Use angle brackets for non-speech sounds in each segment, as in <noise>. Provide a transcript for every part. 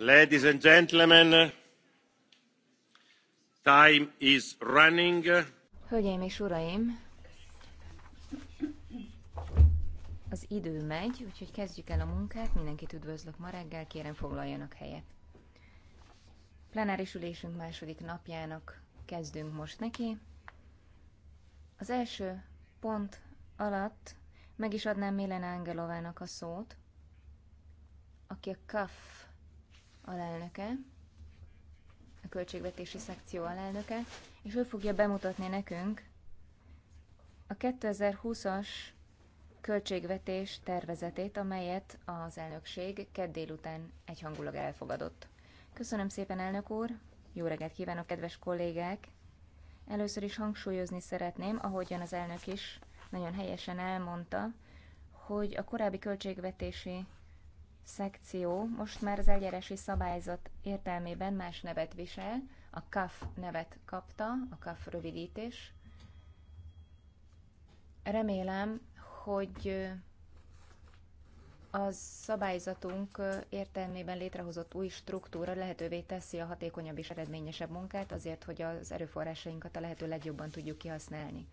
Ladies and gentlemen, time is running. Hölgyeim és uraim, az idő megy, úgyhogy kezdjük el a munkát. Mindenkit üdvözlök ma reggel, kérem foglaljanak helyet. Plenáris ülésünk második napjának kezdünk most neki. Az első pont alatt meg is adnám Milena Angelovának a szót, aki a CAF alelnöke, a költségvetési szekció alelnöke, és ő fogja bemutatni nekünk a 2020-as költségvetés tervezetét, amelyet az elnökség kedd délután egyhangulag elfogadott. Köszönöm szépen, elnök úr! Jó reggelt kívánok, kedves kollégák! Először is hangsúlyozni szeretném, ahogyan az elnök is nagyon helyesen elmondta, hogy a korábbi költségvetési szekció most már az eljárási szabályzat értelmében más nevet visel, a CAF nevet kapta, a CAF rövidítés. Remélem, hogy a szabályzatunk értelmében létrehozott új struktúra lehetővé teszi a hatékonyabb és eredményesebb munkát azért, hogy az erőforrásainkat a lehető legjobban tudjuk kihasználni.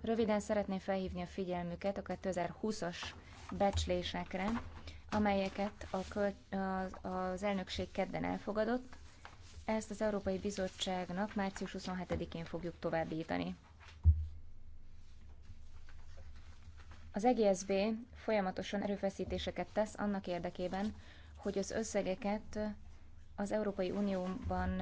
Röviden szeretném felhívni a figyelmüket a 2020-as becslésekre, amelyeket a költ, az, az elnökség kedden elfogadott, ezt az Európai Bizottságnak március 27-én fogjuk továbbítani. Az EGSB folyamatosan erőfeszítéseket tesz annak érdekében, hogy az összegeket az Európai Unióban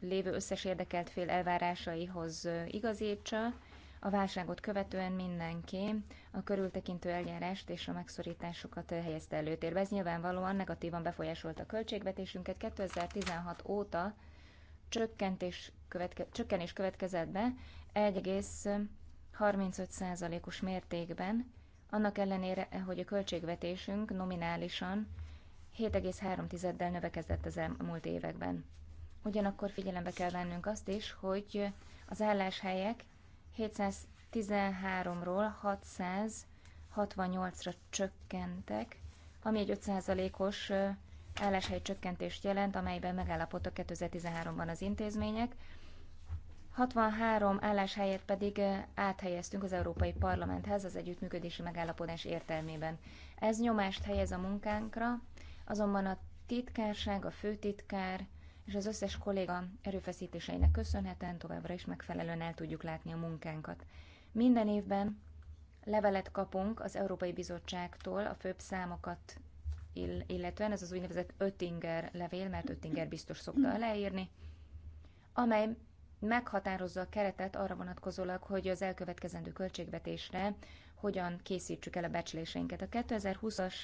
lévő összes érdekelt fél elvárásaihoz igazítsa, a válságot követően mindenki a körültekintő eljárást és a megszorításokat helyezte előtérbe. Ez nyilvánvalóan negatívan befolyásolta a költségvetésünket. 2016 óta csökkentés követke, csökkenés következett be 1,35%-os mértékben, annak ellenére, hogy a költségvetésünk nominálisan 7,3%-del növekedett az elmúlt években. Ugyanakkor figyelembe kell vennünk azt is, hogy az álláshelyek 713-ról 668-ra csökkentek, ami egy 5%-os álláshely csökkentést jelent, amelyben megállapodtak 2013-ban az intézmények. 63 álláshelyet pedig áthelyeztünk az Európai Parlamenthez az együttműködési megállapodás értelmében. Ez nyomást helyez a munkánkra, azonban a titkárság, a főtitkár és az összes kolléga erőfeszítéseinek köszönhetően továbbra is megfelelően el tudjuk látni a munkánkat. Minden évben levelet kapunk az Európai Bizottságtól a főbb számokat illetően, ez az úgynevezett Öttinger levél, mert Öttinger biztos szokta aláírni, amely meghatározza a keretet arra vonatkozólag, hogy az elkövetkezendő költségvetésre hogyan készítsük el a becsléseinket. A 2020-as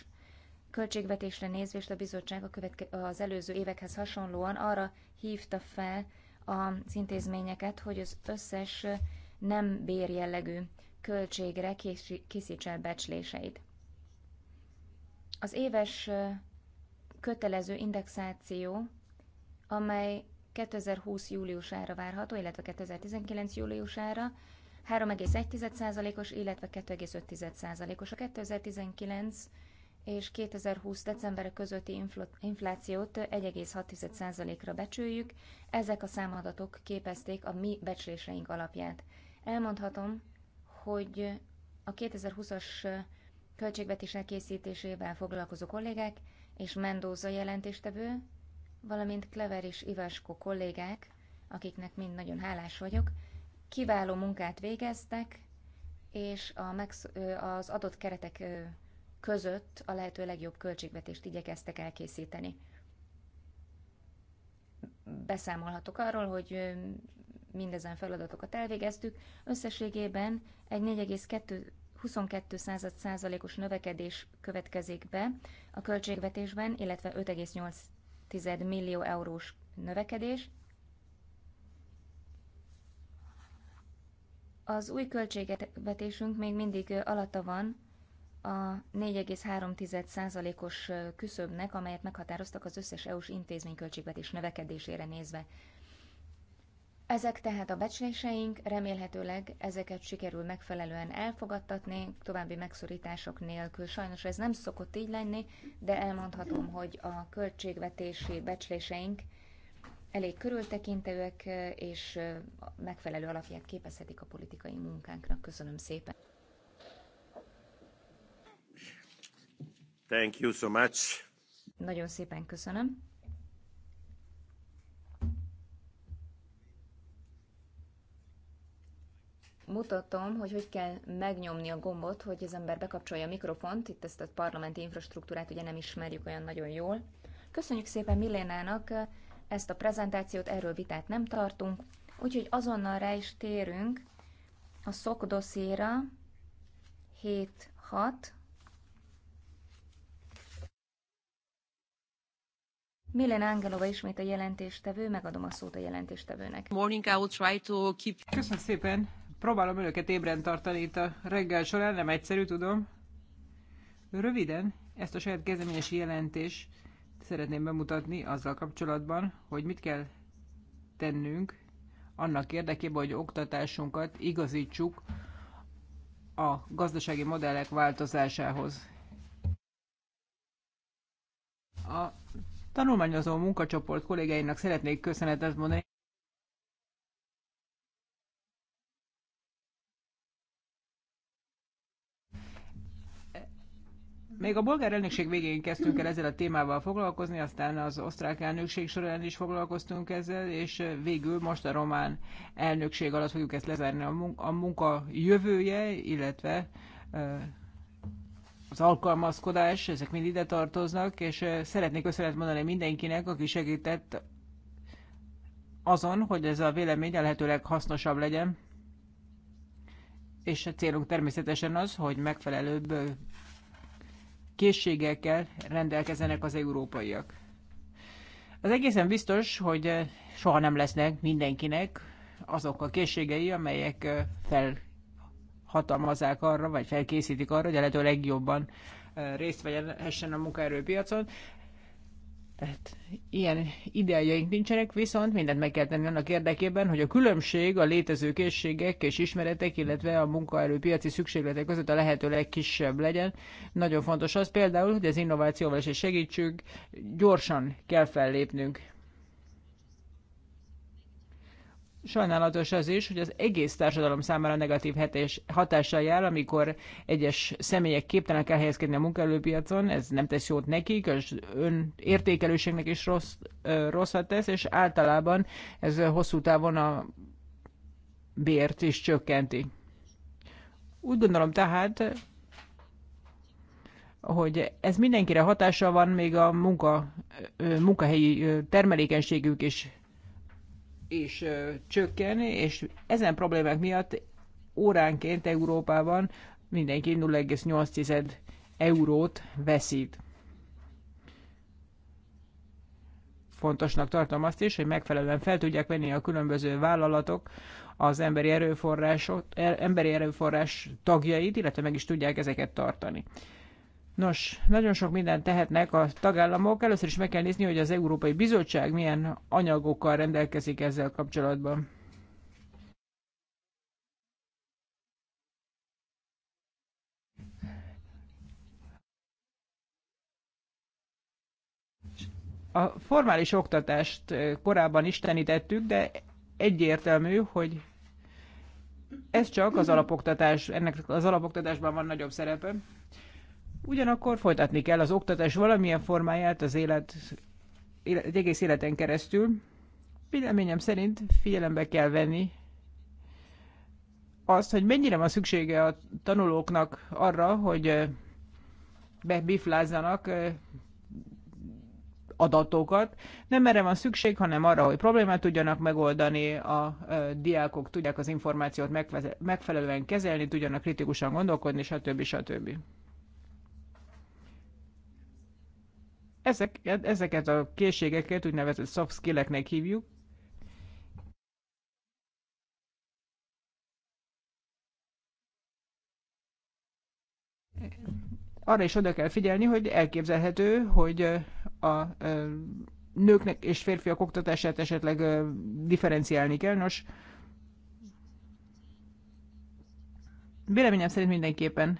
költségvetésre nézvést a bizottság a követke- az előző évekhez hasonlóan arra hívta fel az intézményeket, hogy az összes nem bérjellegű költségre készítse el becsléseit. Az éves kötelező indexáció, amely 2020 júliusára várható, illetve 2019 júliusára, 3,1%-os, illetve 2,5%-os. A 2019 és 2020. december közötti inflációt 1,6%-ra becsüljük, ezek a számadatok képezték a mi becsléseink alapját. Elmondhatom, hogy a 2020-as költségvetés elkészítésével foglalkozó kollégák és Mendoza jelentéstevő, valamint Klever és Ivasko kollégák, akiknek mind nagyon hálás vagyok, kiváló munkát végeztek, és a megsz- az adott keretek között a lehető legjobb költségvetést igyekeztek elkészíteni. Beszámolhatok arról, hogy mindezen feladatokat elvégeztük. Összességében egy 4,22 százalékos növekedés következik be a költségvetésben, illetve 5,8 millió eurós növekedés. Az új költségvetésünk még mindig alatta van a 4,3%-os küszöbnek, amelyet meghatároztak az összes EU-s intézmény költségvetés növekedésére nézve. Ezek tehát a becsléseink, remélhetőleg ezeket sikerül megfelelően elfogadtatni, további megszorítások nélkül. Sajnos ez nem szokott így lenni, de elmondhatom, hogy a költségvetési becsléseink elég körültekintőek és megfelelő alapját képezhetik a politikai munkánknak. Köszönöm szépen! Thank you so much. Nagyon szépen köszönöm. mutatom, hogy hogy kell megnyomni a gombot, hogy az ember bekapcsolja a mikrofont. Itt ezt a parlamenti infrastruktúrát ugye nem ismerjük olyan nagyon jól. Köszönjük szépen Milénának eh, ezt a prezentációt, erről vitát nem tartunk, úgyhogy azonnal rá is térünk a szokdoszéra 7-6, Milen Angelova ismét a jelentéstevő, megadom a szót a jelentéstevőnek. Morning, I will try to keep... Köszönöm szépen, próbálom önöket ébren tartani itt a reggel során, nem egyszerű, tudom. Röviden ezt a saját kezdeményesi jelentés szeretném bemutatni azzal kapcsolatban, hogy mit kell tennünk annak érdekében, hogy oktatásunkat igazítsuk a gazdasági modellek változásához. A tanulmányozó munkacsoport kollégáinak szeretnék köszönetet mondani. Még a bolgár elnökség végén kezdtünk el ezzel a témával foglalkozni, aztán az osztrák elnökség során is foglalkoztunk ezzel, és végül most a román elnökség alatt fogjuk ezt lezárni a munka jövője, illetve az alkalmazkodás, ezek mind ide tartoznak, és szeretnék köszönet mondani mindenkinek, aki segített azon, hogy ez a vélemény a lehetőleg hasznosabb legyen. És a célunk természetesen az, hogy megfelelőbb készségekkel rendelkezenek az európaiak. Az egészen biztos, hogy soha nem lesznek mindenkinek azok a készségei, amelyek fel hatalmazzák arra, vagy felkészítik arra, hogy a lehető legjobban részt vegyen a munkaerőpiacon. Tehát ilyen ideájaink nincsenek, viszont mindent meg kell tenni annak érdekében, hogy a különbség a létező készségek és ismeretek, illetve a munkaerőpiaci szükségletek között a lehető legkisebb legyen. Nagyon fontos az például, hogy az innovációval is segítsünk, gyorsan kell fellépnünk. Sajnálatos az is, hogy az egész társadalom számára negatív hetés, hatással jár, amikor egyes személyek képtelenek elhelyezkedni a munkaerőpiacon, ez nem tesz jót nekik, az ön értékelőségnek is rossz, rosszat tesz, és általában ez hosszú távon a bért is csökkenti. Úgy gondolom tehát, hogy ez mindenkire hatással van, még a munka, munkahelyi termelékenységük is is csökken, és ezen problémák miatt óránként Európában mindenki 0,8 eurót veszít. Fontosnak tartom azt is, hogy megfelelően fel tudják venni a különböző vállalatok az emberi, erőforrások, e, emberi erőforrás tagjait, illetve meg is tudják ezeket tartani. Nos, nagyon sok mindent tehetnek a tagállamok. Először is meg kell nézni, hogy az Európai Bizottság milyen anyagokkal rendelkezik ezzel kapcsolatban. A formális oktatást korábban istenítettük, de egyértelmű, hogy ez csak az alapoktatás, ennek az alapoktatásban van nagyobb szerepe. Ugyanakkor folytatni kell az oktatás valamilyen formáját az élet, élet egy egész életen keresztül. Véleményem szerint figyelembe kell venni azt, hogy mennyire van szüksége a tanulóknak arra, hogy bebiflázzanak adatokat. Nem erre van szükség, hanem arra, hogy problémát tudjanak megoldani, a diákok tudják az információt megfelelően kezelni, tudjanak kritikusan gondolkodni, stb. stb. Ezek, ezeket a készségeket úgynevezett soft skilleknek hívjuk. Arra is oda kell figyelni, hogy elképzelhető, hogy a nőknek és férfiak oktatását esetleg differenciálni kell. Nos, véleményem szerint mindenképpen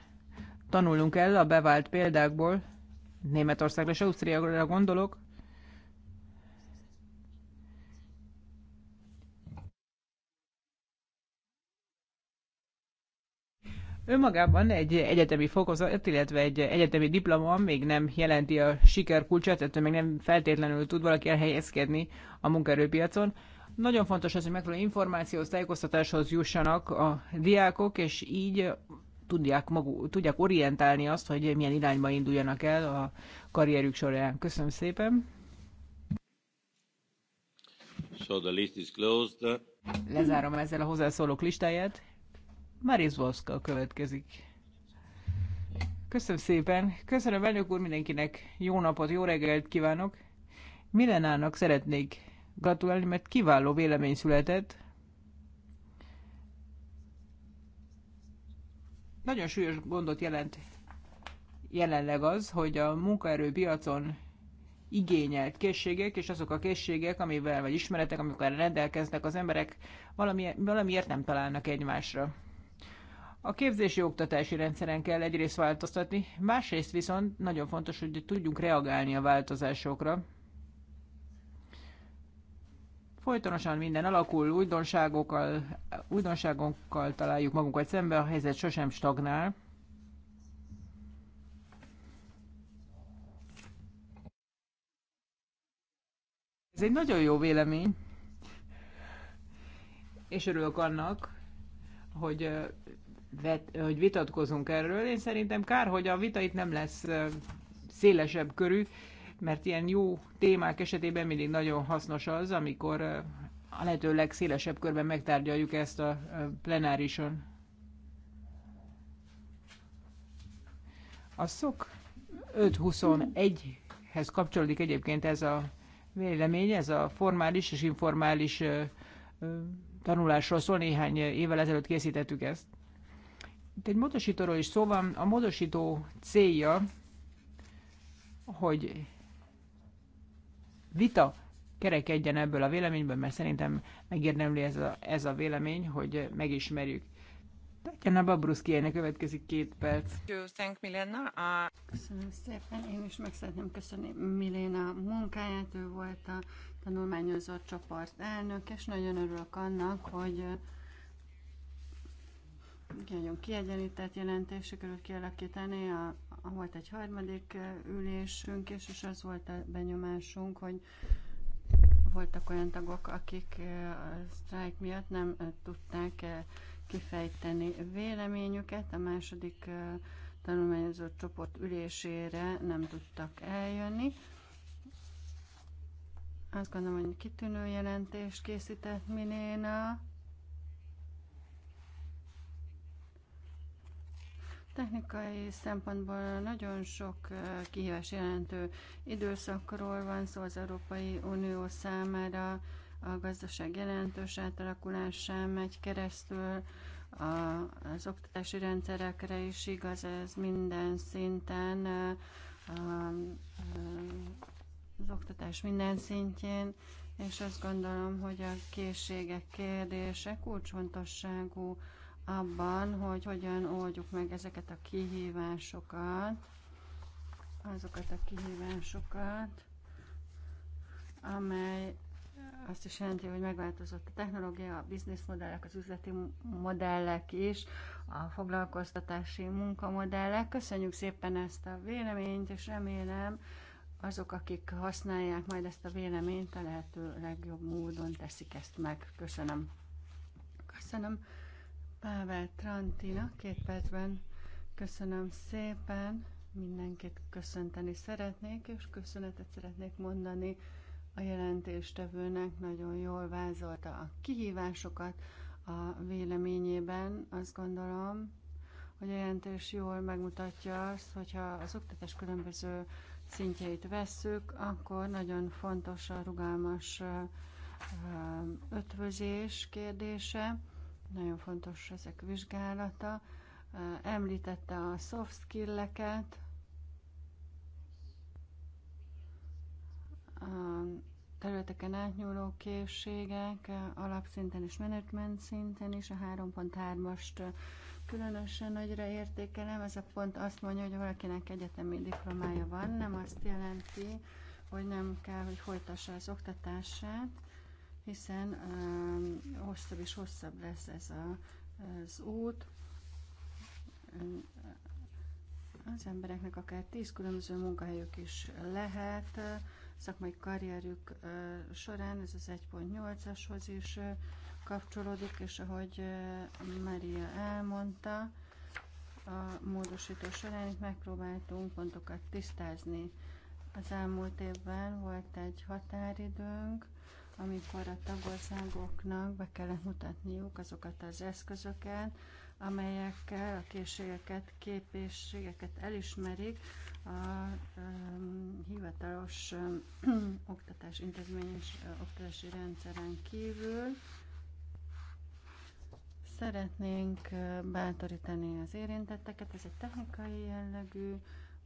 tanulunk el a bevált példákból, Németországra és Ausztriára gondolok, Önmagában egy egyetemi fokozat, illetve egy egyetemi diploma még nem jelenti a siker kulcsát, tehát még nem feltétlenül tud valaki elhelyezkedni a munkaerőpiacon. Nagyon fontos az, hogy megfelelő információhoz, tájékoztatáshoz jussanak a diákok, és így tudják, maguk, tudják orientálni azt, hogy milyen irányba induljanak el a karrierük során. Köszönöm szépen. So the list is closed. Lezárom ezzel a hozzászólók listáját. Mariz Voszka következik. Köszönöm szépen. Köszönöm, elnök úr, mindenkinek jó napot, jó reggelt kívánok. Milenának szeretnék gratulálni, mert kiváló vélemény született, Nagyon súlyos gondot jelent jelenleg az, hogy a munkaerőpiacon igényelt készségek, és azok a készségek, amivel, vagy ismeretek, amikor rendelkeznek az emberek, valami, valamiért nem találnak egymásra. A képzési oktatási rendszeren kell egyrészt változtatni, másrészt viszont nagyon fontos, hogy tudjunk reagálni a változásokra. Folytonosan minden alakul, újdonságokkal, újdonságokkal találjuk magunkat szembe, a helyzet sosem stagnál. Ez egy nagyon jó vélemény, és örülök annak, hogy, vet, hogy vitatkozunk erről. Én szerintem kár, hogy a vita itt nem lesz szélesebb körű, mert ilyen jó témák esetében mindig nagyon hasznos az, amikor a lehető legszélesebb körben megtárgyaljuk ezt a plenárison. A SZOK 521-hez kapcsolódik egyébként ez a vélemény, ez a formális és informális tanulásról szól, néhány évvel ezelőtt készítettük ezt. Itt egy módosítóról is szó van. A módosító célja, hogy vita kerekedjen ebből a véleményből, mert szerintem megérdemli ez a, ez a vélemény, hogy megismerjük. Tatjana a következik két perc. Uh, Köszönöm szépen, én is meg szeretném köszönni Miléna munkáját, ő volt a tanulmányozó csoport elnök, és nagyon örülök annak, hogy uh, nagyon kiegyenlített jelentése került kialakítani a volt egy harmadik ülésünk, és, és az volt a benyomásunk, hogy voltak olyan tagok, akik a sztrájk miatt nem tudták kifejteni véleményüket. A második tanulmányozó csoport ülésére nem tudtak eljönni. Azt gondolom, hogy kitűnő jelentést készített Minéna Technikai szempontból nagyon sok kihívás jelentő időszakról van szó az Európai Unió számára, a gazdaság jelentős átalakulásán megy keresztül, a, az oktatási rendszerekre is igaz, ez minden szinten, a, a, az oktatás minden szintjén, és azt gondolom, hogy a készségek kérdése kulcsfontosságú, abban, hogy hogyan oldjuk meg ezeket a kihívásokat, azokat a kihívásokat, amely azt is jelenti, hogy megváltozott a technológia, a bizniszmodellek, az üzleti modellek is, a foglalkoztatási munkamodellek. Köszönjük szépen ezt a véleményt, és remélem azok, akik használják majd ezt a véleményt, a lehető legjobb módon teszik ezt meg. Köszönöm. Köszönöm. Pável Trantina, két percben köszönöm szépen, mindenkit köszönteni szeretnék, és köszönetet szeretnék mondani a jelentéstevőnek, nagyon jól vázolta a kihívásokat a véleményében. Azt gondolom, hogy a jelentés jól megmutatja azt, hogyha az oktatás különböző szintjeit vesszük, akkor nagyon fontos a rugalmas ötvözés kérdése nagyon fontos ezek vizsgálata. Említette a soft skill-eket, a területeken átnyúló készségek, alapszinten és menedzsment szinten is, a 3.3-ast különösen nagyra értékelem. Ez a pont azt mondja, hogy valakinek egyetemi diplomája van, nem azt jelenti, hogy nem kell, hogy folytassa az oktatását, hiszen um, hosszabb és hosszabb lesz ez a, az út. Az embereknek akár tíz különböző munkahelyük is lehet, szakmai karrierük során ez az 1.8-ashoz is kapcsolódik, és ahogy Maria elmondta, a módosító során itt megpróbáltunk pontokat tisztázni. Az elmúlt évben volt egy határidőnk, amikor a tagországoknak be kellett mutatniuk azokat az eszközöket, amelyekkel a készségeket, képességeket elismerik a um, hivatalos um, <clears throat> oktatás intézményes oktatási rendszeren kívül. Szeretnénk bátorítani az érintetteket, ez egy technikai jellegű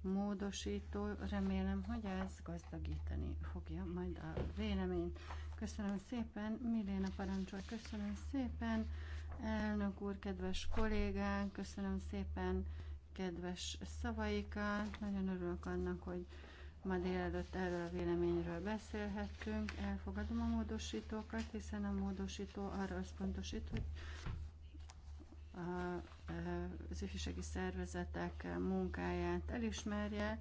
módosító, remélem, hogy ez gazdagítani fogja majd a véleményt. Köszönöm szépen, Miléna parancsol, köszönöm szépen, elnök úr, kedves kollégánk, köszönöm szépen kedves szavaikat. Nagyon örülök annak, hogy ma délelőtt erről a véleményről beszélhettünk. Elfogadom a módosítókat, hiszen a módosító arra pontosít, hogy e, az ifjúsági szervezetek munkáját elismerje,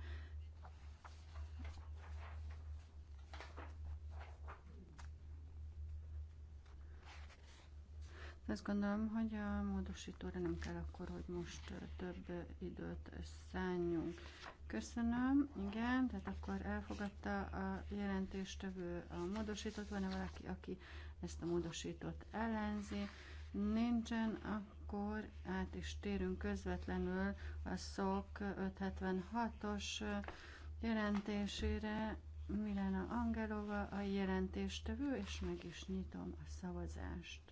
Azt gondolom, hogy a módosítóra nem kell akkor, hogy most több időt szálljunk. Köszönöm, igen, tehát akkor elfogadta a jelentéstevő a módosítót, van-e valaki, aki ezt a módosítót ellenzi? Nincsen, akkor át is térünk közvetlenül a SZOK 576-os jelentésére. Milena Angelova a jelentéstevő, és meg is nyitom a szavazást.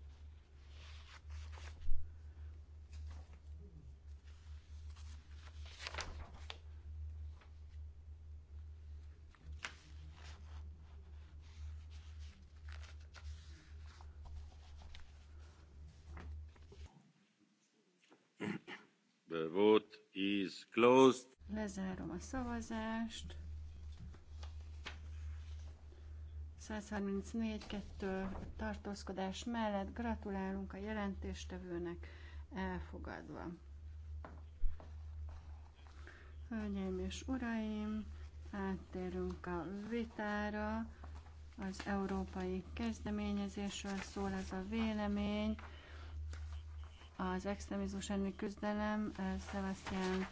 is closed. Lezárom a szavazást. 134-2 tartózkodás mellett gratulálunk a jelentéstevőnek elfogadva. Hölgyeim és uraim, áttérünk a vitára. Az európai kezdeményezésről szól ez a vélemény. Az extremizmus elleni küzdelem eh, Sebastian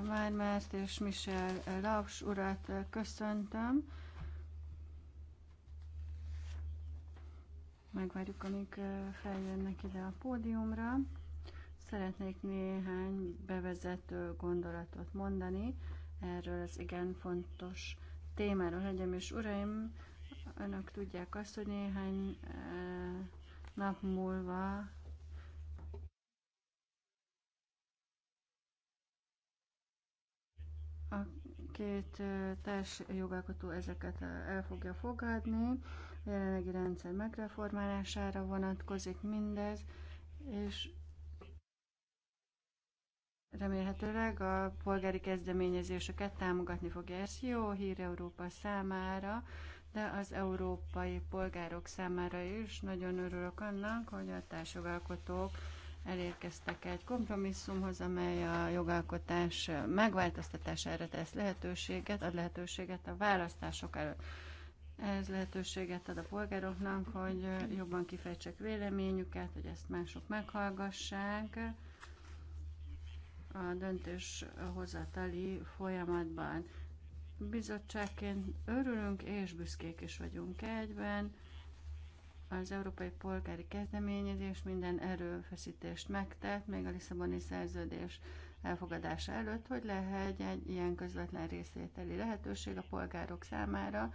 Vármázt és Michel Laus urat eh, köszöntöm. Megvárjuk, amíg eh, feljönnek ide a pódiumra. Szeretnék néhány bevezető gondolatot mondani erről az igen fontos témáról. Hölgyeim és uraim, önök tudják azt, hogy néhány eh, nap múlva A két társ jogalkotó ezeket el fogja fogadni, a jelenlegi rendszer megreformálására vonatkozik mindez, és remélhetőleg a polgári kezdeményezéseket támogatni fogja. Ez jó hír Európa számára, de az európai polgárok számára is nagyon örülök annak, hogy a társjogalkotók elérkeztek egy kompromisszumhoz, amely a jogalkotás megváltoztatására tesz lehetőséget, ad lehetőséget a választások előtt. Ez lehetőséget ad a polgároknak, hogy jobban kifejtsék véleményüket, hogy ezt mások meghallgassák a döntéshozatali folyamatban. Bizottságként örülünk és büszkék is vagyunk egyben az európai polgári kezdeményezés minden erőfeszítést megtett, még a Lisszaboni szerződés elfogadása előtt, hogy lehet egy ilyen közvetlen részvételi lehetőség a polgárok számára,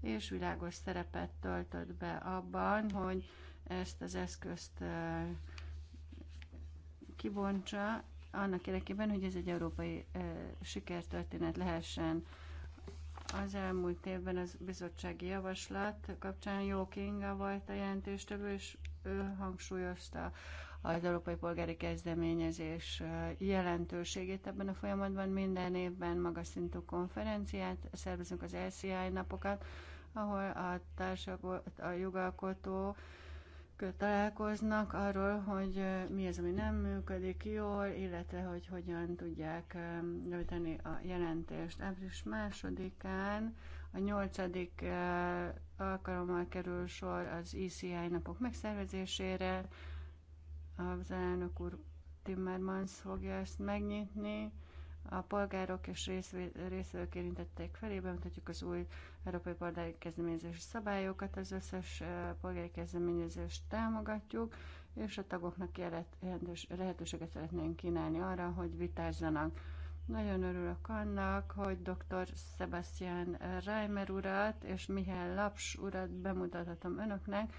és világos szerepet töltött be abban, hogy ezt az eszközt kibontsa, annak érdekében, hogy ez egy európai sikertörténet lehessen az elmúlt évben az bizottsági javaslat kapcsán Jó Kinga volt a jelentéstevő, és ő hangsúlyozta az Európai Polgári Kezdeményezés jelentőségét ebben a folyamatban. Minden évben magas szintű konferenciát szervezünk az LCI napokat, ahol a, társadalmat, a jogalkotó találkoznak arról, hogy mi az, ami nem működik jól, illetve hogy hogyan tudják rövidíteni a jelentést. Április másodikán a nyolcadik alkalommal kerül sor az ECI napok megszervezésére. Az elnök úr Timmermans fogja ezt megnyitni a polgárok és részvevők érintettek felé, bemutatjuk az új európai polgári kezdeményezési szabályokat, az összes polgári kezdeményezést támogatjuk, és a tagoknak lehetőséget szeretnénk kínálni arra, hogy vitázzanak. Nagyon örülök annak, hogy dr. Sebastian Reimer urat és Mihály Laps urat bemutathatom önöknek.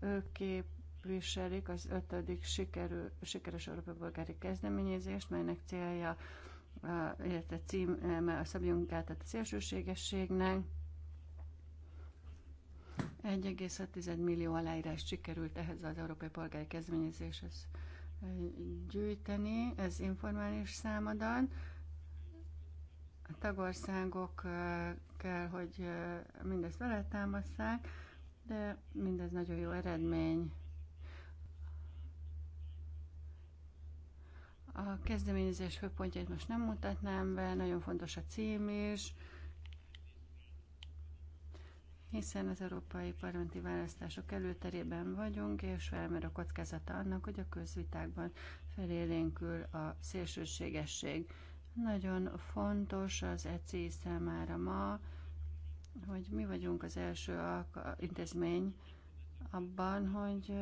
Ők képviselik az ötödik sikerül, sikeres európai polgári kezdeményezést, melynek célja illetve címe a szabjunk át a szélsőségességnek. 1,6 millió aláírás sikerült ehhez az Európai Polgári Kezdeményezéshez eh, gyűjteni, ez informális számadat. A tagországok eh, kell, hogy eh, mindezt veletámasszák, de mindez nagyon jó eredmény. A kezdeményezés főpontjait most nem mutatnám be, nagyon fontos a cím is, hiszen az európai parlamenti választások előterében vagyunk, és felmer a kockázata annak, hogy a közvitákban felélénkül a szélsőségesség. Nagyon fontos az ECI számára ma, hogy mi vagyunk az első intézmény abban, hogy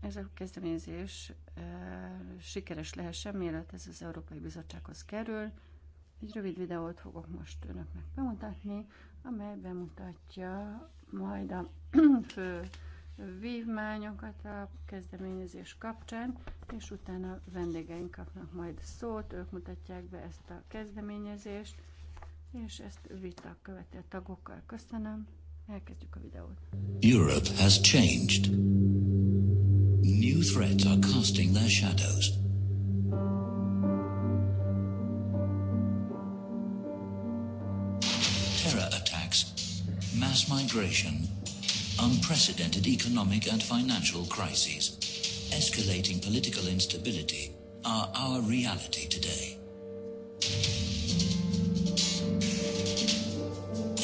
ez a kezdeményezés sikeres lehessen, mielőtt ez az Európai Bizottsághoz kerül. Egy rövid videót fogok most önöknek bemutatni, amely bemutatja majd a <clears throat> fő vívmányokat a kezdeményezés kapcsán, és utána vendégeink kapnak majd szót, ők mutatják be ezt a kezdeményezést, és ezt vita követi a tagokkal. Köszönöm, elkezdjük a videót. Europe has changed new threats are casting their shadows. Terror attacks, mass migration, unprecedented economic and financial crises, escalating political instability are our reality today.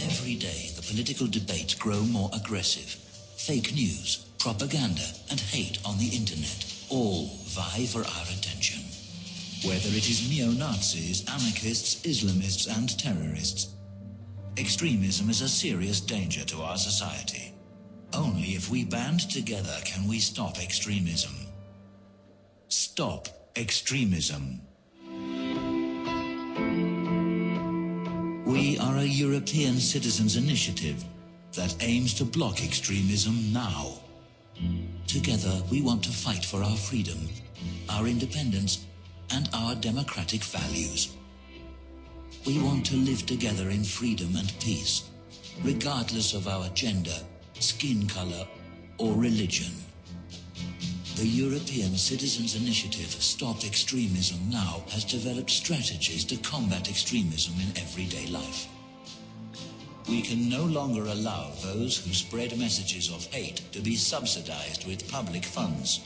Every day the political debates grow more aggressive. Fake news, propaganda, and hate on the internet all vie for our attention. Whether it is neo-Nazis, anarchists, Islamists, and terrorists, extremism is a serious danger to our society. Only if we band together can we stop extremism. Stop extremism. We are a European Citizens Initiative that aims to block extremism now. Together, we want to fight for our freedom, our independence, and our democratic values. We want to live together in freedom and peace, regardless of our gender, skin color, or religion. The European Citizens Initiative Stop Extremism Now has developed strategies to combat extremism in everyday life. We can no longer allow those who spread messages of hate to be subsidized with public funds.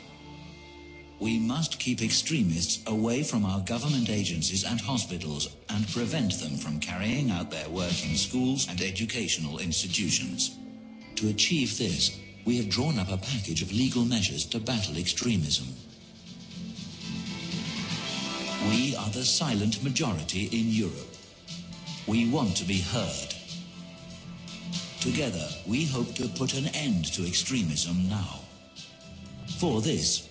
We must keep extremists away from our government agencies and hospitals and prevent them from carrying out their work in schools and educational institutions. To achieve this, we have drawn up a package of legal measures to battle extremism. We are the silent majority in Europe. We want to be heard. Together, we hope to put an end to extremism now. For this,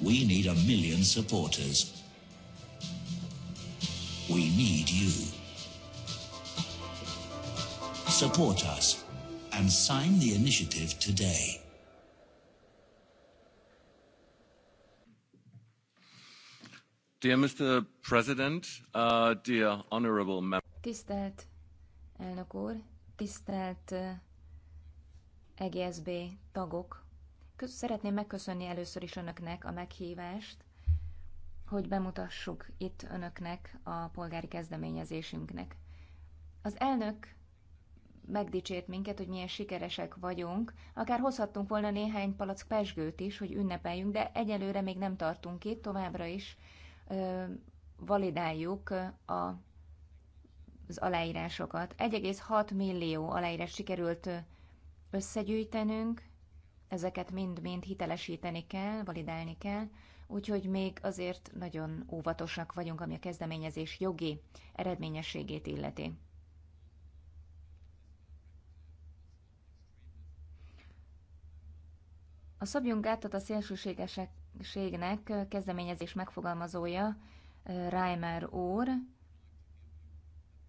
we need a million supporters. We need you. Support us and sign the initiative today. Dear Mr. President, uh, dear honorable members. Tisztelt elnök úr, tisztelt EGSB tagok! Szeretném megköszönni először is önöknek a meghívást, hogy bemutassuk itt önöknek a polgári kezdeményezésünknek. Az elnök megdicsért minket, hogy milyen sikeresek vagyunk. Akár hozhattunk volna néhány palack pesgőt is, hogy ünnepeljünk, de egyelőre még nem tartunk itt, továbbra is ö, validáljuk a az aláírásokat. 1,6 millió aláírás sikerült összegyűjtenünk, ezeket mind-mind hitelesíteni kell, validálni kell, úgyhogy még azért nagyon óvatosak vagyunk, ami a kezdeményezés jogi eredményességét illeti. A Szabjunk gátat a szélsőségeseknek kezdeményezés megfogalmazója Reimer úr,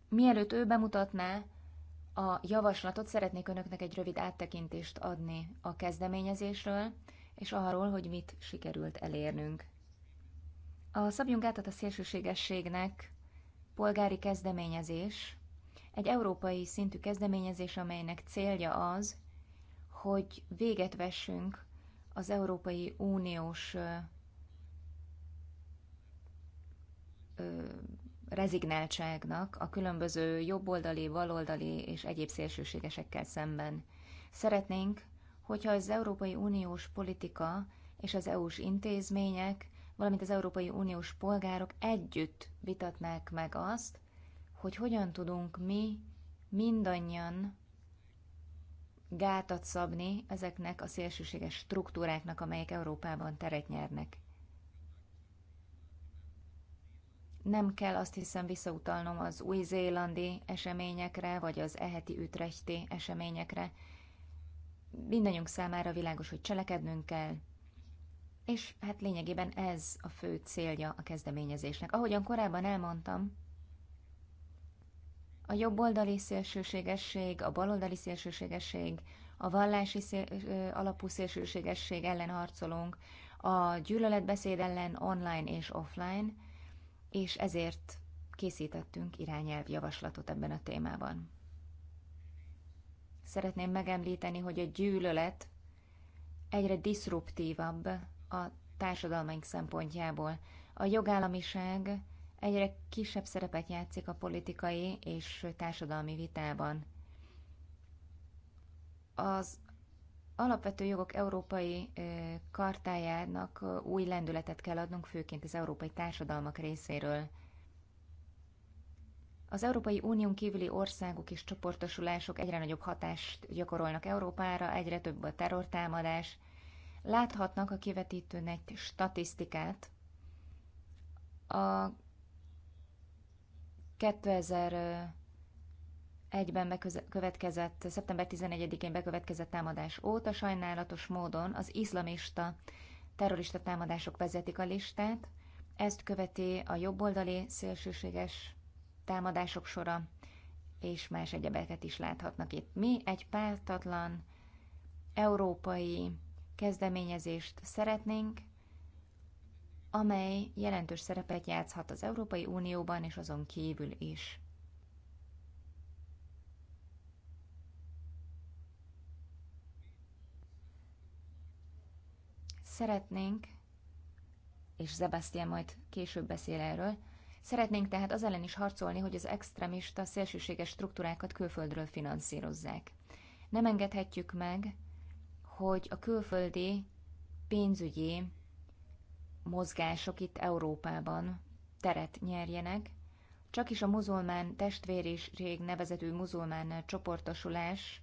Mielőtt ő bemutatná a javaslatot, szeretnék önöknek egy rövid áttekintést adni a kezdeményezésről, és arról, hogy mit sikerült elérnünk. A Szabjunk át a szélsőségességnek polgári kezdeményezés, egy európai szintű kezdeményezés, amelynek célja az, hogy véget vessünk az Európai Uniós rezignáltságnak a különböző jobboldali, baloldali és egyéb szélsőségesekkel szemben. Szeretnénk, hogyha az Európai Uniós politika és az EU-s intézmények, valamint az Európai Uniós polgárok együtt vitatnák meg azt, hogy hogyan tudunk mi mindannyian gátat szabni ezeknek a szélsőséges struktúráknak, amelyek Európában teret nyernek. Nem kell azt hiszem visszautalnom az új-zélandi eseményekre, vagy az eheti ütrechti eseményekre. Mindenjünk számára világos, hogy cselekednünk kell, és hát lényegében ez a fő célja a kezdeményezésnek. Ahogyan korábban elmondtam, a jobboldali szélsőségesség, a baloldali szélsőségesség, a vallási szél, alapú szélsőségesség ellen harcolunk, a gyűlöletbeszéd ellen online és offline – és ezért készítettünk irányelv javaslatot ebben a témában. Szeretném megemlíteni, hogy a gyűlölet egyre diszruptívabb a társadalmaink szempontjából. A jogállamiság egyre kisebb szerepet játszik a politikai és társadalmi vitában. Az alapvető jogok európai kartájának új lendületet kell adnunk, főként az európai társadalmak részéről. Az Európai Unión kívüli országok és csoportosulások egyre nagyobb hatást gyakorolnak Európára, egyre több a terrortámadás. Láthatnak a kivetítőn egy statisztikát. A 2000 egyben bekövetkezett, szeptember 11-én bekövetkezett támadás óta sajnálatos módon az iszlamista terrorista támadások vezetik a listát, ezt követi a jobboldali szélsőséges támadások sora, és más egyebeket is láthatnak itt. Mi egy pártatlan európai kezdeményezést szeretnénk, amely jelentős szerepet játszhat az Európai Unióban és azon kívül is. Szeretnénk, és Sebastian majd később beszél erről, szeretnénk tehát az ellen is harcolni, hogy az extremista, szélsőséges struktúrákat külföldről finanszírozzák. Nem engedhetjük meg, hogy a külföldi pénzügyi mozgások itt Európában teret nyerjenek, csak is a muzulmán testvériség nevezetű muzulmán csoportosulás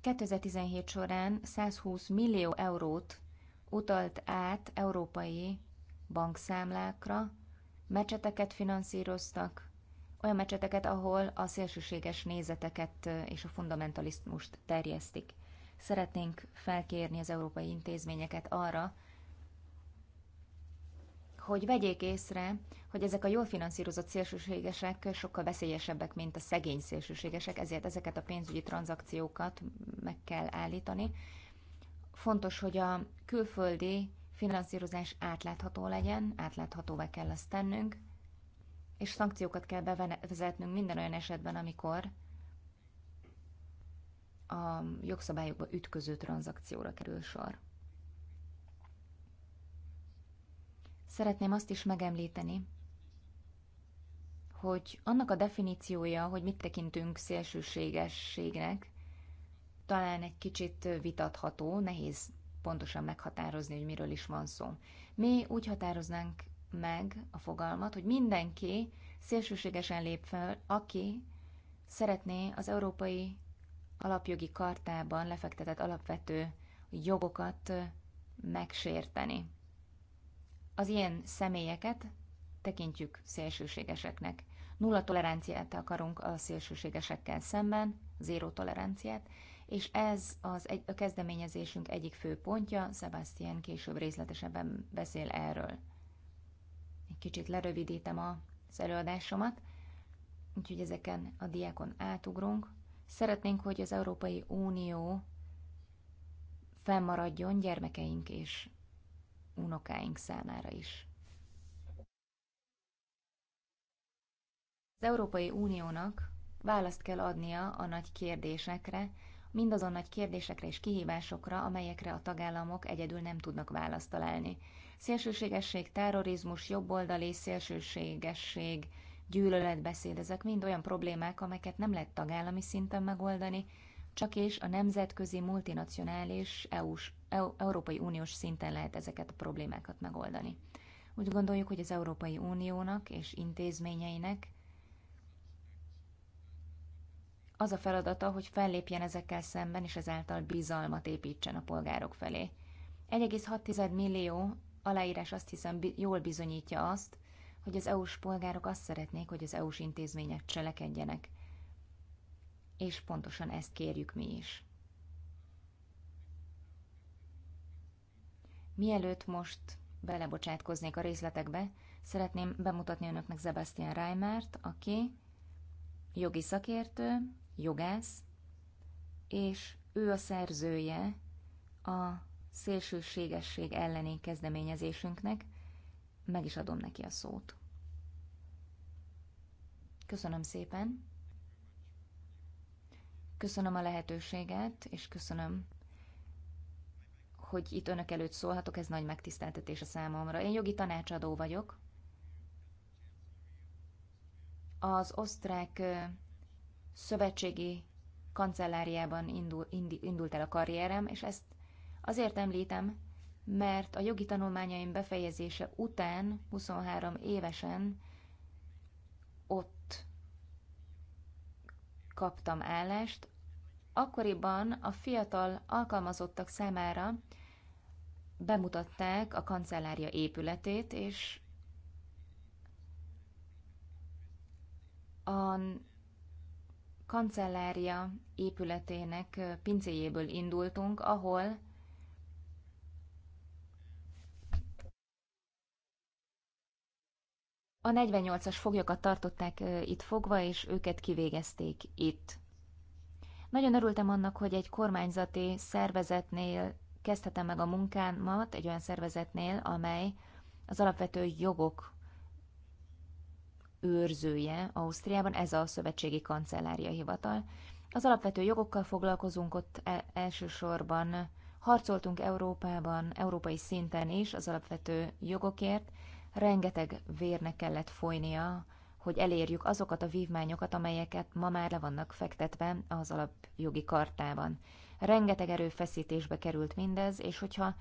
2017 során 120 millió eurót utalt át európai bankszámlákra, mecseteket finanszíroztak, olyan mecseteket, ahol a szélsőséges nézeteket és a fundamentalizmust terjesztik. Szeretnénk felkérni az európai intézményeket arra, hogy vegyék észre, hogy ezek a jól finanszírozott szélsőségesek sokkal veszélyesebbek, mint a szegény szélsőségesek, ezért ezeket a pénzügyi tranzakciókat meg kell állítani, Fontos, hogy a külföldi finanszírozás átlátható legyen, átláthatóvá kell azt tennünk, és szankciókat kell bevezetnünk minden olyan esetben, amikor a jogszabályokba ütköző tranzakcióra kerül sor. Szeretném azt is megemlíteni, hogy annak a definíciója, hogy mit tekintünk szélsőségességnek, talán egy kicsit vitatható, nehéz pontosan meghatározni, hogy miről is van szó. Mi úgy határoznánk meg a fogalmat, hogy mindenki szélsőségesen lép fel, aki szeretné az Európai Alapjogi Kartában lefektetett alapvető jogokat megsérteni. Az ilyen személyeket tekintjük szélsőségeseknek. Nulla toleranciát akarunk a szélsőségesekkel szemben, zéró toleranciát, és ez az egy, a kezdeményezésünk egyik fő pontja, Sebastian később részletesebben beszél erről. Egy kicsit lerövidítem az előadásomat, úgyhogy ezeken a diákon átugrunk. Szeretnénk, hogy az Európai Unió fennmaradjon gyermekeink és unokáink számára is. Az Európai Uniónak választ kell adnia a nagy kérdésekre, mindazon nagy kérdésekre és kihívásokra, amelyekre a tagállamok egyedül nem tudnak választ találni. Szélsőségesség, terrorizmus, jobboldali szélsőségesség, gyűlöletbeszéd, ezek mind olyan problémák, amelyeket nem lehet tagállami szinten megoldani, csak és a nemzetközi, multinacionális, EU-s, e Európai Uniós szinten lehet ezeket a problémákat megoldani. Úgy gondoljuk, hogy az Európai Uniónak és intézményeinek az a feladata, hogy fellépjen ezekkel szemben, és ezáltal bizalmat építsen a polgárok felé. 1,6 millió aláírás azt hiszem jól bizonyítja azt, hogy az EU-s polgárok azt szeretnék, hogy az EU-s intézmények cselekedjenek. És pontosan ezt kérjük mi is. Mielőtt most belebocsátkoznék a részletekbe, szeretném bemutatni önöknek Sebastian Reimert, aki jogi szakértő, jogász, és ő a szerzője a szélsőségesség elleni kezdeményezésünknek. Meg is adom neki a szót. Köszönöm szépen. Köszönöm a lehetőséget, és köszönöm, hogy itt önök előtt szólhatok, ez nagy megtiszteltetés a számomra. Én jogi tanácsadó vagyok. Az osztrák szövetségi kancelláriában indul, indi, indult el a karrierem, és ezt azért említem, mert a jogi tanulmányaim befejezése után, 23 évesen ott kaptam állást. Akkoriban a fiatal alkalmazottak számára bemutatták a kancellária épületét, és a kancellária épületének pincéjéből indultunk, ahol a 48-as foglyokat tartották itt fogva, és őket kivégezték itt. Nagyon örültem annak, hogy egy kormányzati szervezetnél kezdhetem meg a munkámat, egy olyan szervezetnél, amely az alapvető jogok őrzője Ausztriában, ez a Szövetségi Kancellária Hivatal. Az alapvető jogokkal foglalkozunk ott e, elsősorban, harcoltunk Európában, európai szinten is az alapvető jogokért, rengeteg vérnek kellett folynia, hogy elérjük azokat a vívmányokat, amelyeket ma már le vannak fektetve az alapjogi kartában. Rengeteg erőfeszítésbe került mindez, és hogyha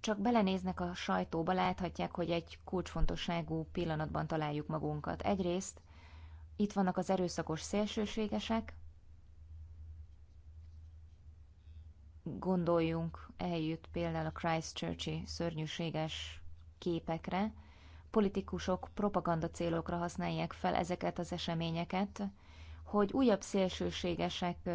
csak belenéznek a sajtóba, láthatják, hogy egy kulcsfontosságú pillanatban találjuk magunkat. Egyrészt itt vannak az erőszakos szélsőségesek, gondoljunk eljött például a Christchurchi szörnyűséges képekre, politikusok propaganda célokra használják fel ezeket az eseményeket, hogy újabb szélsőségesek,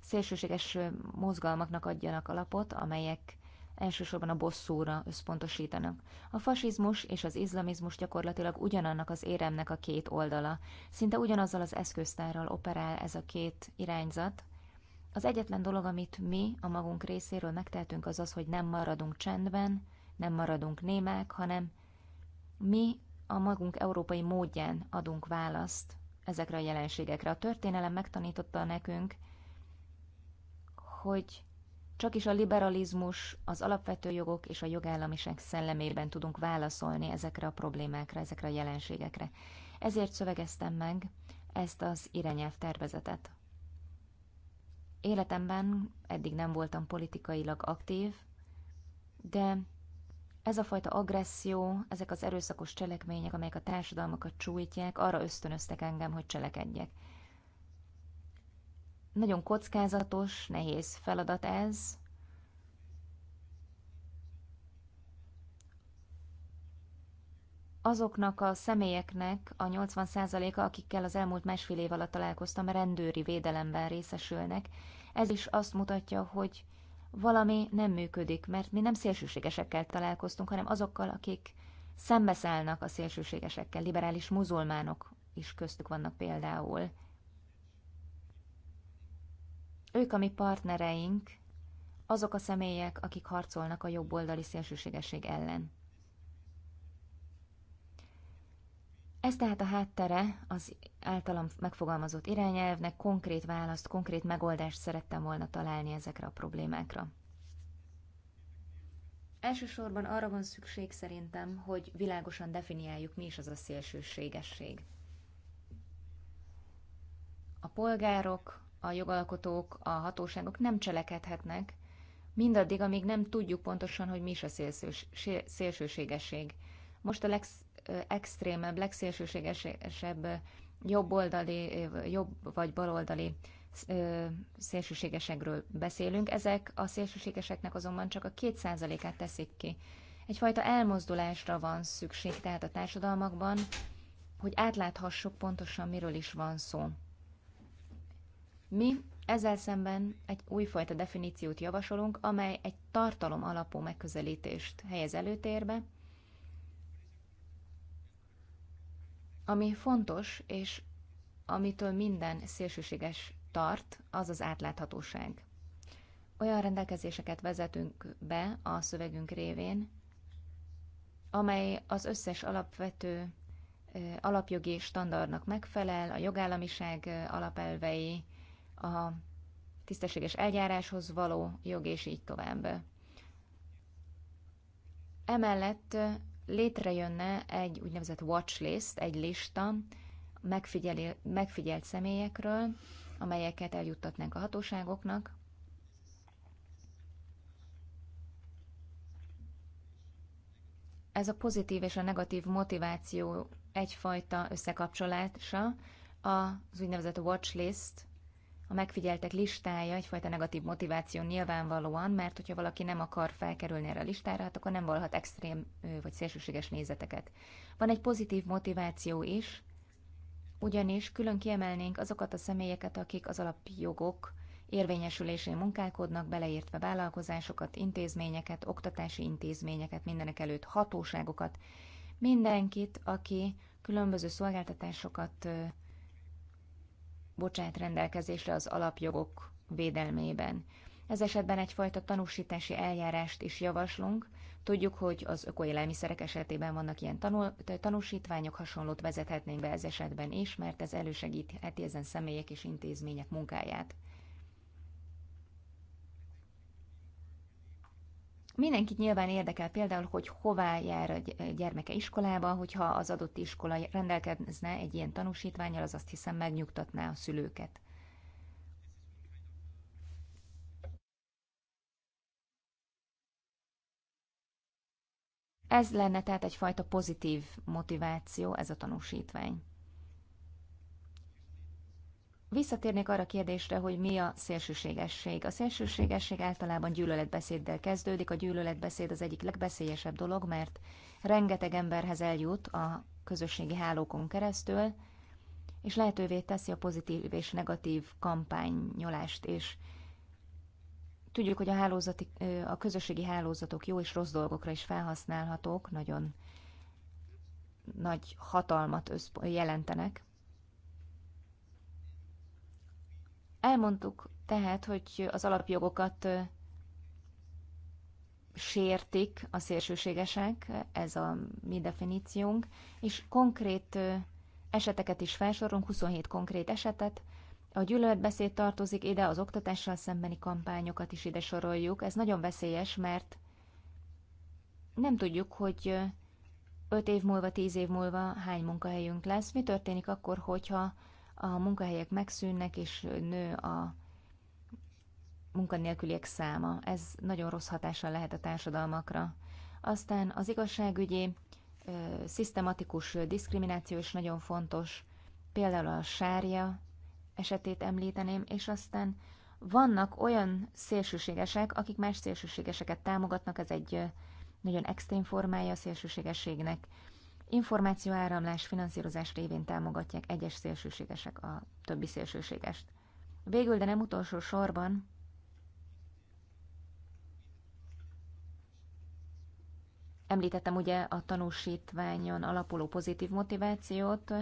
szélsőséges mozgalmaknak adjanak alapot, amelyek elsősorban a bosszúra összpontosítanak. A fasizmus és az izlamizmus gyakorlatilag ugyanannak az éremnek a két oldala. Szinte ugyanazzal az eszköztárral operál ez a két irányzat. Az egyetlen dolog, amit mi a magunk részéről megtehetünk, az az, hogy nem maradunk csendben, nem maradunk némák, hanem mi a magunk európai módján adunk választ ezekre a jelenségekre. A történelem megtanította nekünk, hogy csak is a liberalizmus, az alapvető jogok és a jogállamiság szellemében tudunk válaszolni ezekre a problémákra, ezekre a jelenségekre. Ezért szövegeztem meg ezt az irányelv tervezetet. Életemben eddig nem voltam politikailag aktív, de ez a fajta agresszió, ezek az erőszakos cselekmények, amelyek a társadalmakat csújtják, arra ösztönöztek engem, hogy cselekedjek. Nagyon kockázatos, nehéz feladat ez. Azoknak a személyeknek a 80%-a, akikkel az elmúlt másfél év alatt találkoztam, rendőri védelemben részesülnek. Ez is azt mutatja, hogy valami nem működik, mert mi nem szélsőségesekkel találkoztunk, hanem azokkal, akik szembeszállnak a szélsőségesekkel, liberális muzulmánok is köztük vannak például. Ők a mi partnereink, azok a személyek, akik harcolnak a jobboldali szélsőségesség ellen. Ez tehát a háttere az általam megfogalmazott irányelvnek konkrét választ, konkrét megoldást szerettem volna találni ezekre a problémákra. Elsősorban arra van szükség szerintem, hogy világosan definiáljuk, mi is az a szélsőségesség. A polgárok, a jogalkotók, a hatóságok nem cselekedhetnek, mindaddig, amíg nem tudjuk pontosan, hogy mi is a szélsős, szélsőségesség. Most a legextrémebb, legszélsőségesebb jobboldali, jobb vagy baloldali szélsőségesekről beszélünk. Ezek a szélsőségeseknek azonban csak a két százalékát teszik ki. Egyfajta elmozdulásra van szükség tehát a társadalmakban, hogy átláthassuk pontosan, miről is van szó. Mi ezzel szemben egy újfajta definíciót javasolunk, amely egy tartalom alapú megközelítést helyez előtérbe, ami fontos, és amitől minden szélsőséges tart, az az átláthatóság. Olyan rendelkezéseket vezetünk be a szövegünk révén, amely az összes alapvető alapjogi standardnak megfelel, a jogállamiság alapelvei, a tisztességes eljáráshoz való jog, és így tovább. Emellett létrejönne egy úgynevezett watchlist, egy lista megfigyeli, megfigyelt személyekről, amelyeket eljuttatnánk a hatóságoknak. Ez a pozitív és a negatív motiváció egyfajta összekapcsolása, az úgynevezett watchlist a megfigyeltek listája egyfajta negatív motiváció nyilvánvalóan, mert hogyha valaki nem akar felkerülni erre a listára, hát akkor nem valhat extrém vagy szélsőséges nézeteket. Van egy pozitív motiváció is, ugyanis külön kiemelnénk azokat a személyeket, akik az alapjogok érvényesülésén munkálkodnak, beleértve vállalkozásokat, intézményeket, oktatási intézményeket, mindenek előtt hatóságokat, mindenkit, aki különböző szolgáltatásokat bocsát rendelkezésre az alapjogok védelmében. Ez esetben egyfajta tanúsítási eljárást is javaslunk. Tudjuk, hogy az ökoélelmiszerek esetében vannak ilyen tanul, tanúsítványok, hasonlót vezethetnénk be ez esetben is, mert ez elősegítheti ezen személyek és intézmények munkáját. Mindenkit nyilván érdekel például, hogy hová jár a gyermeke iskolába, hogyha az adott iskola rendelkezne egy ilyen tanúsítványal, az azt hiszem megnyugtatná a szülőket. Ez lenne tehát egyfajta pozitív motiváció, ez a tanúsítvány. Visszatérnék arra kérdésre, hogy mi a szélsőségesség. A szélsőségesség általában gyűlöletbeszéddel kezdődik. A gyűlöletbeszéd az egyik legbeszélyesebb dolog, mert rengeteg emberhez eljut a közösségi hálókon keresztül, és lehetővé teszi a pozitív és negatív kampányolást is. Tudjuk, hogy a, hálózati, a közösségi hálózatok jó és rossz dolgokra is felhasználhatók, nagyon nagy hatalmat jelentenek Elmondtuk tehát, hogy az alapjogokat sértik a szélsőségesek, ez a mi definíciónk, és konkrét eseteket is felsorolunk, 27 konkrét esetet, a gyűlöletbeszéd tartozik ide, az oktatással szembeni kampányokat is ide soroljuk. Ez nagyon veszélyes, mert nem tudjuk, hogy 5 év múlva, 10 év múlva hány munkahelyünk lesz. Mi történik akkor, hogyha a munkahelyek megszűnnek, és nő a munkanélküliek száma. Ez nagyon rossz hatással lehet a társadalmakra. Aztán az igazságügyi ö, szisztematikus diszkrimináció is nagyon fontos, például a sárja esetét említeném, és aztán vannak olyan szélsőségesek, akik más szélsőségeseket támogatnak, ez egy nagyon extrém formája a szélsőségességnek információáramlás, finanszírozás révén támogatják egyes szélsőségesek a többi szélsőségest. Végül, de nem utolsó sorban, Említettem ugye a tanúsítványon alapuló pozitív motivációt,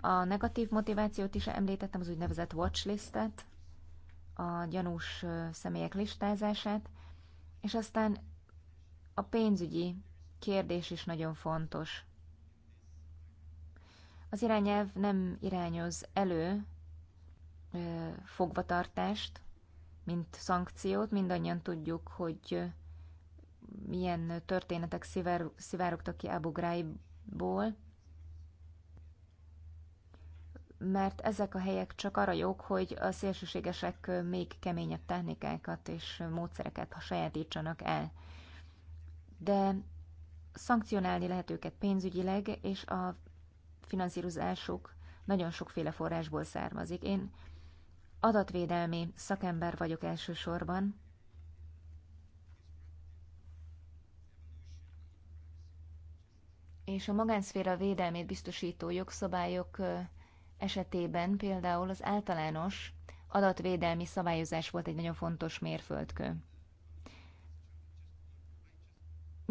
a negatív motivációt is említettem, az úgynevezett watchlistet, a gyanús személyek listázását, és aztán a pénzügyi kérdés is nagyon fontos. Az irányelv nem irányoz elő fogvatartást, mint szankciót. Mindannyian tudjuk, hogy milyen történetek szivár, szivárogtak ki Abu Ghraibból, mert ezek a helyek csak arra jók, hogy a szélsőségesek még keményebb technikákat és módszereket sajátítsanak el. De szankcionálni lehet őket pénzügyileg, és a finanszírozásuk nagyon sokféle forrásból származik. Én adatvédelmi szakember vagyok elsősorban, és a magánszféra védelmét biztosító jogszabályok esetében például az általános adatvédelmi szabályozás volt egy nagyon fontos mérföldkő.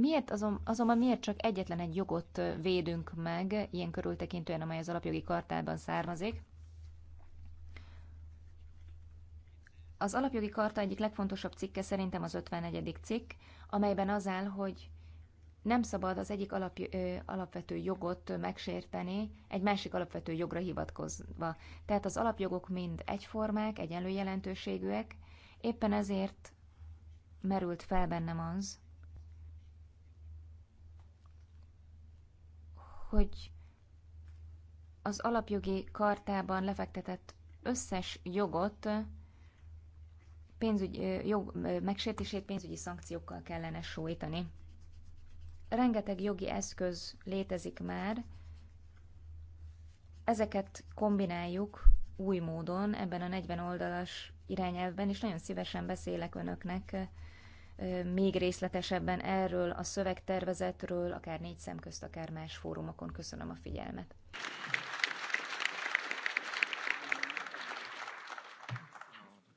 Miért azon, azonban miért csak egyetlen egy jogot védünk meg, ilyen körültekintően, amely az alapjogi kartában származik? Az alapjogi karta egyik legfontosabb cikke szerintem az 51. cikk, amelyben az áll, hogy nem szabad az egyik alap, ö, alapvető jogot megsérteni egy másik alapvető jogra hivatkozva. Tehát az alapjogok mind egyformák, egyenlő jelentőségűek, éppen ezért merült fel bennem az, hogy az alapjogi kartában lefektetett összes jogot pénzügy, jog, megsértését pénzügyi szankciókkal kellene sújtani. Rengeteg jogi eszköz létezik már, ezeket kombináljuk új módon ebben a 40 oldalas irányelvben, és nagyon szívesen beszélek önöknek még részletesebben erről a szövegtervezetről, akár négy szem közt, akár más fórumokon. Köszönöm a figyelmet.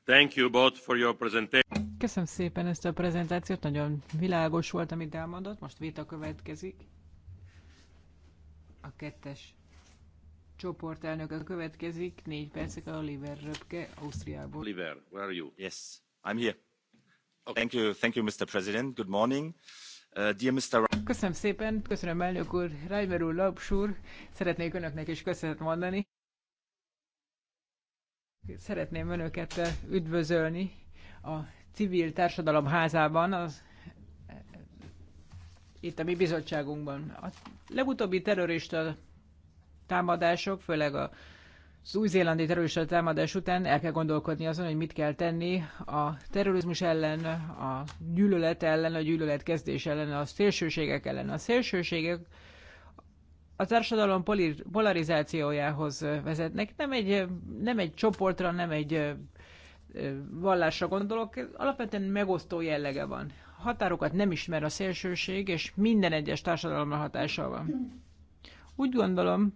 Thank you both for your presentation. Köszönöm szépen ezt a prezentációt, nagyon világos volt, amit elmondott. Most vita következik. A kettes a következik, négy percig Oliver Röpke, Ausztriából. Oliver, where are you? Yes, I'm here. Mr. President. Good morning. Uh, dear Mr. Köszönöm szépen, köszönöm elnök úr, Reimer úr, Labs úr, szeretnék önöknek is köszönet mondani. Szeretném önöket eh, üdvözölni a civil társadalom házában, az, eh, itt a mi bizottságunkban. A legutóbbi terrorista támadások, főleg a az új-zélandi terrorista támadás után el kell gondolkodni azon, hogy mit kell tenni a terrorizmus ellen, a gyűlölet ellen, a gyűlölet kezdés ellen, a szélsőségek ellen. A szélsőségek a társadalom polarizációjához vezetnek. Nem egy, nem egy csoportra, nem egy vallásra gondolok, alapvetően megosztó jellege van. Határokat nem ismer a szélsőség, és minden egyes társadalomra hatással van. Úgy gondolom,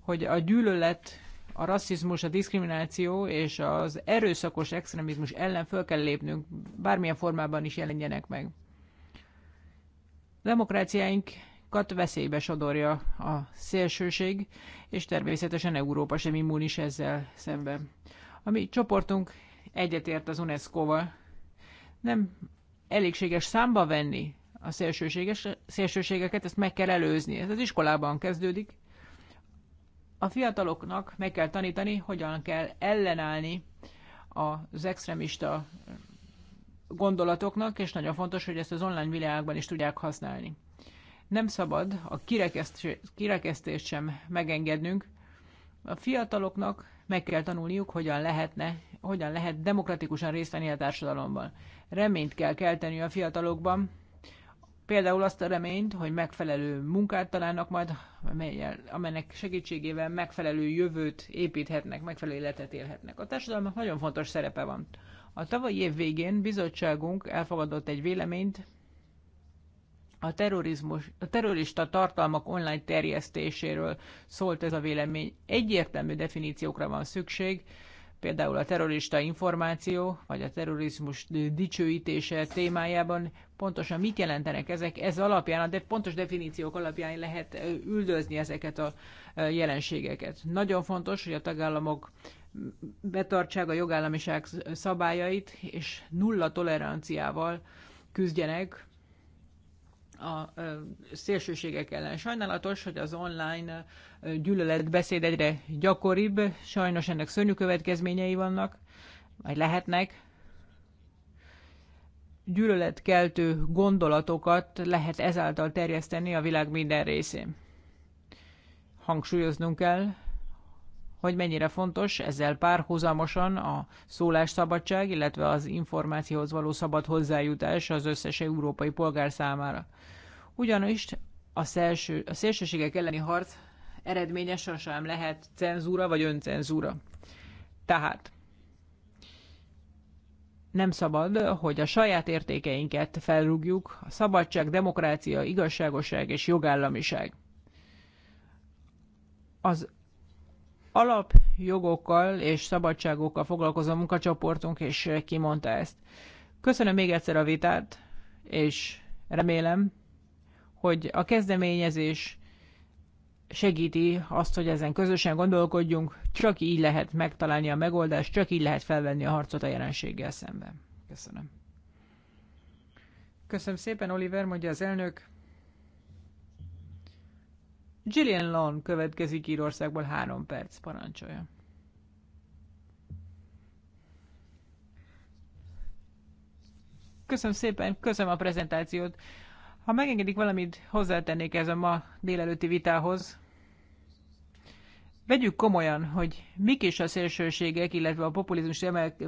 hogy a gyűlölet a rasszizmus, a diszkrimináció és az erőszakos extrémizmus ellen föl kell lépnünk, bármilyen formában is jelenjenek meg. Demokráciáinkat veszélybe sodorja a szélsőség, és természetesen Európa sem immunis ezzel szemben. A mi csoportunk egyetért az UNESCO-val. Nem elégséges számba venni a szélsőséges, szélsőségeket, ezt meg kell előzni. Ez az iskolában kezdődik. A fiataloknak meg kell tanítani, hogyan kell ellenállni az extremista gondolatoknak, és nagyon fontos, hogy ezt az online világban is tudják használni. Nem szabad a kirekesztést sem megengednünk. A fiataloknak meg kell tanulniuk, hogyan lehetne, hogyan lehet demokratikusan részt venni a társadalomban. Reményt kell kelteni a fiatalokban, Például azt a reményt, hogy megfelelő munkát találnak majd, amelyel, amelynek segítségével megfelelő jövőt építhetnek, megfelelő életet élhetnek. A társadalomnak nagyon fontos szerepe van. A tavalyi év végén bizottságunk elfogadott egy véleményt a, terrorizmus, a terrorista tartalmak online terjesztéséről szólt ez a vélemény. Egyértelmű definíciókra van szükség, például a terrorista információ, vagy a terrorizmus dicsőítése témájában pontosan mit jelentenek ezek, ez alapján, de pontos definíciók alapján lehet üldözni ezeket a jelenségeket. Nagyon fontos, hogy a tagállamok betartsák a jogállamiság szabályait, és nulla toleranciával küzdjenek a szélsőségek ellen. Sajnálatos, hogy az online gyűlöletbeszéd egyre gyakoribb, sajnos ennek szörnyű következményei vannak, vagy lehetnek. Gyűlöletkeltő gondolatokat lehet ezáltal terjeszteni a világ minden részén. Hangsúlyoznunk kell, hogy mennyire fontos ezzel párhuzamosan a szólásszabadság, illetve az információhoz való szabad hozzájutás az összes európai polgár számára. Ugyanis a, szelső, a szélsőségek elleni harc eredménye sosem lehet cenzúra vagy öncenzúra. Tehát nem szabad, hogy a saját értékeinket felrúgjuk, a szabadság, demokrácia, igazságosság és jogállamiság. Az alapjogokkal és szabadságokkal foglalkozó munkacsoportunk és kimondta ezt. Köszönöm még egyszer a vitát, és remélem, hogy a kezdeményezés segíti azt, hogy ezen közösen gondolkodjunk, csak így lehet megtalálni a megoldást, csak így lehet felvenni a harcot a jelenséggel szemben. Köszönöm. Köszönöm szépen, Oliver, mondja az elnök. Gillian Lon következik Írországból három perc, parancsolja. Köszönöm szépen, köszönöm a prezentációt. Ha megengedik valamit, hozzátennék ez a ma délelőtti vitához. Vegyük komolyan, hogy mik is a szélsőségek, illetve a populizmus emel-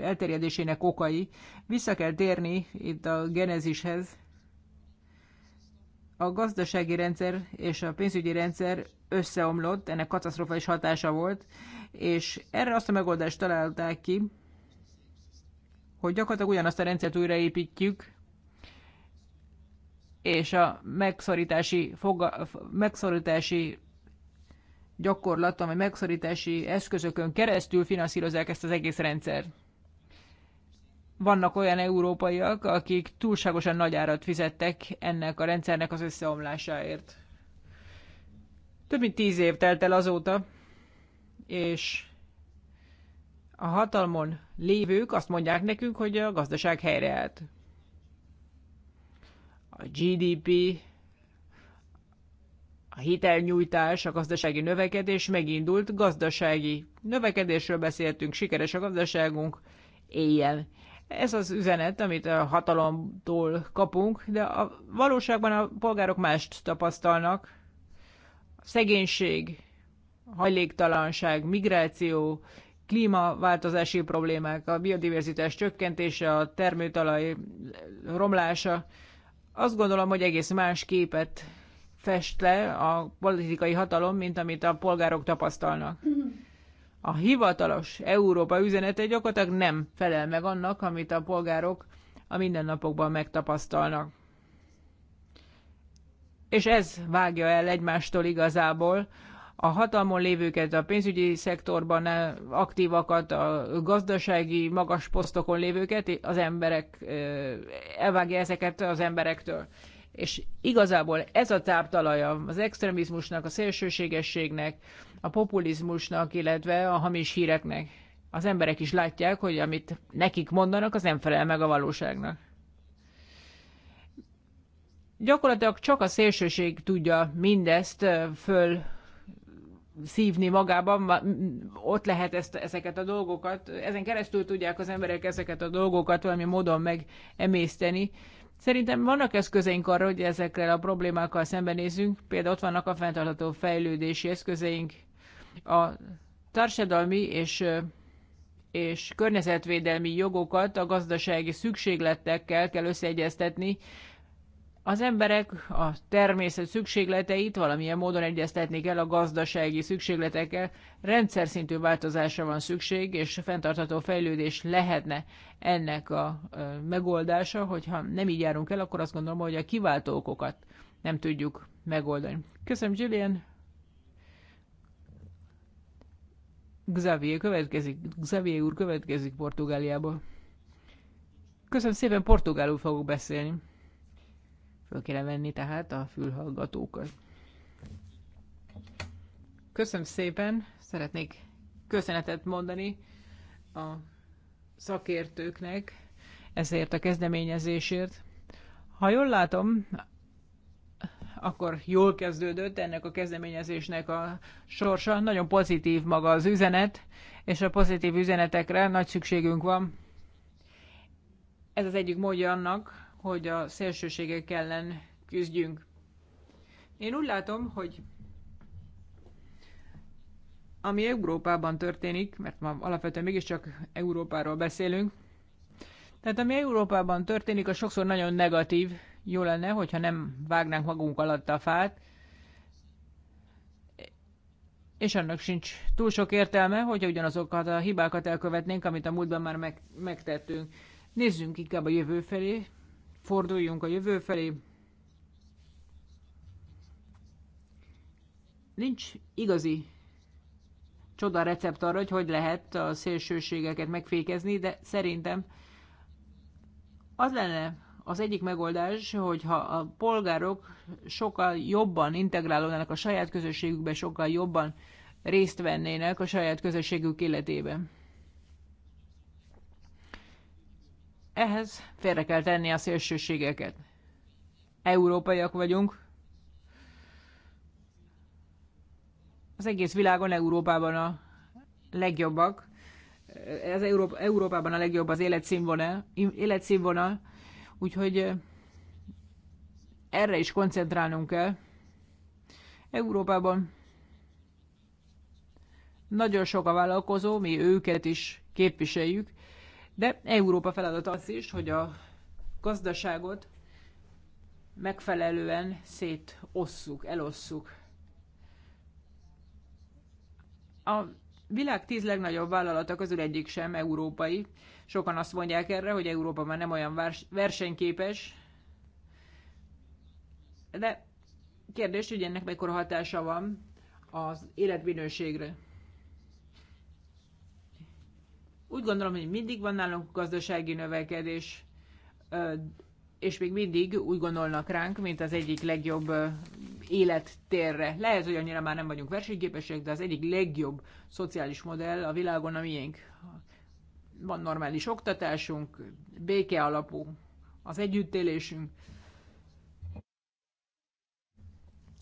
elterjedésének okai. Vissza kell térni itt a genezishez. A gazdasági rendszer és a pénzügyi rendszer összeomlott, ennek katasztrofális hatása volt, és erre azt a megoldást találták ki, hogy gyakorlatilag ugyanazt a rendszert újraépítjük, és a megszorítási, foga, megszorítási gyakorlaton, vagy megszorítási eszközökön keresztül finanszírozzák ezt az egész rendszert. Vannak olyan európaiak, akik túlságosan nagy árat fizettek ennek a rendszernek az összeomlásáért. Több mint tíz év telt el azóta, és a hatalmon lévők azt mondják nekünk, hogy a gazdaság helyreállt a GDP, a hitelnyújtás, a gazdasági növekedés megindult, gazdasági növekedésről beszéltünk, sikeres a gazdaságunk, éljen. Ez az üzenet, amit a hatalomtól kapunk, de a valóságban a polgárok mást tapasztalnak. A szegénység, hajléktalanság, migráció, klímaváltozási problémák, a biodiverzitás csökkentése, a termőtalaj romlása, azt gondolom, hogy egész más képet fest le a politikai hatalom, mint amit a polgárok tapasztalnak. A hivatalos Európa üzenete gyakorlatilag nem felel meg annak, amit a polgárok a mindennapokban megtapasztalnak. És ez vágja el egymástól igazából a hatalmon lévőket, a pénzügyi szektorban eh, aktívakat, a gazdasági magas posztokon lévőket, az emberek eh, elvágja ezeket az emberektől. És igazából ez a táptalaja az extremizmusnak, a szélsőségességnek, a populizmusnak, illetve a hamis híreknek. Az emberek is látják, hogy amit nekik mondanak, az nem felel meg a valóságnak. Gyakorlatilag csak a szélsőség tudja mindezt eh, föl szívni magában, ott lehet ezt, ezeket a dolgokat, ezen keresztül tudják az emberek ezeket a dolgokat valami módon megemészteni. Szerintem vannak eszközeink arra, hogy ezekkel a problémákkal szembenézünk, például ott vannak a fenntartható fejlődési eszközeink, a társadalmi és, és környezetvédelmi jogokat a gazdasági szükségletekkel kell összeegyeztetni, az emberek a természet szükségleteit valamilyen módon egyeztetnék el a gazdasági szükségletekkel. Rendszer szintű változásra van szükség, és fenntartható fejlődés lehetne ennek a megoldása. Hogyha nem így járunk el, akkor azt gondolom, hogy a kiváltó okokat nem tudjuk megoldani. Köszönöm, Gillian! Xavier következik, Xavier úr következik Portugáliából. Köszönöm szépen, portugálul fogok beszélni. Föl kéne venni tehát a fülhallgatókat. Köszönöm szépen, szeretnék köszönetet mondani a szakértőknek ezért a kezdeményezésért. Ha jól látom, akkor jól kezdődött ennek a kezdeményezésnek a sorsa. Nagyon pozitív maga az üzenet, és a pozitív üzenetekre nagy szükségünk van. Ez az egyik módja annak, hogy a szélsőségek ellen küzdjünk. Én úgy látom, hogy ami Európában történik, mert ma alapvetően mégiscsak Európáról beszélünk, tehát ami Európában történik, az sokszor nagyon negatív. Jó lenne, hogyha nem vágnánk magunk alatt a fát, és annak sincs túl sok értelme, hogy ugyanazokat a hibákat elkövetnénk, amit a múltban már meg, megtettünk. Nézzünk inkább a jövő felé, forduljunk a jövő felé. Nincs igazi csoda recept arra, hogy hogy lehet a szélsőségeket megfékezni, de szerintem az lenne az egyik megoldás, hogyha a polgárok sokkal jobban integrálódnának a saját közösségükbe, sokkal jobban részt vennének a saját közösségük életében. Ehhez félre kell tenni a szélsőségeket. Európaiak vagyunk. Az egész világon, Európában a legjobbak. Az Európa, Európában a legjobb az életszínvonal, életszínvonal, úgyhogy erre is koncentrálnunk kell. Európában nagyon sok a vállalkozó, mi őket is képviseljük, de Európa feladat az is, hogy a gazdaságot megfelelően szétosszuk, elosszuk. A világ tíz legnagyobb vállalata közül egyik sem európai. Sokan azt mondják erre, hogy Európa már nem olyan versenyképes, de kérdés, hogy ennek mekkora hatása van az életminőségre. Úgy gondolom, hogy mindig van nálunk gazdasági növekedés, és még mindig úgy gondolnak ránk, mint az egyik legjobb élettérre. Lehet, hogy annyira már nem vagyunk versenyképesek, de az egyik legjobb szociális modell a világon a miénk. Van normális oktatásunk, béke alapú az együttélésünk,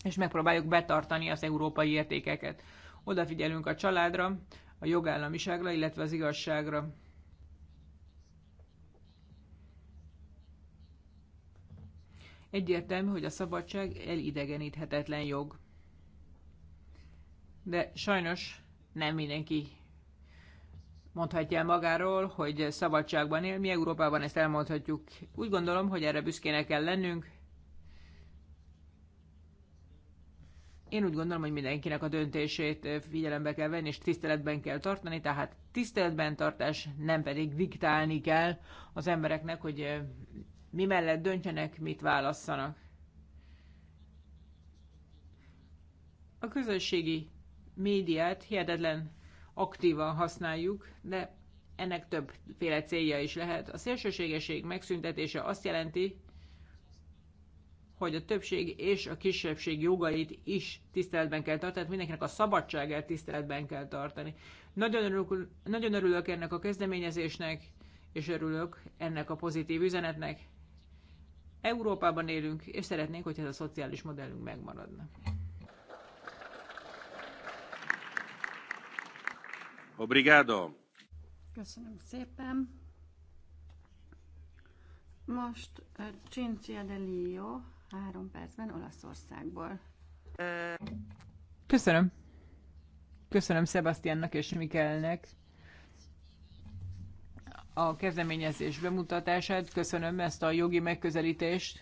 és megpróbáljuk betartani az európai értékeket. Odafigyelünk a családra, a jogállamiságra, illetve az igazságra. Egyértelmű, hogy a szabadság elidegeníthetetlen jog. De sajnos nem mindenki mondhatja magáról, hogy szabadságban él. Mi Európában ezt elmondhatjuk. Úgy gondolom, hogy erre büszkének kell lennünk, Én úgy gondolom, hogy mindenkinek a döntését figyelembe kell venni, és tiszteletben kell tartani, tehát tiszteletben tartás, nem pedig diktálni kell az embereknek, hogy mi mellett döntjenek, mit válasszanak. A közösségi médiát hihetetlen aktívan használjuk, de ennek többféle célja is lehet. A szélsőségeség megszüntetése azt jelenti, hogy a többség és a kisebbség jogait is tiszteletben kell tartani, tehát mindenkinek a szabadságát tiszteletben kell tartani. Nagyon örülök, nagyon örülök ennek a kezdeményezésnek, és örülök ennek a pozitív üzenetnek. Európában élünk, és szeretnénk, hogy ez a szociális modellünk megmaradna. Obrigado. Köszönöm szépen. Most eh, Cinzia de Lio három percben Olaszországból. Köszönöm. Köszönöm Sebastiannak és Mikelnek a kezdeményezés bemutatását. Köszönöm ezt a jogi megközelítést.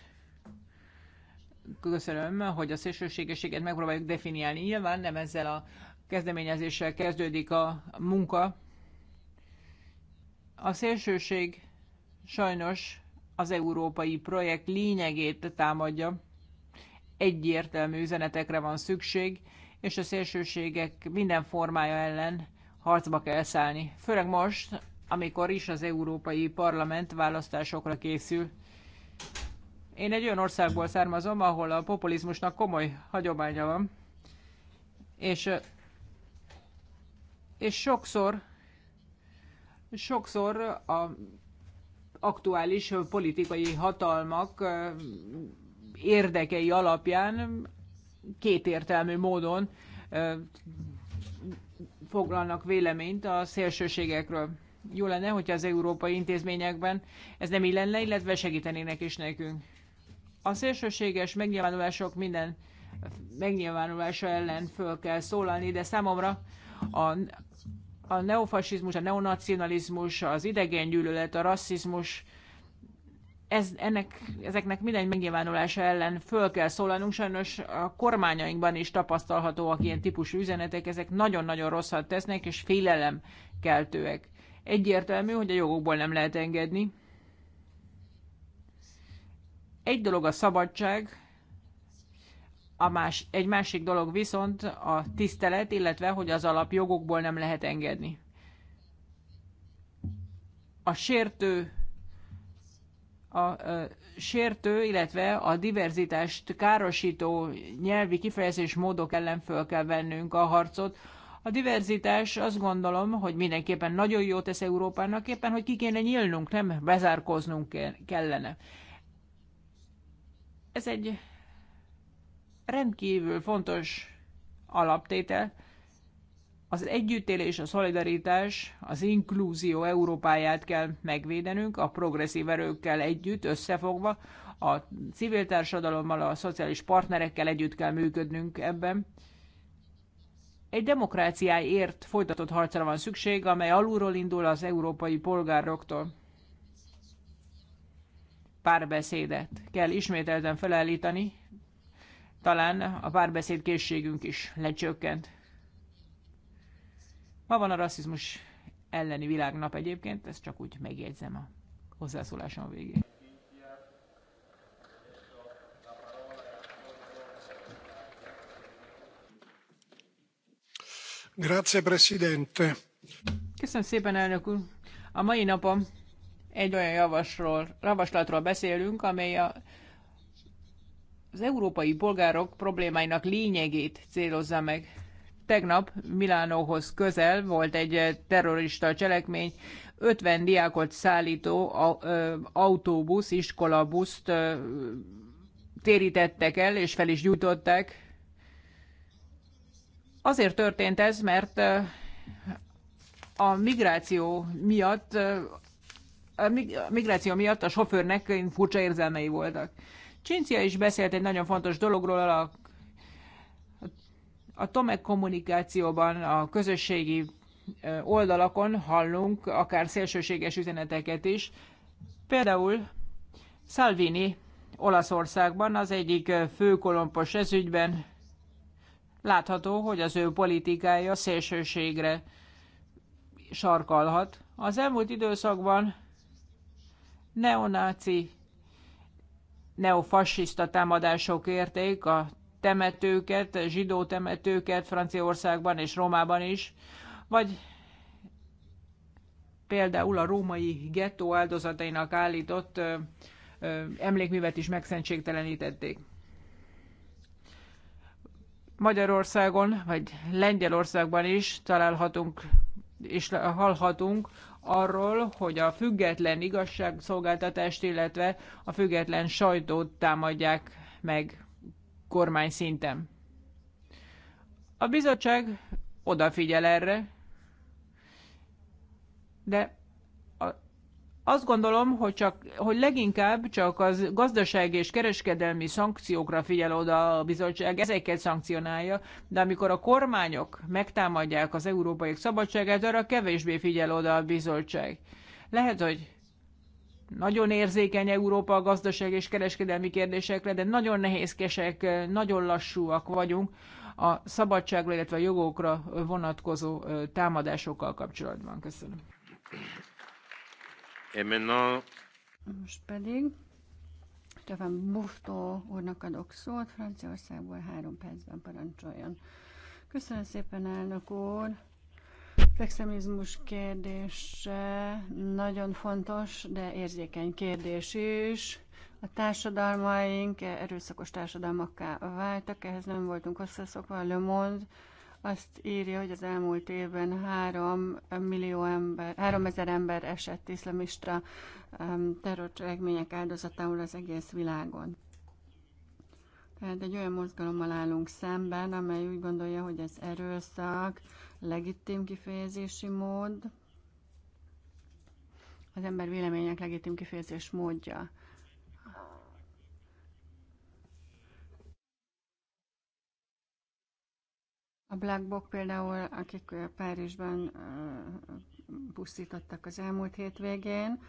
Köszönöm, hogy a szélsőségeséget megpróbáljuk definiálni. Nyilván nem ezzel a kezdeményezéssel kezdődik a munka. A szélsőség sajnos az európai projekt lényegét támadja. Egyértelmű üzenetekre van szükség, és a szélsőségek minden formája ellen harcba kell szállni. Főleg most, amikor is az Európai Parlament választásokra készül. Én egy olyan országból származom, ahol a populizmusnak komoly hagyománya van, és, és sokszor, sokszor a aktuális politikai hatalmak érdekei alapján kétértelmű módon foglalnak véleményt a szélsőségekről. Jó lenne, hogyha az európai intézményekben ez nem így lenne, illetve segítenének is nekünk. A szélsőséges megnyilvánulások minden megnyilvánulása ellen föl kell szólalni, de számomra a a neofasizmus, a neonacionalizmus, az gyűlölet, a rasszizmus, ez, ennek, ezeknek minden megnyilvánulása ellen föl kell szólalnunk. Sajnos a kormányainkban is tapasztalhatóak ilyen típusú üzenetek, ezek nagyon-nagyon rosszat tesznek, és félelem keltőek. Egyértelmű, hogy a jogokból nem lehet engedni. Egy dolog a szabadság, a más, egy másik dolog viszont a tisztelet, illetve hogy az alapjogokból nem lehet engedni. A sértő a, a sértő, illetve a diverzitást károsító nyelvi kifejezés módok ellen föl kell vennünk a harcot. A diverzitás azt gondolom, hogy mindenképpen nagyon jó tesz Európának, éppen, hogy ki kéne nyílnunk, nem bezárkoznunk kellene. Ez egy rendkívül fontos alaptétel, az együttélés, a szolidaritás, az inklúzió Európáját kell megvédenünk, a progresszív erőkkel együtt, összefogva, a civil társadalommal, a szociális partnerekkel együtt kell működnünk ebben. Egy demokráciáért folytatott harcra van szükség, amely alulról indul az európai polgároktól. Párbeszédet kell ismételten felállítani, talán a párbeszéd készségünk is lecsökkent. Ma van a rasszizmus elleni világnap egyébként, ezt csak úgy megjegyzem a hozzászólásom végén. Grazie, Presidente. Köszönöm szépen, elnök úr. A mai napon egy olyan javasról, javaslatról beszélünk, amely a az európai polgárok problémáinak lényegét célozza meg. Tegnap Milánóhoz közel volt egy eh, terrorista cselekmény, 50 diákot szállító autóbusz, iskolabuszt térítettek el, és fel is gyújtották. Azért történt ez, mert a migráció miatt a migráció miatt a sofőrnek furcsa érzelmei voltak. Csincia is beszélt egy nagyon fontos dologról, a, a Tomek kommunikációban, a közösségi oldalakon hallunk akár szélsőséges üzeneteket is. Például Salvini Olaszországban az egyik főkolompos ezügyben látható, hogy az ő politikája szélsőségre sarkalhat. Az elmúlt időszakban neonáci neofasiszta támadások érték a temetőket, zsidó temetőket Franciaországban és Rómában is, vagy például a római gettó áldozatainak állított ö, ö, emlékművet is megszentségtelenítették. Magyarországon, vagy Lengyelországban is találhatunk és hallhatunk arról, hogy a független igazságszolgáltatást, illetve a független sajtót támadják meg kormány szinten. A bizottság odafigyel erre, de azt gondolom, hogy, csak, hogy leginkább csak az gazdaság és kereskedelmi szankciókra figyel oda a bizottság, ezeket szankcionálja, de amikor a kormányok megtámadják az európai szabadságát, arra kevésbé figyel oda a bizottság. Lehet, hogy nagyon érzékeny Európa a gazdaság és kereskedelmi kérdésekre, de nagyon nehézkesek, nagyon lassúak vagyunk a szabadságra, illetve a jogokra vonatkozó támadásokkal kapcsolatban. Köszönöm. Et maintenant... Most pedig Stefan Buftó úrnak adok szót, Franciaországból három percben parancsoljon. Köszönöm szépen, elnök úr! Flexemizmus kérdése nagyon fontos, de érzékeny kérdés is. A társadalmaink erőszakos társadalmakká váltak, ehhez nem voltunk hozzászokva, Le Monde azt írja, hogy az elmúlt évben 3 millió ember, ezer ember esett iszlamista um, terrorcselekmények áldozatául az egész világon. Tehát egy olyan mozgalommal állunk szemben, amely úgy gondolja, hogy ez erőszak legitim kifejezési mód, az ember vélemények legitim kifejezés módja. A Black Box például, akik Párizsban pusztítottak az elmúlt hétvégén,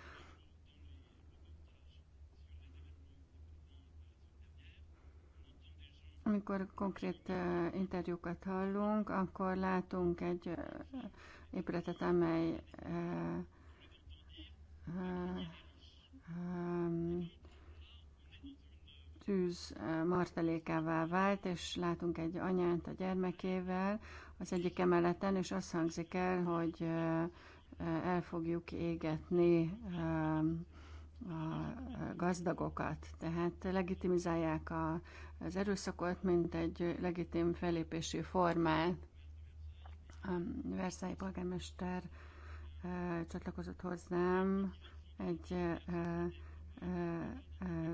Amikor konkrét interjúkat hallunk, akkor látunk egy épületet, amely tűz martalékává vált, és látunk egy anyát a gyermekével az egyik emeleten, és azt hangzik el, hogy el fogjuk égetni a gazdagokat. Tehát legitimizálják a, az erőszakot, mint egy legitim felépési formát. A Versailles polgármester csatlakozott hozzám egy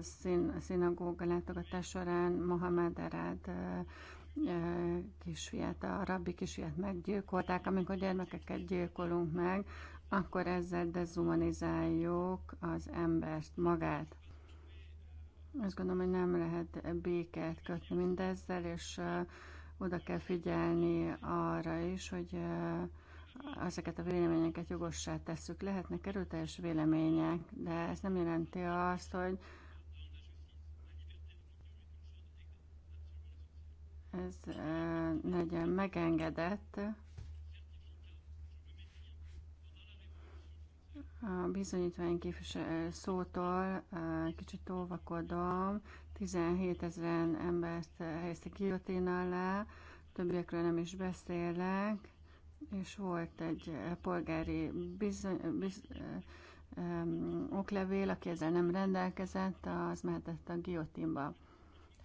szín, szinagóga látogatás során Mohamed Arad kisfiát, a rabbi kisfiát meggyilkolták, amikor gyermekeket gyilkolunk meg, akkor ezzel dezumanizáljuk az embert, magát. Azt gondolom, hogy nem lehet béket kötni mindezzel, és oda kell figyelni arra is, hogy uh, ezeket a véleményeket jogossá tesszük. Lehetnek erőteljes vélemények, de ez nem jelenti azt, hogy ez legyen megengedett. A bizonyítvány szótól kicsit óvakodom. 17 ezeren embert helyeztek kiotén alá, többiekről nem is beszélek és volt egy eh, polgári bizony, biz, ö, eh, oklevél, aki ezzel nem rendelkezett, az mehetett a giotinba.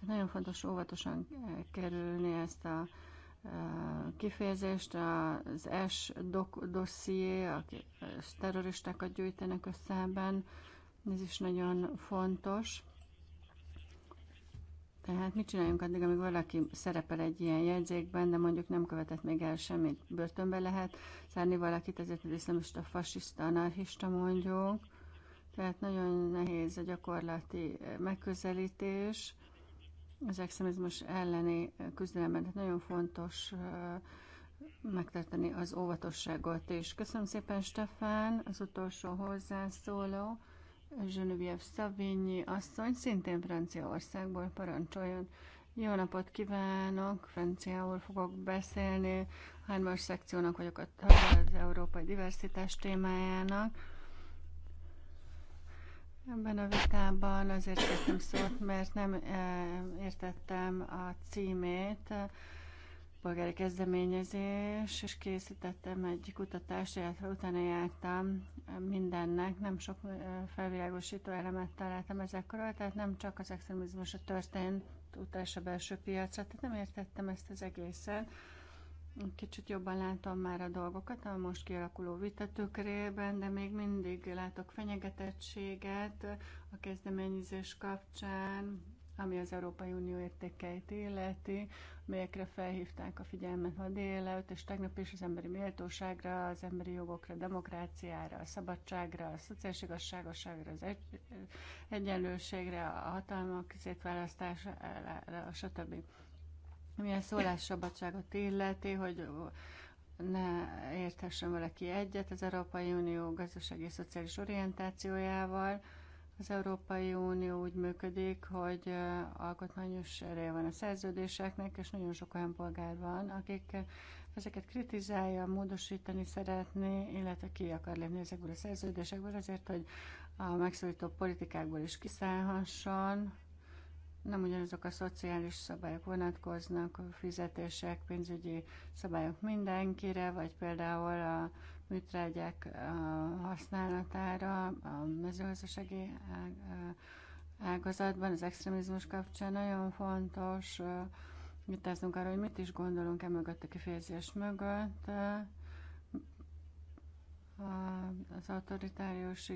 nagyon fontos óvatosan eh, kerülni ezt a kifejezést, az S dosszié, a terroristákat gyűjtenek összeben, ez is nagyon fontos. Tehát mit csináljunk addig, amíg valaki szerepel egy ilyen jegyzékben, de mondjuk nem követett még el semmit, börtönbe lehet szárni valakit, ezért az iszlamista, fasiszta, anarchista mondjuk. Tehát nagyon nehéz a gyakorlati eh, megközelítés az extremizmus elleni eh, küzdelemben, tehát nagyon fontos eh, megtartani az óvatosságot és Köszönöm szépen, Stefán, az utolsó hozzászóló. Zsönövjev Szavényi asszony, szintén Franciaországból parancsoljon. Jó napot kívánok, franciául fogok beszélni. Hármas szekciónak vagyok a tagja az európai diversitás témájának. Ebben a vitában azért kértem szót, mert nem eh, értettem a címét polgári kezdeményezés, és készítettem egy kutatást, illetve utána jártam mindennek, nem sok felvilágosító elemet találtam ezekről, tehát nem csak az a történt utás a belső piacra, tehát nem értettem ezt az egészen. Kicsit jobban látom már a dolgokat a most kialakuló vitatőkörében, de még mindig látok fenyegetettséget a kezdeményezés kapcsán, ami az Európai Unió értékeit illeti, melyekre felhívták a figyelmet ma délelőtt, és tegnap is az emberi méltóságra, az emberi jogokra, a demokráciára, a szabadságra, a szociális igazságosságra, az egy, egyenlőségre, a hatalmak szétválasztására, stb. Ami a szólásszabadságot illeti, hogy ne érthessen valaki egyet az Európai Unió gazdasági és szociális orientációjával, az Európai Unió úgy működik, hogy alkotmányos ereje van a szerződéseknek, és nagyon sok olyan polgár van, akik ezeket kritizálja, módosítani szeretné, illetve ki akar lépni ezekből a szerződésekből azért, hogy a megszólító politikákból is kiszállhasson. Nem ugyanazok a szociális szabályok vonatkoznak, a fizetések, pénzügyi szabályok mindenkire, vagy például a műtrágyák használatára a mezőgazdasági ágazatban, az extrémizmus kapcsán nagyon fontos vitáznunk arra, hogy mit is gondolunk e mögött a kifejezés mögött. Az autoritárius,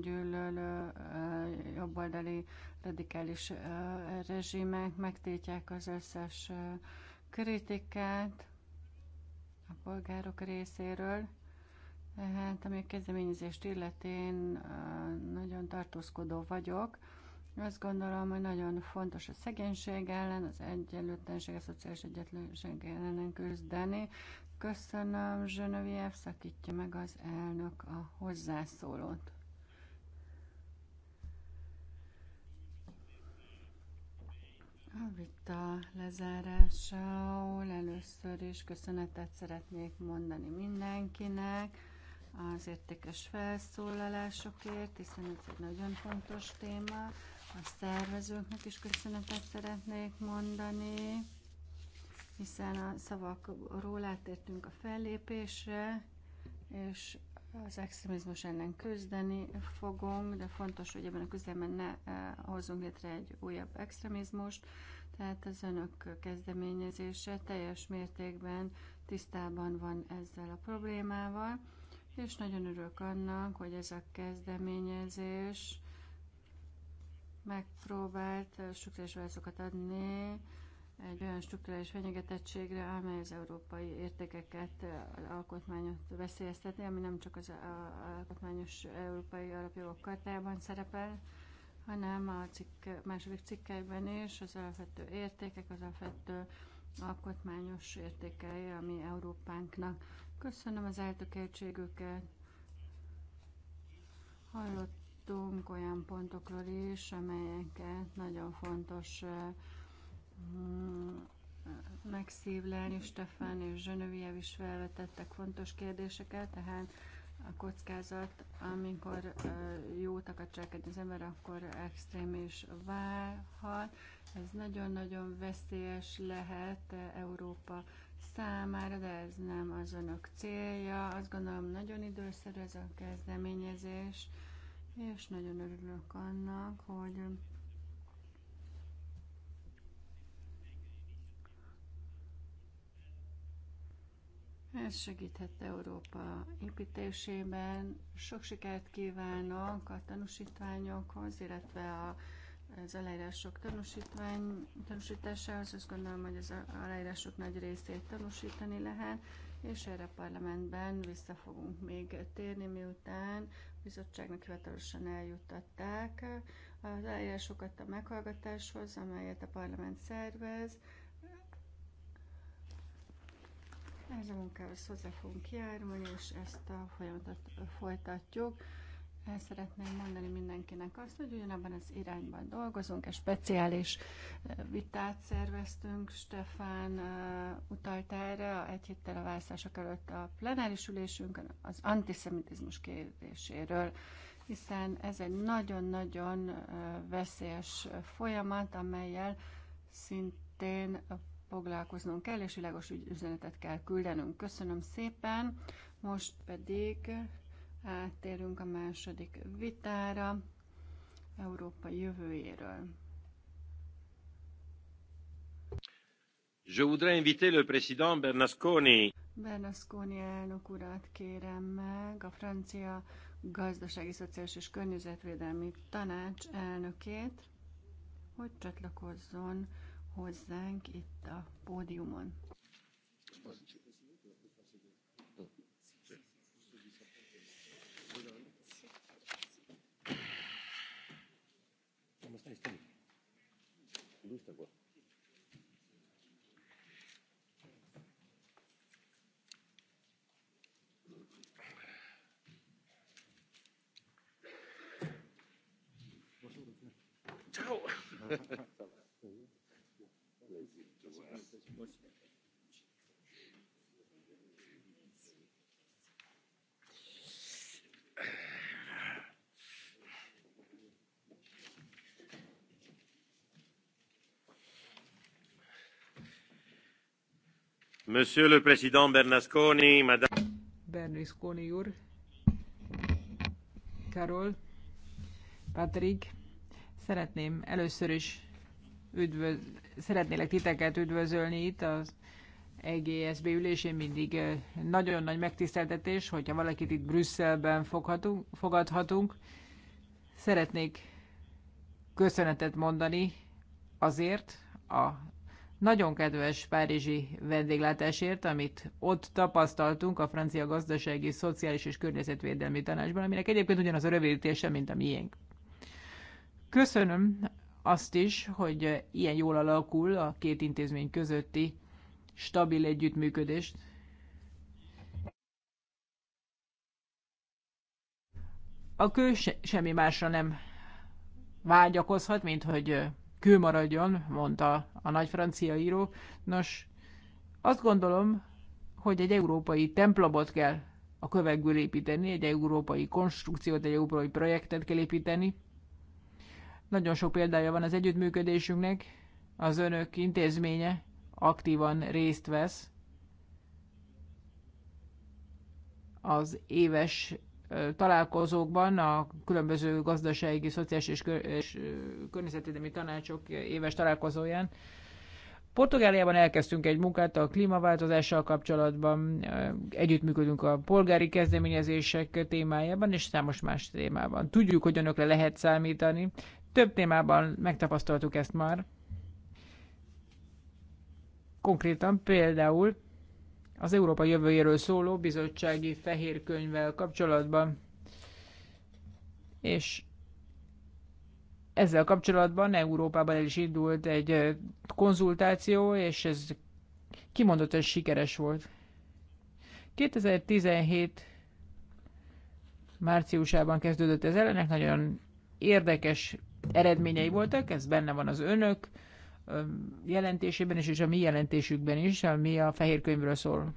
gyűlölő, jobboldali, radikális rezsimek megtétják az összes kritikát a polgárok részéről. Hát, ami a kezdeményezést illetén nagyon tartózkodó vagyok. Azt gondolom, hogy nagyon fontos a szegénység ellen, az egyenlőtlenség, a szociális egyenlőtlenség ellen küzdeni. Köszönöm, Zsönöviev, szakítja meg az elnök a hozzászólót. A vita lezárásául először is köszönetet szeretnék mondani mindenkinek az értékes felszólalásokért, hiszen ez egy nagyon fontos téma. A szervezőknek is köszönetet szeretnék mondani, hiszen a szavakról átértünk a fellépésre, és az extrémizmus ellen küzdeni fogunk, de fontos, hogy ebben a küzdelemben ne eh, hozzunk létre egy újabb extrémizmust, tehát az önök kezdeményezése teljes mértékben tisztában van ezzel a problémával és nagyon örülök annak, hogy ez a kezdeményezés megpróbált struktúrális válaszokat adni egy olyan struktúrális fenyegetettségre, amely az európai értékeket, az alkotmányot veszélyezteti, ami nem csak az alkotmányos európai alapjogok kartájában szerepel, hanem a cikk, második cikkeiben is az alapvető értékek, az alapvető alkotmányos értékei, ami Európánknak. Köszönöm az eltökéltségüket. Hallottunk olyan pontokról is, amelyeket nagyon fontos eh, mm, megszívlelni. Stefan és Zsönöviev is felvetettek fontos kérdéseket, tehát a kockázat, amikor eh, jót akar cselekedni az ember, akkor extrém is válhat. Ez nagyon-nagyon veszélyes lehet eh, Európa számára, de ez nem az önök célja. Azt gondolom, nagyon időszerű ez a kezdeményezés, és nagyon örülök annak, hogy Ez segíthet Európa építésében. Sok sikert kívánok a tanúsítványokhoz, illetve a az aláírások tanúsítvány, tanúsításához. Azt gondolom, hogy az aláírások nagy részét tanúsítani lehet, és erre a parlamentben vissza fogunk még térni, miután a bizottságnak hivatalosan eljuttatták az aláírásokat a meghallgatáshoz, amelyet a parlament szervez. Ez a munkához hozzá fogunk járulni, és ezt a folyamatot folytatjuk. El szeretném mondani mindenkinek azt, hogy ugyanabban az irányban dolgozunk, egy speciális eh, vitát szerveztünk. Stefán eh, utalt erre egy héttel a választások előtt a plenáris ülésünkön az antiszemitizmus kérdéséről, hiszen ez egy nagyon-nagyon eh, veszélyes folyamat, amelyel szintén foglalkoznunk kell, és világos üzenetet kell küldenünk. Köszönöm szépen, most pedig Áttérünk a második vitára Európa jövőjéről. Je voudrais inviter le président Bernasconi. Bernasconi elnök urat kérem meg, a francia gazdasági, szociális és környezetvédelmi tanács elnökét, hogy csatlakozzon hozzánk itt a pódiumon. Köszönöm. gusta, pues. Ciao. <laughs> Monsieur le Président Bernasconi, Madame... Berlusconi úr, Karol, Patrik, szeretném először is üdvöz... szeretnélek titeket üdvözölni itt az EGSB ülésén mindig eh, nagyon nagy megtiszteltetés, hogyha valakit itt Brüsszelben foghatunk, fogadhatunk. Szeretnék köszönetet mondani azért a nagyon kedves párizsi vendéglátásért, amit ott tapasztaltunk a Francia Gazdasági, Szociális és Környezetvédelmi Tanácsban, aminek egyébként ugyanaz a rövidítése, mint a miénk. Köszönöm azt is, hogy ilyen jól alakul a két intézmény közötti stabil együttműködést. A kő se, semmi másra nem vágyakozhat, mint hogy kő maradjon, mondta a nagy francia író. Nos, azt gondolom, hogy egy európai templomot kell a kövekből építeni, egy európai konstrukciót, egy európai projektet kell építeni. Nagyon sok példája van az együttműködésünknek, az önök intézménye aktívan részt vesz az éves találkozókban a különböző gazdasági, szociális és, kör- és környezetvédelmi tanácsok éves találkozóján. Portugáliában elkezdtünk egy munkát a klímaváltozással kapcsolatban, együttműködünk a polgári kezdeményezések témájában és számos más témában. Tudjuk, hogy önökre lehet számítani. Több témában megtapasztaltuk ezt már. Konkrétan például az Európa jövőjéről szóló bizottsági fehér könyvvel kapcsolatban, és ezzel kapcsolatban Európában el is indult egy konzultáció, és ez kimondottan sikeres volt. 2017 márciusában kezdődött ez ellenek, nagyon érdekes eredményei voltak, ez benne van az önök jelentésében is, és a mi jelentésükben is, ami a fehér könyvről szól.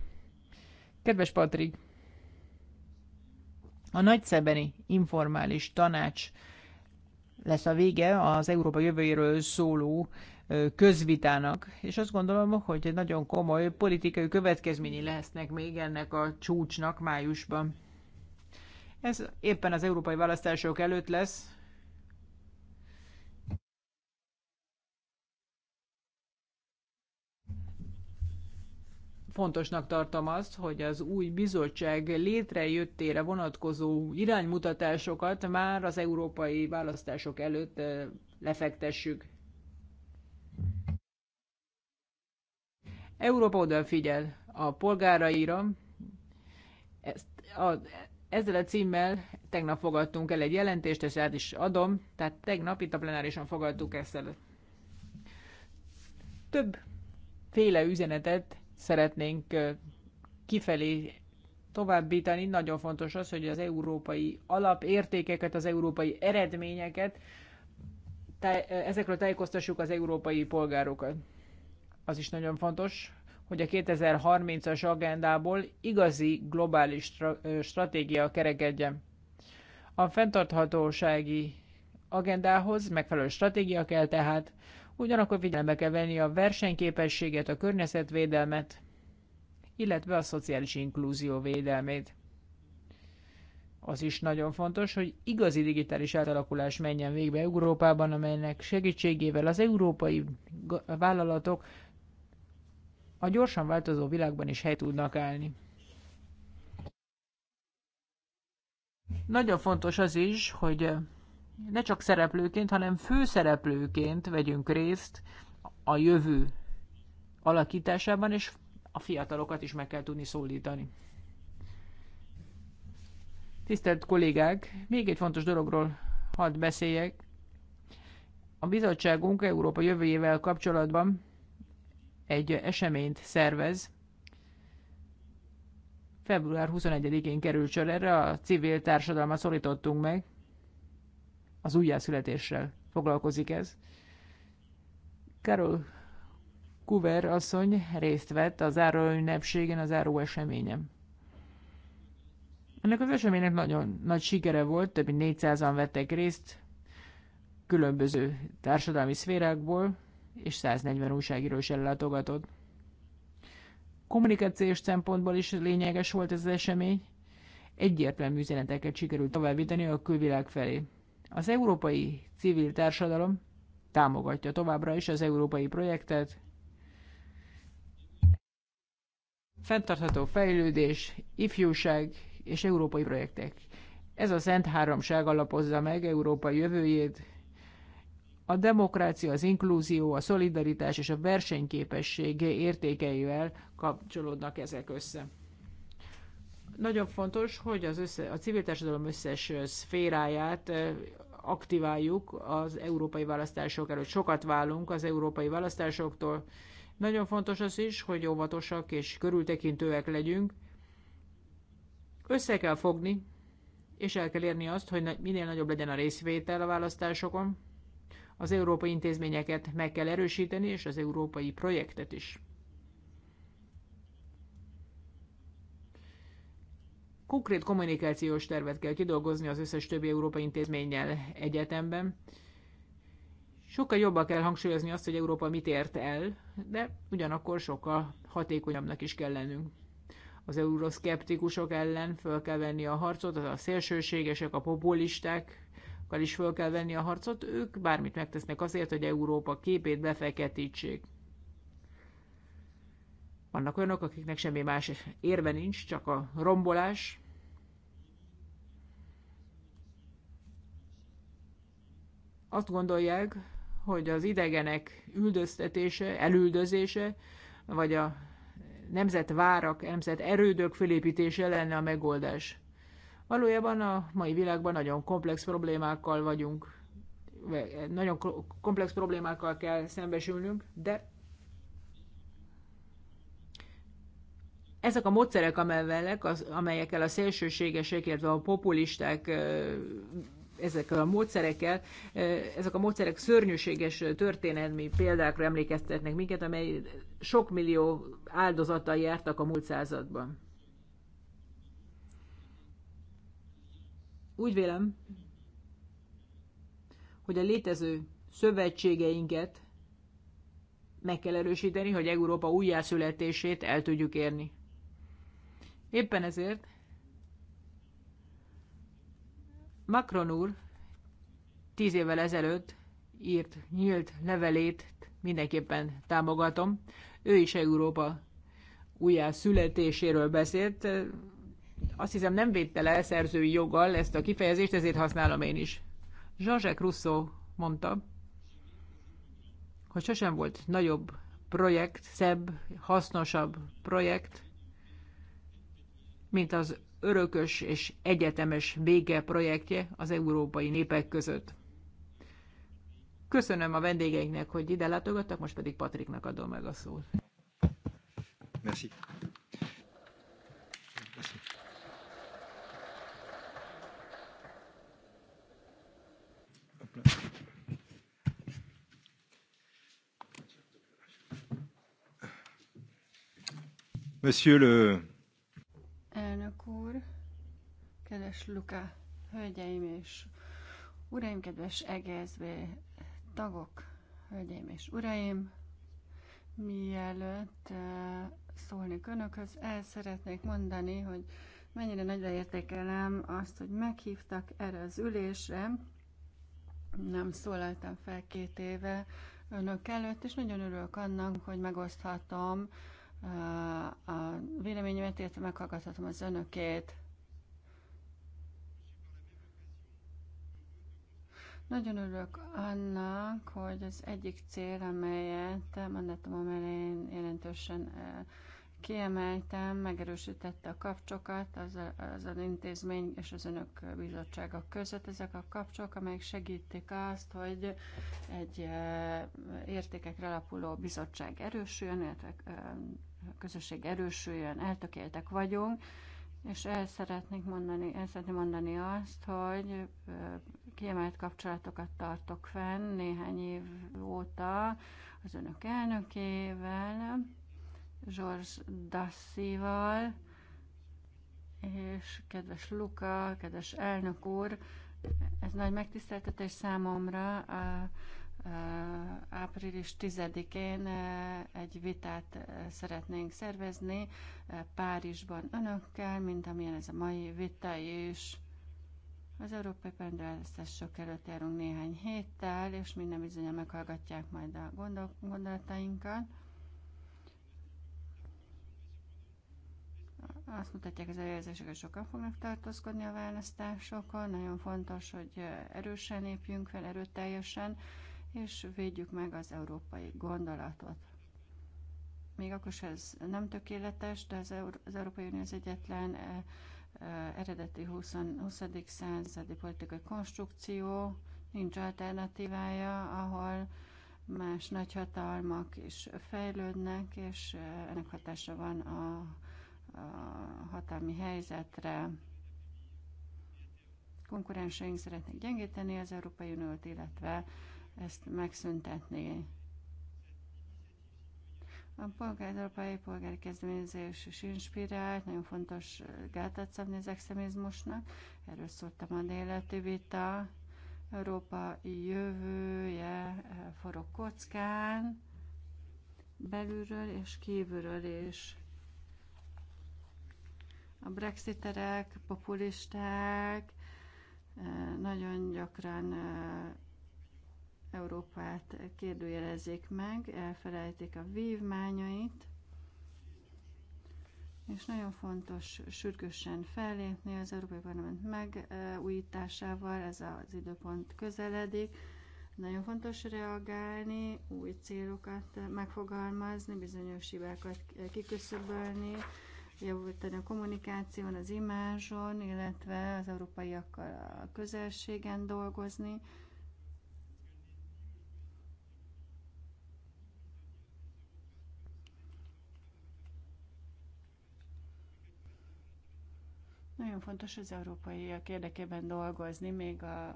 Kedves Patrik, a nagyszebeni informális tanács lesz a vége az Európa jövőjéről szóló közvitának, és azt gondolom, hogy nagyon komoly politikai következményi lesznek még ennek a csúcsnak májusban. Ez éppen az európai választások előtt lesz, fontosnak tartom azt, hogy az új bizottság létrejöttére vonatkozó iránymutatásokat már az európai választások előtt lefektessük. Európa odafigyel a polgáraira. Ezt a, ezzel a címmel tegnap fogadtunk el egy jelentést, ezt át is adom, tehát tegnap itt a plenárisan fogadtuk ezt el. Több féle üzenetet szeretnénk kifelé továbbítani. Nagyon fontos az, hogy az európai alapértékeket, az európai eredményeket, ezekről tájékoztassuk az európai polgárokat. Az is nagyon fontos, hogy a 2030-as agendából igazi globális stra stratégia kerekedjen. A fenntarthatósági agendához megfelelő stratégia kell tehát, Ugyanakkor figyelembe kell venni a versenyképességet, a környezetvédelmet, illetve a szociális inklúzió védelmét. Az is nagyon fontos, hogy igazi digitális átalakulás menjen végbe Európában, amelynek segítségével az európai vállalatok a gyorsan változó világban is hely tudnak állni. Nagyon fontos az is, hogy ne csak szereplőként, hanem főszereplőként vegyünk részt a jövő alakításában, és a fiatalokat is meg kell tudni szólítani. Tisztelt kollégák, még egy fontos dologról hadd beszéljek. A bizottságunk Európa jövőjével kapcsolatban egy eseményt szervez. Február 21-én került sor erre, a civil társadalmat szorítottunk meg, az újjászületéssel foglalkozik ez. Carol Kuver asszony részt vett az záró ünnepségen, az záró eseményen. Ennek az eseménynek nagyon nagy sikere volt, több mint 400-an vettek részt különböző társadalmi szférákból, és 140 újságíró is ellátogatott. Kommunikációs szempontból is lényeges volt ez az esemény, egyértelmű üzeneteket sikerült továbbítani a külvilág felé. Az európai civil társadalom támogatja továbbra is az európai projektet. Fenntartható fejlődés, ifjúság és európai projektek. Ez a Szent Háromság alapozza meg Európa jövőjét. A demokrácia, az inkluzió, a szolidaritás és a versenyképesség értékeivel kapcsolódnak ezek össze. Nagyon fontos, hogy az össze, a civil társadalom összes szféráját aktiváljuk az európai választások előtt. Sokat válunk az európai választásoktól. Nagyon fontos az is, hogy óvatosak és körültekintőek legyünk. Össze kell fogni, és el kell érni azt, hogy minél nagyobb legyen a részvétel a választásokon. Az európai intézményeket meg kell erősíteni, és az európai projektet is. konkrét kommunikációs tervet kell kidolgozni az összes többi európai intézménnyel egyetemben. Sokkal jobban kell hangsúlyozni azt, hogy Európa mit ért el, de ugyanakkor sokkal hatékonyabbnak is kell lennünk. Az euroszkeptikusok ellen föl kell venni a harcot, az a szélsőségesek, a populistákkal is föl kell venni a harcot, ők bármit megtesznek azért, hogy Európa képét befeketítsék. Vannak olyanok, akiknek semmi más érve nincs, csak a rombolás. Azt gondolják, hogy az idegenek üldöztetése, elüldözése, vagy a nemzetvárak, nemzet erődök felépítése lenne a megoldás. Valójában a mai világban nagyon komplex problémákkal vagyunk, nagyon komplex problémákkal kell szembesülnünk, de ezek a módszerek, amelyek, az, amelyekkel a szélsőségesek, illetve a populisták ezekkel a módszerekkel, ezek a módszerek szörnyűséges történelmi példákra emlékeztetnek minket, amely sok millió áldozattal jártak a múlt században. Úgy vélem, hogy a létező szövetségeinket meg kell erősíteni, hogy Európa újjászületését el tudjuk érni. Éppen ezért Macron úr tíz évvel ezelőtt írt nyílt levelét mindenképpen támogatom. Ő is Európa újjá születéséről beszélt. Azt hiszem nem védte le szerzői joggal ezt a kifejezést, ezért használom én is. Jean-Jacques Rousseau mondta, hogy sosem volt nagyobb projekt, szebb, hasznosabb projekt, mint az örökös és egyetemes béke projektje az európai népek között. Köszönöm a vendégeinknek, hogy ide látogattak, most pedig Patriknak adom meg a szót. Merci. Merci. Monsieur le Elnök úr, kedves Luka, hölgyeim és uraim, kedves EGSB tagok, hölgyeim és uraim, mielőtt eh, szólnék önökhöz, el szeretnék mondani, hogy mennyire nagyra értékelem azt, hogy meghívtak erre az ülésre. Nem szólaltam fel két éve önök előtt, és nagyon örülök annak, hogy megoszthatom a véleményemet, illetve meghallgathatom az önökét. Nagyon örülök annak, hogy az egyik cél, amelyet mandátumom elején jelentősen kiemeltem, megerősítette a kapcsokat az, az az intézmény és az önök bizottsága között. Ezek a kapcsok, amelyek segítik azt, hogy egy értékekre alapuló bizottság erősüljön, illetve közösség erősüljön, eltökéltek vagyunk, és el szeretnék mondani, el szeretném mondani azt, hogy kiemelt kapcsolatokat tartok fenn néhány év óta az önök elnökével, George Dassival, és kedves Luka, kedves elnök úr, ez nagy megtiszteltetés számomra április 10-én egy vitát szeretnénk szervezni Párizsban önökkel, mint amilyen ez a mai vita is. Az Európai Pendrálasztások előtt járunk néhány héttel, és minden bizony meghallgatják majd a gondol gondolatainkat. Azt mutatják az előjelzések, hogy sokan fognak tartózkodni a választásokon. Nagyon fontos, hogy erősen lépjünk fel, erőteljesen és védjük meg az európai gondolatot. Még akkor sem ez nem tökéletes, de az, Euró- az Európai Unió az egyetlen e, e, eredeti 20. 20. századi politikai konstrukció, nincs alternatívája, ahol más nagyhatalmak is fejlődnek, és e, ennek hatása van a, a hatalmi helyzetre. Konkurenseink szeretnék gyengíteni az Európai Uniót, illetve ezt megszüntetni. A polgár, európai polgári kezdeményezés is inspirált, nagyon fontos gátat szabni az extremizmusnak. Erről szóltam a déleti vita. Európa jövője eh, forog kockán, belülről és kívülről is. A brexiterek, populisták eh, nagyon gyakran eh, Európát kérdőjelezik meg, elfelejtik a vívmányait, és nagyon fontos sürgősen fellépni az Európai Parlament megújításával, ez az időpont közeledik. Nagyon fontos reagálni, új célokat megfogalmazni, bizonyos hibákat kiküszöbölni, javítani a kommunikáción, az imázson, illetve az európaiakkal a közelségen dolgozni. Nagyon fontos az európaiak érdekében dolgozni, még a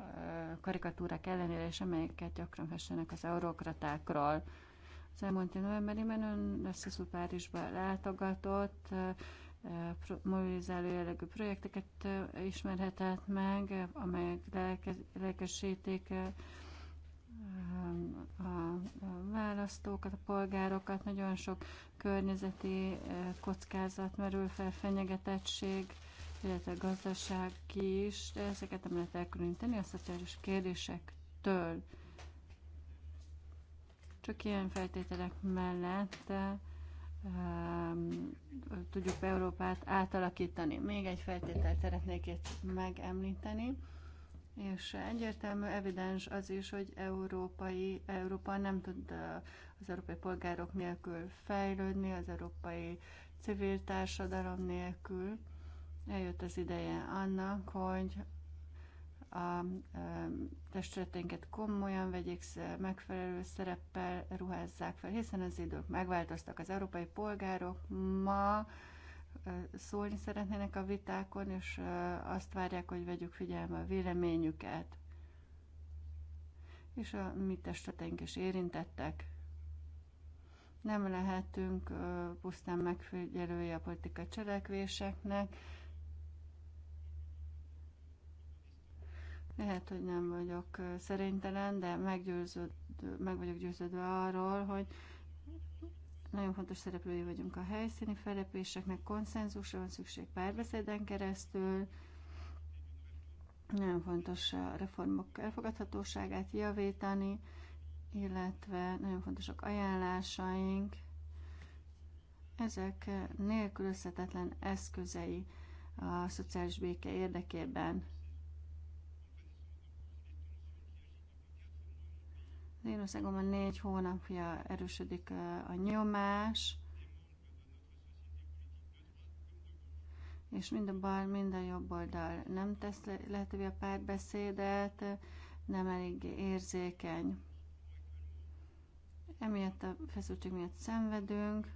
karikatúrák ellenére is, amelyeket gyakran festenek az eurokratákról. Az elmúlt novemberében ön Rassziszu Párizsba látogatott, mobilizáló jellegű projekteket ismerhetett meg, amelyek lelkesíték a választókat, a polgárokat, nagyon sok környezeti kockázat merül fel, fenyegetettség illetve gazdasági is, de ezeket nem lehet elkülöníteni a szociális kérdésektől. Csak ilyen feltételek mellett um, tudjuk Európát átalakítani. Még egy feltételt szeretnék itt megemlíteni, és egyértelmű evidens az is, hogy európai, Európa nem tud eh, az európai polgárok nélkül fejlődni, az európai civil társadalom nélkül Eljött az ideje annak, hogy a testületeinket komolyan vegyék, megfelelő szereppel ruházzák fel, hiszen az idők megváltoztak. Az európai polgárok ma szólni szeretnének a vitákon, és azt várják, hogy vegyük figyelme a véleményüket. És a mi testeteink is érintettek. Nem lehetünk pusztán megfigyelője a politikai cselekvéseknek, Lehet, hogy nem vagyok szerénytelen, de meggyőződ, meg vagyok győződve arról, hogy nagyon fontos szereplői vagyunk a helyszíni felépéseknek, konszenzusra van szükség párbeszéden keresztül, nagyon fontos a reformok elfogadhatóságát javítani, illetve nagyon fontosak ajánlásaink. Ezek nélkülözhetetlen eszközei a szociális béke érdekében. a négy hónapja erősödik a nyomás, és mind a bal, mind a jobb oldal nem tesz lehetővé a párbeszédet, nem elég érzékeny. Emiatt a feszültség miatt szenvedünk,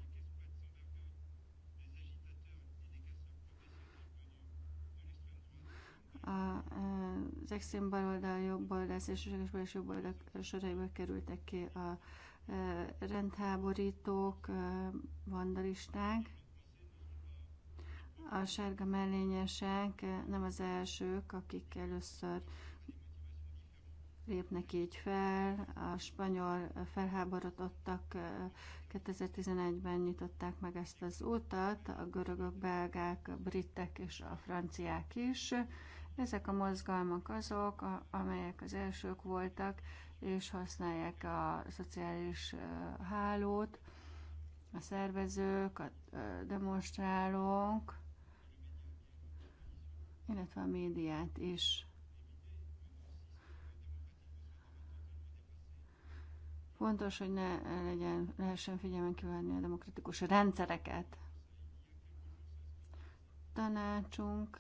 a, az extrém baloldal, jobboldal, szélsőségesből és jobboldal soraiból kerültek ki a, a e, rendháborítók, a e, vandalisták. A sárga mellényesek nem az elsők, akik először lépnek így fel. A spanyol felháborodottak 2011-ben e, nyitották meg ezt az utat, a görögök, belgák, a britek és a franciák is. Ezek a mozgalmak azok, amelyek az elsők voltak, és használják a szociális hálót, a szervezők, a demonstrálók, illetve a médiát is. Fontos, hogy ne legyen, lehessen figyelmen kívánni a demokratikus rendszereket tanácsunk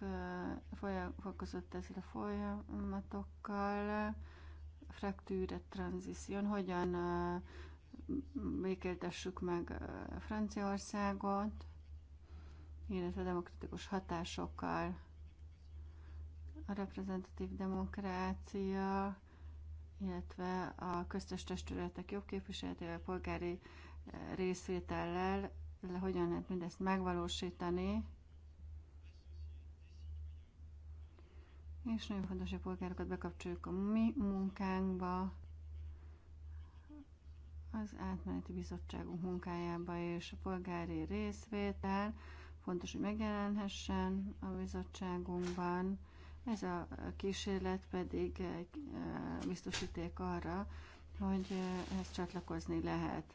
foglalkozott ezzel a folyamatokkal, fraktúra, tranzíción, hogyan békéltessük meg Franciaországot, illetve demokratikus hatásokkal a reprezentatív demokrácia, illetve a köztes testületek jobb képviseletével, polgári részvétellel, hogyan lehet mindezt megvalósítani, és nagyon fontos, hogy a polgárokat bekapcsoljuk a mi munkánkba, az átmeneti bizottságunk munkájába és a polgári részvétel. Fontos, hogy megjelenhessen a bizottságunkban. Ez a kísérlet pedig biztosíték arra, hogy ezt csatlakozni lehet.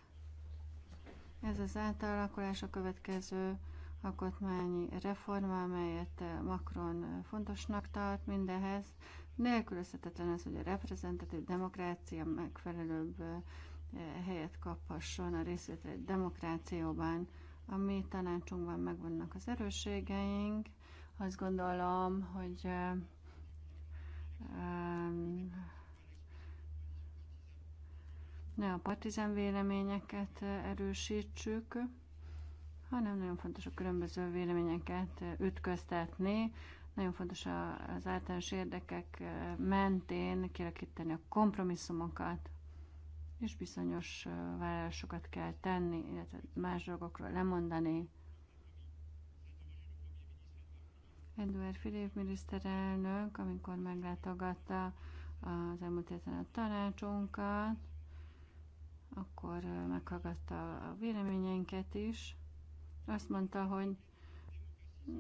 Ez az átalakulás a következő alkotmányi reforma, amelyet Macron fontosnak tart mindehez. Nélkülözhetetlen ez, hogy a reprezentatív demokrácia megfelelőbb eh, helyet kaphasson a részvétel egy demokrációban. A mi tanácsunkban megvannak az erősségeink. Azt gondolom, hogy eh, eh, ne a partizán véleményeket erősítsük, hanem nagyon fontos a különböző véleményeket ütköztetni, nagyon fontos az általános érdekek mentén kialakítani a kompromisszumokat, és bizonyos vállalásokat kell tenni, illetve más dolgokról lemondani. Eduard Filip miniszterelnök, amikor meglátogatta az elmúlt héten a tanácsunkat, akkor meghallgatta a véleményeinket is. Azt mondta, hogy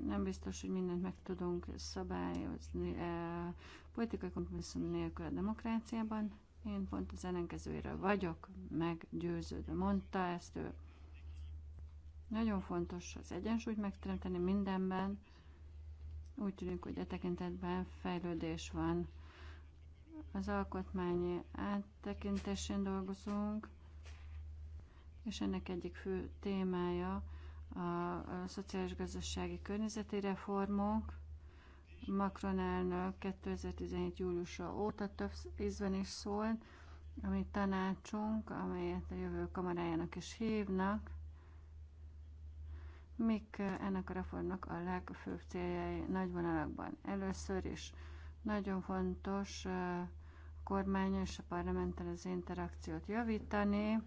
nem biztos, hogy mindent meg tudunk szabályozni eh, politikai kompromisszum nélkül a demokráciában. Én pont az ellenkezőjére vagyok, meggyőződve mondta ezt ő. Nagyon fontos az egyensúlyt megteremteni mindenben. Úgy tűnik, hogy a e tekintetben fejlődés van. Az alkotmányi áttekintésén dolgozunk, és ennek egyik fő témája a, a szociális gazdasági környezeti reformok. Macron elnök 2017. júliusa óta több ízben is szólt, ami tanácsunk, amelyet a jövő kamarájának is hívnak. Mik eh, ennek a reformnak a legfőbb céljai nagy vonalakban? Először is nagyon fontos eh, a kormány és a parlamenttel az interakciót javítani,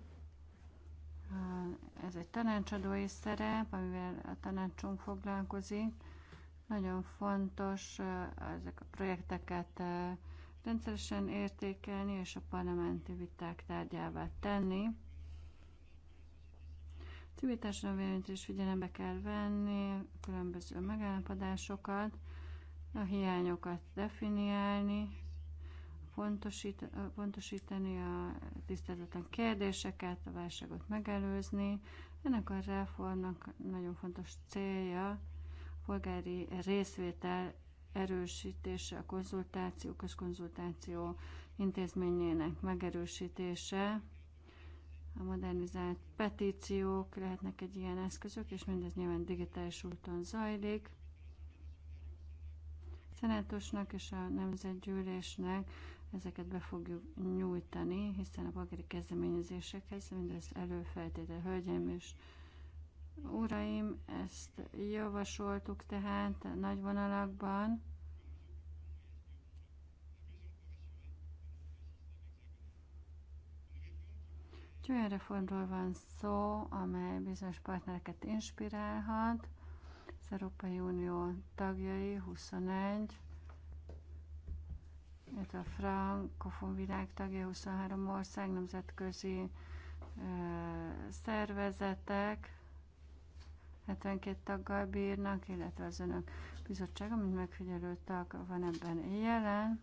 Ah, ez egy tanácsadói szerep, amivel a tanácsunk foglalkozik. Nagyon fontos ah, ezek a projekteket ah, rendszeresen értékelni és a parlamenti viták tárgyává tenni. A civil társadalomvéleményt is figyelembe kell venni, különböző megállapodásokat, a hiányokat definiálni, pontosít, pontosítani a tisztázatlan kérdéseket, a válságot megelőzni. Ennek a reformnak nagyon fontos célja a polgári részvétel erősítése, a konzultáció, közkonzultáció intézményének megerősítése, a modernizált petíciók lehetnek egy ilyen eszközök, és mindez nyilván digitális úton zajlik. A szenátusnak és a nemzetgyűlésnek ezeket be fogjuk nyújtani, hiszen a polgári kezdeményezésekhez mindez előfeltétel. Hölgyeim és uraim, ezt javasoltuk tehát nagy vonalakban. Egy olyan reformról van szó, amely bizonyos partnereket inspirálhat. Az Európai Unió tagjai 21 illetve a frankofon világ tagja 23 ország, nemzetközi uh, szervezetek, 72 taggal bírnak, illetve az önök bizottsága, mint megfigyelő tag van ebben jelen.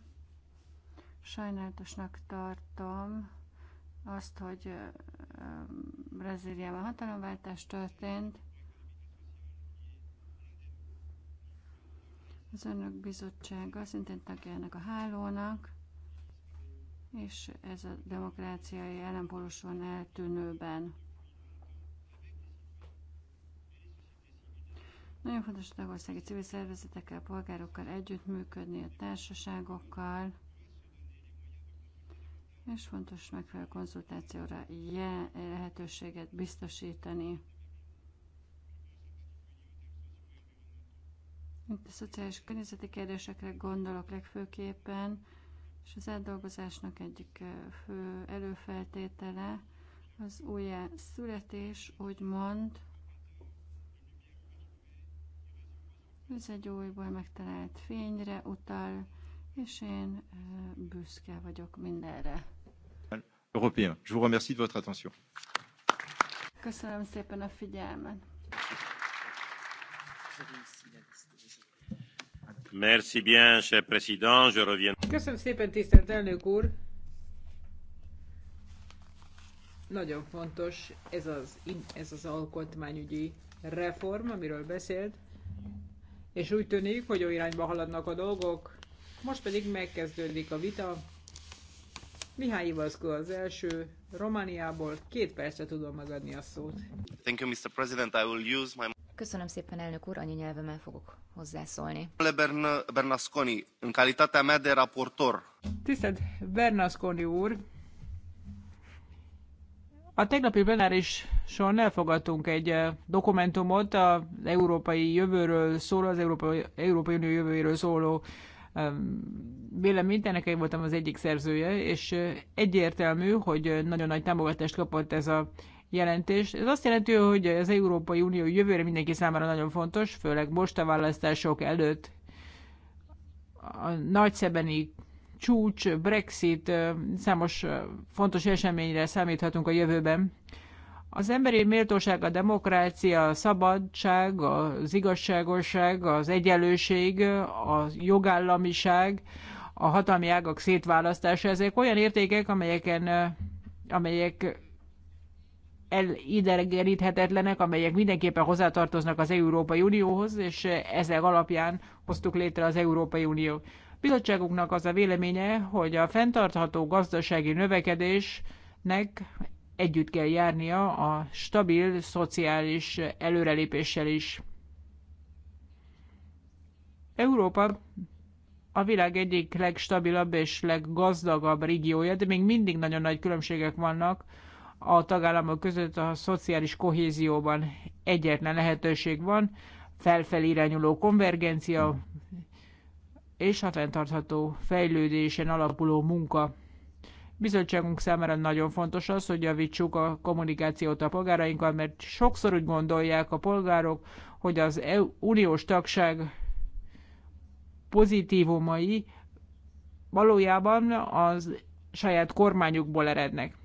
Sajnálatosnak tartom azt, hogy Brazíliában hatalomváltás történt, az önök bizottsága szintén ennek a hálónak, és ez a demokráciai van eltűnőben. Nagyon fontos a tagországi civil szervezetekkel, polgárokkal együttműködni, a társaságokkal, és fontos megfelelő konzultációra lehetőséget biztosítani. Mint a szociális környezeti kérdésekre gondolok legfőképpen, és az átdolgozásnak egyik fő előfeltétele az újjá születés, úgymond, ez egy újból megtalált fényre utal, és én büszke vagyok mindenre. Européen. Je vous remercie de votre attention. Köszönöm szépen a figyelmet. Merci bien, cher président, je reviens. Köszönöm szépen, tisztelt elnök úr! Nagyon fontos ez az, ez az alkotmányügyi reform, amiről beszélt, és úgy tűnik, hogy olyan irányba haladnak a dolgok. Most pedig megkezdődik a vita. Mihály Ivaszko az első, Romániából két percre tudom megadni a szót. Thank you, Mr. President. I will use my... Köszönöm szépen, elnök úr, nyelvemmel fogok hozzászólni. Bernasconi, în calitatea mea de raportor. Tisztelt Bernasconi úr, a tegnapi plenárison elfogadtunk egy eh, dokumentumot az európai jövőről szóló, az Európai, európai Unió jövőjéről szóló véleményt, ennek én voltam az egyik szerzője, és eh, egyértelmű, hogy eh, nagyon nagy támogatást kapott ez a jelentést. Ez azt jelenti, hogy az Európai Unió jövőre mindenki számára nagyon fontos, főleg most a választások előtt a nagyszebeni csúcs, Brexit, számos fontos eseményre számíthatunk a jövőben. Az emberi méltóság, a demokrácia, a szabadság, az igazságosság, az egyenlőség, a jogállamiság, a hatalmi ágak szétválasztása, ezek olyan értékek, amelyeken, amelyek elidegeríthetetlenek, amelyek mindenképpen hozzátartoznak az Európai Unióhoz, és ezek alapján hoztuk létre az Európai Unió. Bizottságunknak az a véleménye, hogy a fenntartható gazdasági növekedésnek együtt kell járnia a stabil szociális előrelépéssel is. Európa a világ egyik legstabilabb és leggazdagabb régiója, de még mindig nagyon nagy különbségek vannak a tagállamok között a szociális kohézióban egyetlen lehetőség van, felfel irányuló konvergencia és a fenntartható fejlődésen alapuló munka. Bizottságunk számára nagyon fontos az, hogy javítsuk a kommunikációt a polgárainkkal, mert sokszor úgy gondolják a polgárok, hogy az EU, uniós tagság pozitívumai valójában az saját kormányukból erednek.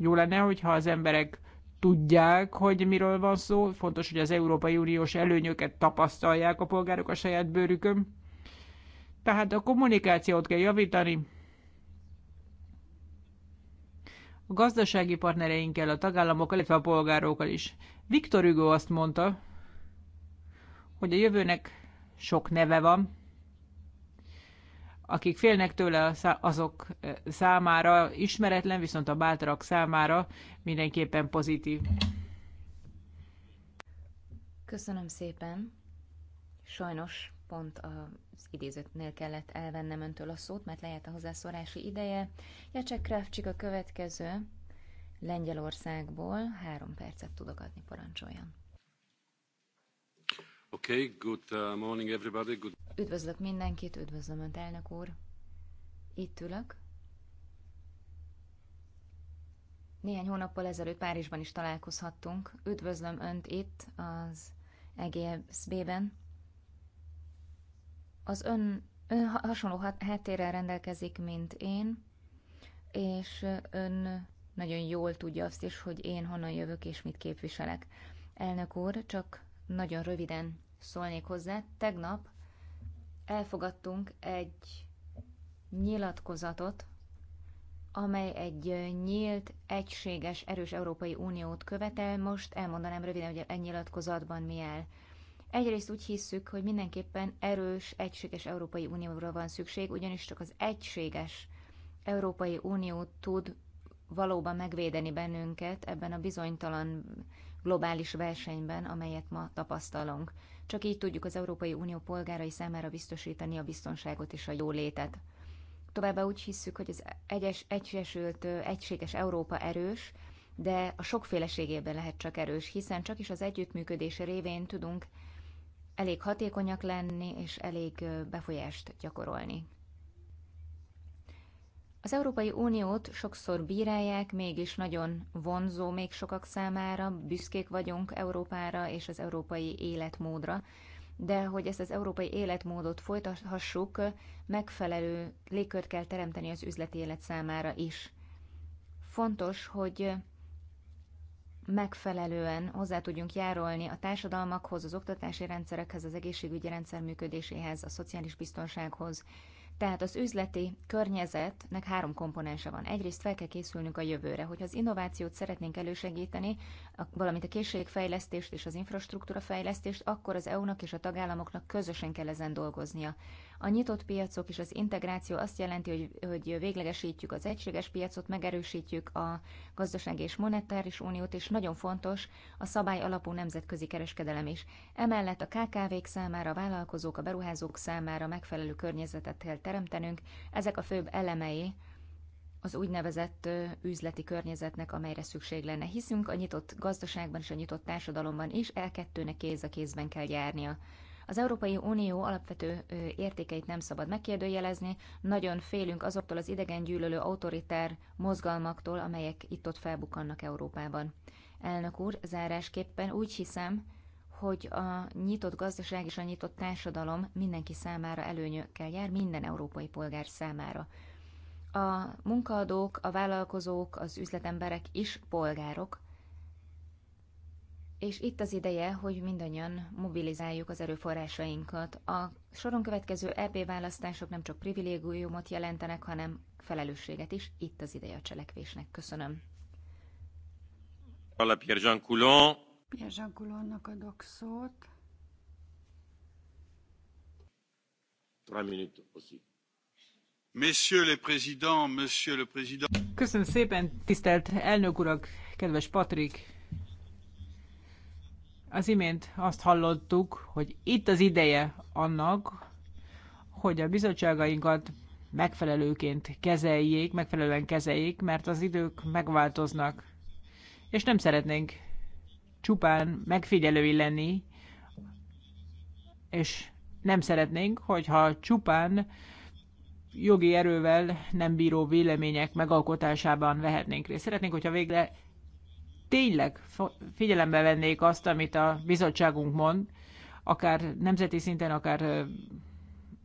Jó lenne, hogyha az emberek tudják, hogy miről van szó. Fontos, hogy az Európai Uniós előnyöket tapasztalják a polgárok a saját bőrükön. Tehát a kommunikációt kell javítani. A gazdasági partnereinkkel, a tagállamokkal, illetve a polgárokkal is. Viktor Hugo azt mondta, hogy a jövőnek sok neve van, akik félnek tőle, azok eh, számára ismeretlen, viszont a bátrak számára mindenképpen pozitív. Köszönöm szépen. Sajnos pont az idézőtnél kellett elvennem öntől a szót, mert lejárt a hozzászórási ideje. Jacek Kravcsik a következő Lengyelországból három percet tudok adni, parancsoljon. Okay, good uh, morning everybody. Good... Üdvözlök mindenkit, üdvözlöm Önt, elnök úr. Itt ülök. Néhány hónappal ezelőtt Párizsban is találkozhattunk. Üdvözlöm Önt itt, az EGSB-ben. Az ön, ön hasonló háttérrel rendelkezik, mint én, és ön nagyon jól tudja azt is, hogy én honnan jövök és mit képviselek. Elnök úr, csak nagyon röviden szólnék hozzá. Tegnap elfogadtunk egy nyilatkozatot, amely egy nyílt, egységes, erős Európai Uniót követel. Most elmondanám röviden, hogy egy nyilatkozatban mi el. Egyrészt úgy hisszük, hogy mindenképpen erős, egységes Európai Unióra van szükség, ugyanis csak az egységes Európai Unió tud valóban megvédeni bennünket ebben a bizonytalan globális versenyben, amelyet ma tapasztalunk. Csak így tudjuk az Európai Unió polgárai számára biztosítani a biztonságot és a jólétet. Továbbá úgy hisszük, hogy az egyes, egyesült, egységes Európa erős, de a sokféleségében lehet csak erős, hiszen csak is az együttműködés révén tudunk elég hatékonyak lenni és elég befolyást gyakorolni. Az Európai Uniót sokszor bírálják, mégis nagyon vonzó még sokak számára, büszkék vagyunk Európára és az európai életmódra, de hogy ezt az európai életmódot folytathassuk, megfelelő légkört kell teremteni az üzleti élet számára is. Fontos, hogy megfelelően hozzá tudjunk járulni a társadalmakhoz, az oktatási rendszerekhez, az egészségügyi rendszer működéséhez, a szociális biztonsághoz. Tehát az üzleti környezetnek három komponense van. Egyrészt fel kell készülnünk a jövőre, hogy az innovációt szeretnénk elősegíteni, valamint a készségfejlesztést és az infrastruktúra fejlesztést, akkor az EU-nak és a tagállamoknak közösen kell ezen dolgoznia. A nyitott piacok és az integráció azt jelenti, hogy, hogy véglegesítjük az egységes piacot, megerősítjük a gazdasági és monetáris uniót, és nagyon fontos a szabály alapú nemzetközi kereskedelem is. Emellett a KKV-k számára, a vállalkozók, a beruházók számára megfelelő környezetet kell teremtenünk. Ezek a főbb elemei az úgynevezett üzleti környezetnek, amelyre szükség lenne. Hiszünk a nyitott gazdaságban és a nyitott társadalomban is, el kettőnek kéz a kézben kell járnia. Az Európai Unió alapvető értékeit nem szabad megkérdőjelezni, nagyon félünk azoktól az gyűlölő autoritár mozgalmaktól, amelyek itt-ott felbukannak Európában. Elnök úr, zárásképpen úgy hiszem, hogy a nyitott gazdaság és a nyitott társadalom mindenki számára előnyökkel jár, minden európai polgár számára. A munkaadók, a vállalkozók, az üzletemberek is polgárok, és itt az ideje, hogy mindannyian mobilizáljuk az erőforrásainkat. A soron következő EP választások nem csak privilégiumot jelentenek, hanem felelősséget is. Itt az ideje a cselekvésnek. Köszönöm. Hola, Pierre Jean Coulon. Pierre Jean Coulonnak adok szót. monsieur le président. Köszönöm szépen, tisztelt elnök urak, kedves Patrik, az imént azt hallottuk, hogy itt az ideje annak, hogy a bizottságainkat megfelelőként kezeljék, megfelelően kezeljék, mert az idők megváltoznak. És nem szeretnénk csupán megfigyelői lenni, és nem szeretnénk, hogyha csupán jogi erővel nem bíró vélemények megalkotásában vehetnénk részt. Szeretnénk, hogyha végre tényleg figyelembe vennék azt, amit a bizottságunk mond, akár nemzeti szinten, akár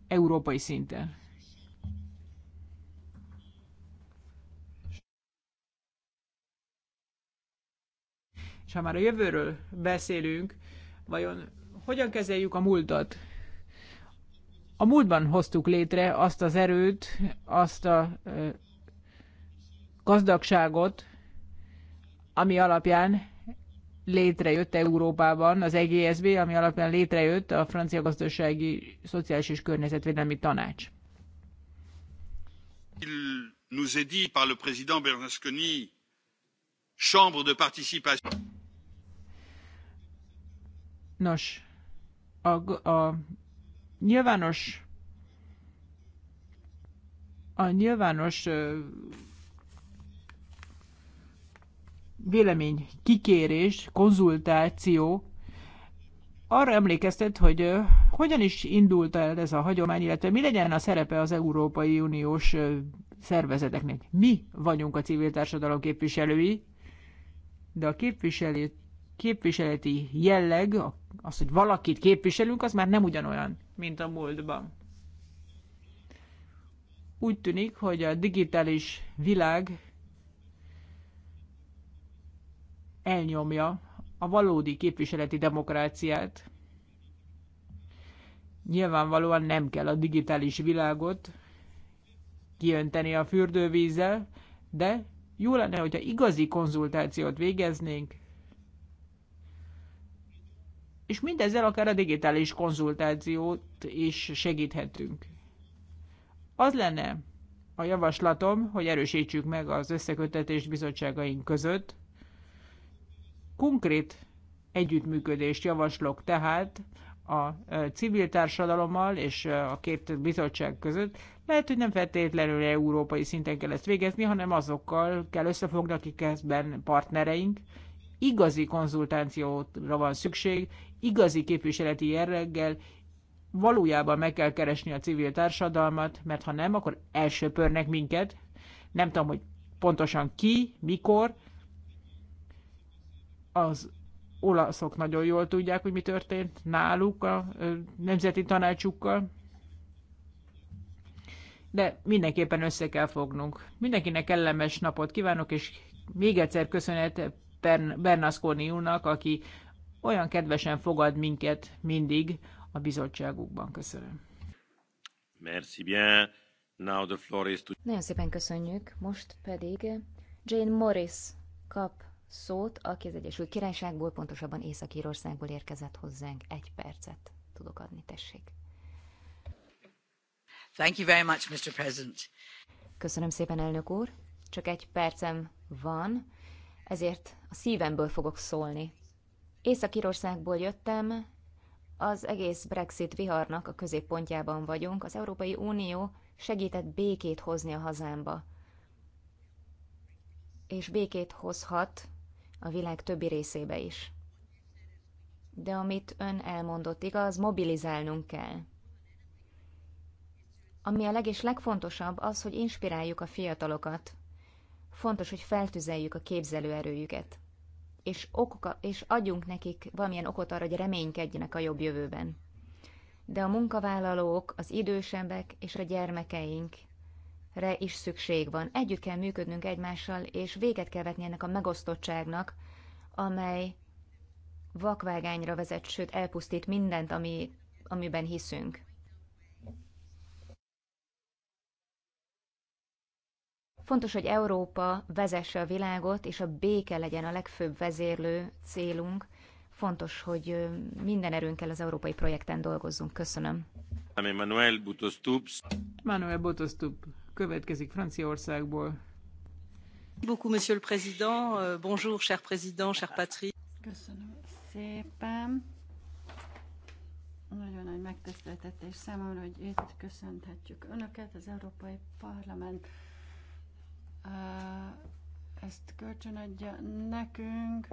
európai szinten. És ha már a jövőről beszélünk, vajon hogyan kezeljük a múltat? A múltban hoztuk létre azt az erőt, azt a gazdagságot, ami alapján létrejött Európában az EGSB, ami alapján létrejött a Francia Gazdasági Szociális és Környezetvédelmi Tanács. Il nous est dit par le président Berlusconi, chambre de participation. Nos, a, a nyilvános a nyilvános vélemény kikérés, konzultáció arra emlékeztet, hogy hogyan is indult el ez a hagyomány, illetve mi legyen a szerepe az Európai Uniós szervezeteknek. Mi vagyunk a civil társadalom képviselői, de a képviselő, képviseleti jelleg, az, hogy valakit képviselünk, az már nem ugyanolyan, mint a múltban. Úgy tűnik, hogy a digitális világ elnyomja a valódi képviseleti demokráciát. Nyilvánvalóan nem kell a digitális világot kiönteni a fürdővízzel, de jó lenne, hogyha igazi konzultációt végeznénk, és mindezzel akár a digitális konzultációt is segíthetünk. Az lenne a javaslatom, hogy erősítsük meg az összekötetést bizottságaink között, Konkrét együttműködést javaslok tehát a e, civil társadalommal és e, a két bizottság között. Lehet, hogy nem feltétlenül európai szinten kell ezt végezni, hanem azokkal kell összefogni, akik ezben partnereink. Igazi konzultációra van szükség, igazi képviseleti jelleggel, valójában meg kell keresni a civil társadalmat, mert ha nem, akkor elsöpörnek minket. Nem tudom, hogy pontosan ki, mikor, az olaszok nagyon jól tudják, hogy mi történt náluk a nemzeti tanácsukkal. De mindenképpen össze kell fognunk. Mindenkinek kellemes napot kívánok, és még egyszer köszönet Bernasconi úrnak, aki olyan kedvesen fogad minket mindig a bizottságukban. Köszönöm. Merci bien. Now the floor is to... Nagyon szépen köszönjük. Most pedig Jane Morris kap szót, aki az Egyesült Királyságból, pontosabban Észak-Írországból érkezett hozzánk. Egy percet tudok adni, tessék. Thank you very much, Mr. President. Köszönöm szépen, elnök úr. Csak egy percem van, ezért a szívemből fogok szólni. Észak-Írországból jöttem, az egész Brexit viharnak a középpontjában vagyunk. Az Európai Unió segített békét hozni a hazámba. És békét hozhat a világ többi részébe is. De amit ön elmondott, igaz, mobilizálnunk kell. Ami a leges legfontosabb, az, hogy inspiráljuk a fiatalokat. Fontos, hogy feltüzeljük a képzelőerőjüket. És, okoka, és adjunk nekik valamilyen okot arra, hogy reménykedjenek a jobb jövőben. De a munkavállalók, az idősebbek és a gyermekeink re is szükség van. Együtt kell működnünk egymással, és véget kell vetni ennek a megosztottságnak, amely vakvágányra vezet, sőt elpusztít mindent, ami, amiben hiszünk. Fontos, hogy Európa vezesse a világot, és a béke legyen a legfőbb vezérlő célunk. Fontos, hogy minden erőnkkel az európai projekten dolgozzunk. Köszönöm. Manuel Butostup. Manuel Butostup következik Franciaországból. Beaucoup, monsieur le président. Euh, bonjour, cher président, cher Patrick. Köszönöm szépen. Nagyon nagy megtiszteltetés számomra, hogy itt köszönhetjük Önöket, az Európai Parlament ezt kölcsönadja nekünk.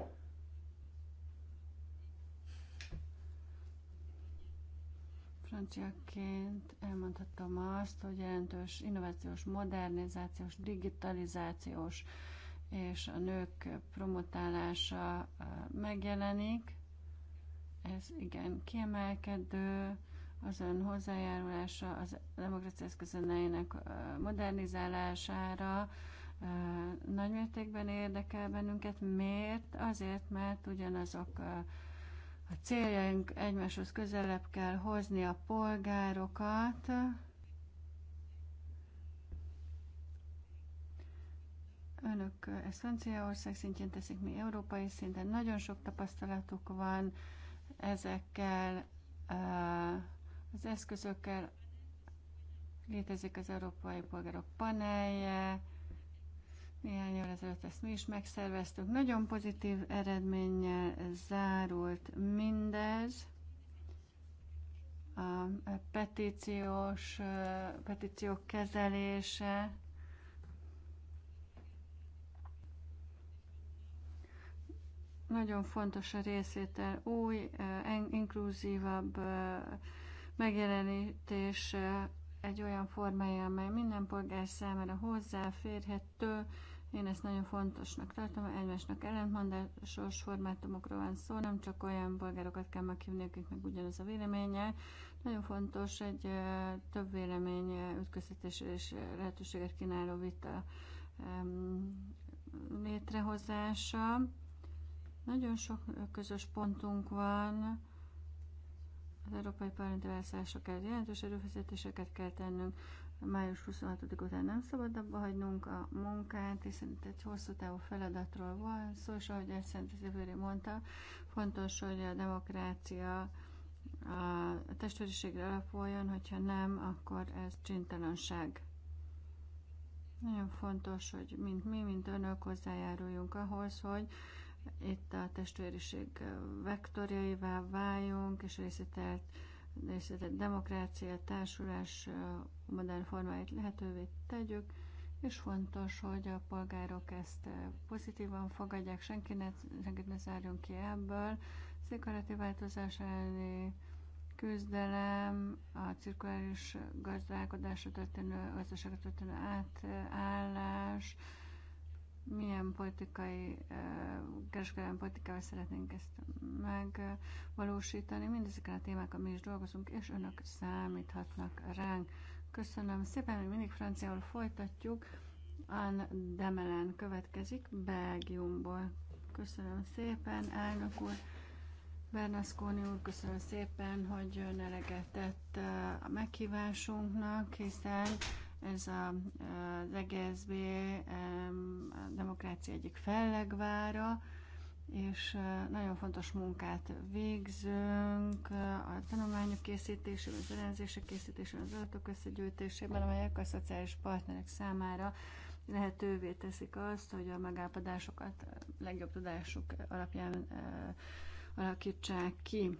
Franciaként elmondhatom azt, hogy jelentős innovációs, modernizációs, digitalizációs és a nők promotálása megjelenik. Ez igen kiemelkedő, az ön hozzájárulása az demokrácia eszközöneinek modernizálására nagymértékben érdekel bennünket. Miért? Azért, mert ugyanazok a a céljaink egymáshoz közelebb kell hozni a polgárokat, Önök ezt Franciaország szintjén teszik, mi európai szinten. Nagyon sok tapasztalatuk van ezekkel az eszközökkel. Létezik az Európai Polgárok Panelje, néhány évvel ezelőtt ezt mi is megszerveztük. Nagyon pozitív eredménnyel zárult mindez. A petíciós, petíciók kezelése, nagyon fontos a részétel, új, inkluzívabb megjelenítés egy olyan formája, amely minden polgár számára hozzáférhető, én ezt nagyon fontosnak tartom, egymásnak ellentmondásos formátumokról van szó, nem csak olyan polgárokat kell meghívni, akiknek ugyanaz a véleménye. Nagyon fontos egy több vélemény ütköztetés és lehetőséget kínáló vita létrehozása. Nagyon sok közös pontunk van, az európai parlamenti választások jelentős erőfeszítéseket kell tennünk május 26 után nem szabad abba hagynunk a munkát, hiszen itt egy hosszú távú feladatról van szó, és ahogy ezt Szent Zivőri mondta, fontos, hogy a demokrácia a testvériségre alapuljon, hogyha nem, akkor ez csintalanság. Nagyon fontos, hogy mint mi, mint önök hozzájáruljunk ahhoz, hogy itt a testvériség vektorjaivá váljunk, és részletet részletet demokrácia, társulás modern formáit lehetővé tegyük, és fontos, hogy a polgárok ezt pozitívan fogadják, senki ne, senkit ne zárjon ki ebből. Szikarati változás elleni küzdelem, a cirkuláris gazdálkodásra történő, gazdaságra történő átállás, milyen politikai, kereskedelmi politikával szeretnénk ezt megvalósítani. mindezekre a témákkal mi is dolgozunk, és önök számíthatnak ránk. Köszönöm szépen, hogy mindig franciául folytatjuk. Anne Demelen következik Belgiumból. Köszönöm szépen, elnök úr. Bernasconi úr, köszönöm szépen, hogy ön eleget a meghívásunknak, hiszen ez a, az EGSB a demokrácia egyik fellegvára, és nagyon fontos munkát végzünk a tanulmányok készítésében, az elemzések készítésében, az adatok összegyűjtésében, amelyek a szociális partnerek számára lehetővé teszik azt, hogy a megállapodásokat legjobb tudásuk alapján alakítsák ki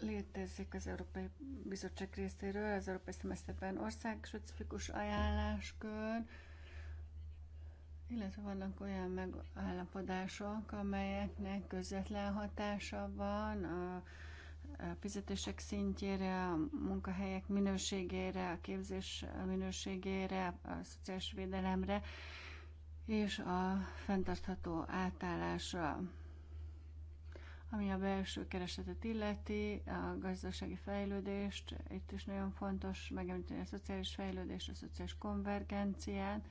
létezik az Európai Bizottság részéről, az Európai Szemeszterben országspecifikus ajánláskör, illetve vannak olyan megállapodások, amelyeknek közvetlen hatása van a fizetések szintjére, a munkahelyek minőségére, a képzés minőségére, a szociális védelemre és a fenntartható átállásra. Ami a belső keresetet illeti, a gazdasági fejlődést, itt is nagyon fontos megemlíteni a szociális fejlődést, a szociális konvergenciát.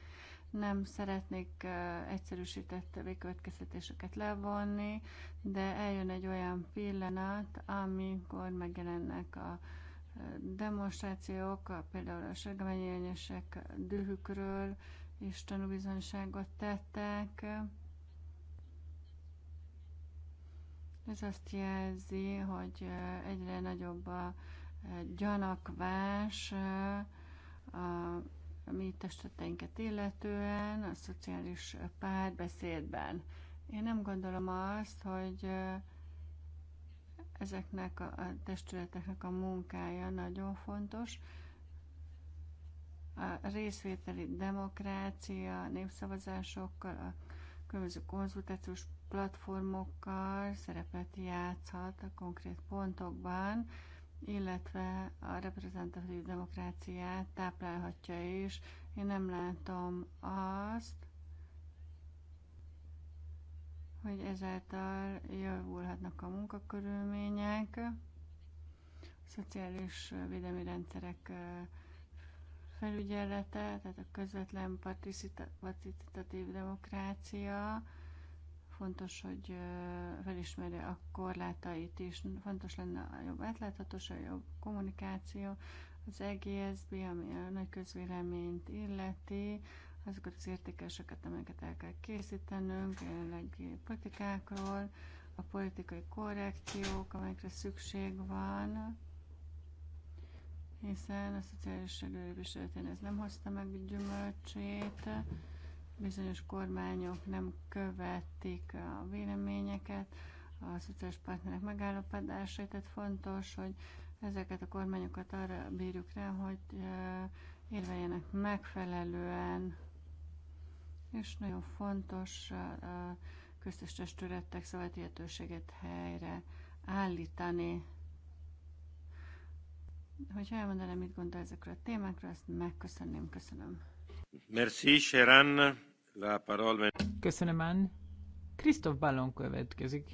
Nem szeretnék egyszerűsített végkövetkeztetéseket levonni, de eljön egy olyan pillanat, amikor megjelennek a demonstrációk, például a sörgeményényesek dühükről is tanúbizonyságot tettek. Ez azt jelzi, hogy egyre nagyobb a gyanakvás a mi testeteinket illetően, a szociális párbeszédben. Én nem gondolom azt, hogy ezeknek a testületeknek a munkája nagyon fontos. A részvételi demokrácia, népszavazásokkal, a különböző konzultációs platformokkal szerepet játszhat a konkrét pontokban, illetve a reprezentatív demokráciát táplálhatja is. Én nem látom azt, hogy ezáltal javulhatnak a munkakörülmények, a szociális védelmi rendszerek felügyelete, tehát a közvetlen participatív demokrácia, Fontos, hogy felismerje a korlátait is. Fontos lenne a jobb átláthatóság, a jobb kommunikáció, az EGSB, ami a nagy közvéleményt illeti, azokat az értékeseket, amelyeket el kell készítenünk, jelenlegi politikákról, a politikai korrekciók, amelyekre szükség van, hiszen a szociális előrépés ez nem hozta meg gyümölcsét, bizonyos kormányok nem követik a véleményeket, a szociális partnerek megállapodásait, tehát fontos, hogy ezeket a kormányokat arra bírjuk rá, hogy érveljenek megfelelően, és nagyon fontos a köztes testületek szabadhihetőséget helyre állítani. Hogyha elmondanám, mit gondol ezekről a témákról, azt megköszönném. Köszönöm. Köszönöm, Ann. Krisztof Ballon következik.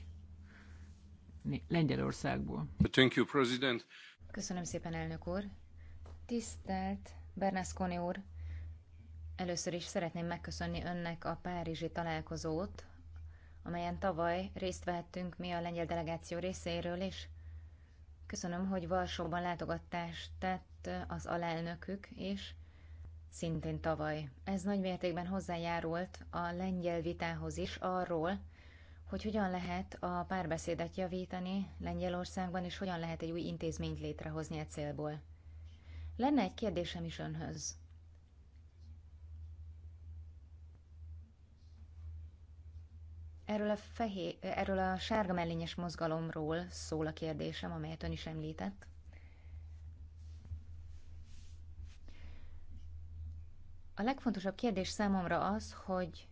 Lengyelországból. Thank you, President. Köszönöm szépen, elnök úr. Tisztelt Bernasconi úr, először is szeretném megköszönni önnek a párizsi találkozót, amelyen tavaly részt vehettünk mi a lengyel delegáció részéről is. Köszönöm, hogy Varsóban látogatást tett az alelnökük, és szintén tavaly. Ez nagy mértékben hozzájárult a lengyel vitához is arról, hogy hogyan lehet a párbeszédet javítani Lengyelországban, és hogyan lehet egy új intézményt létrehozni a e célból. Lenne egy kérdésem is önhöz. Erről a, fehér, erről a sárga mellényes mozgalomról szól a kérdésem, amelyet ön is említett. A legfontosabb kérdés számomra az, hogy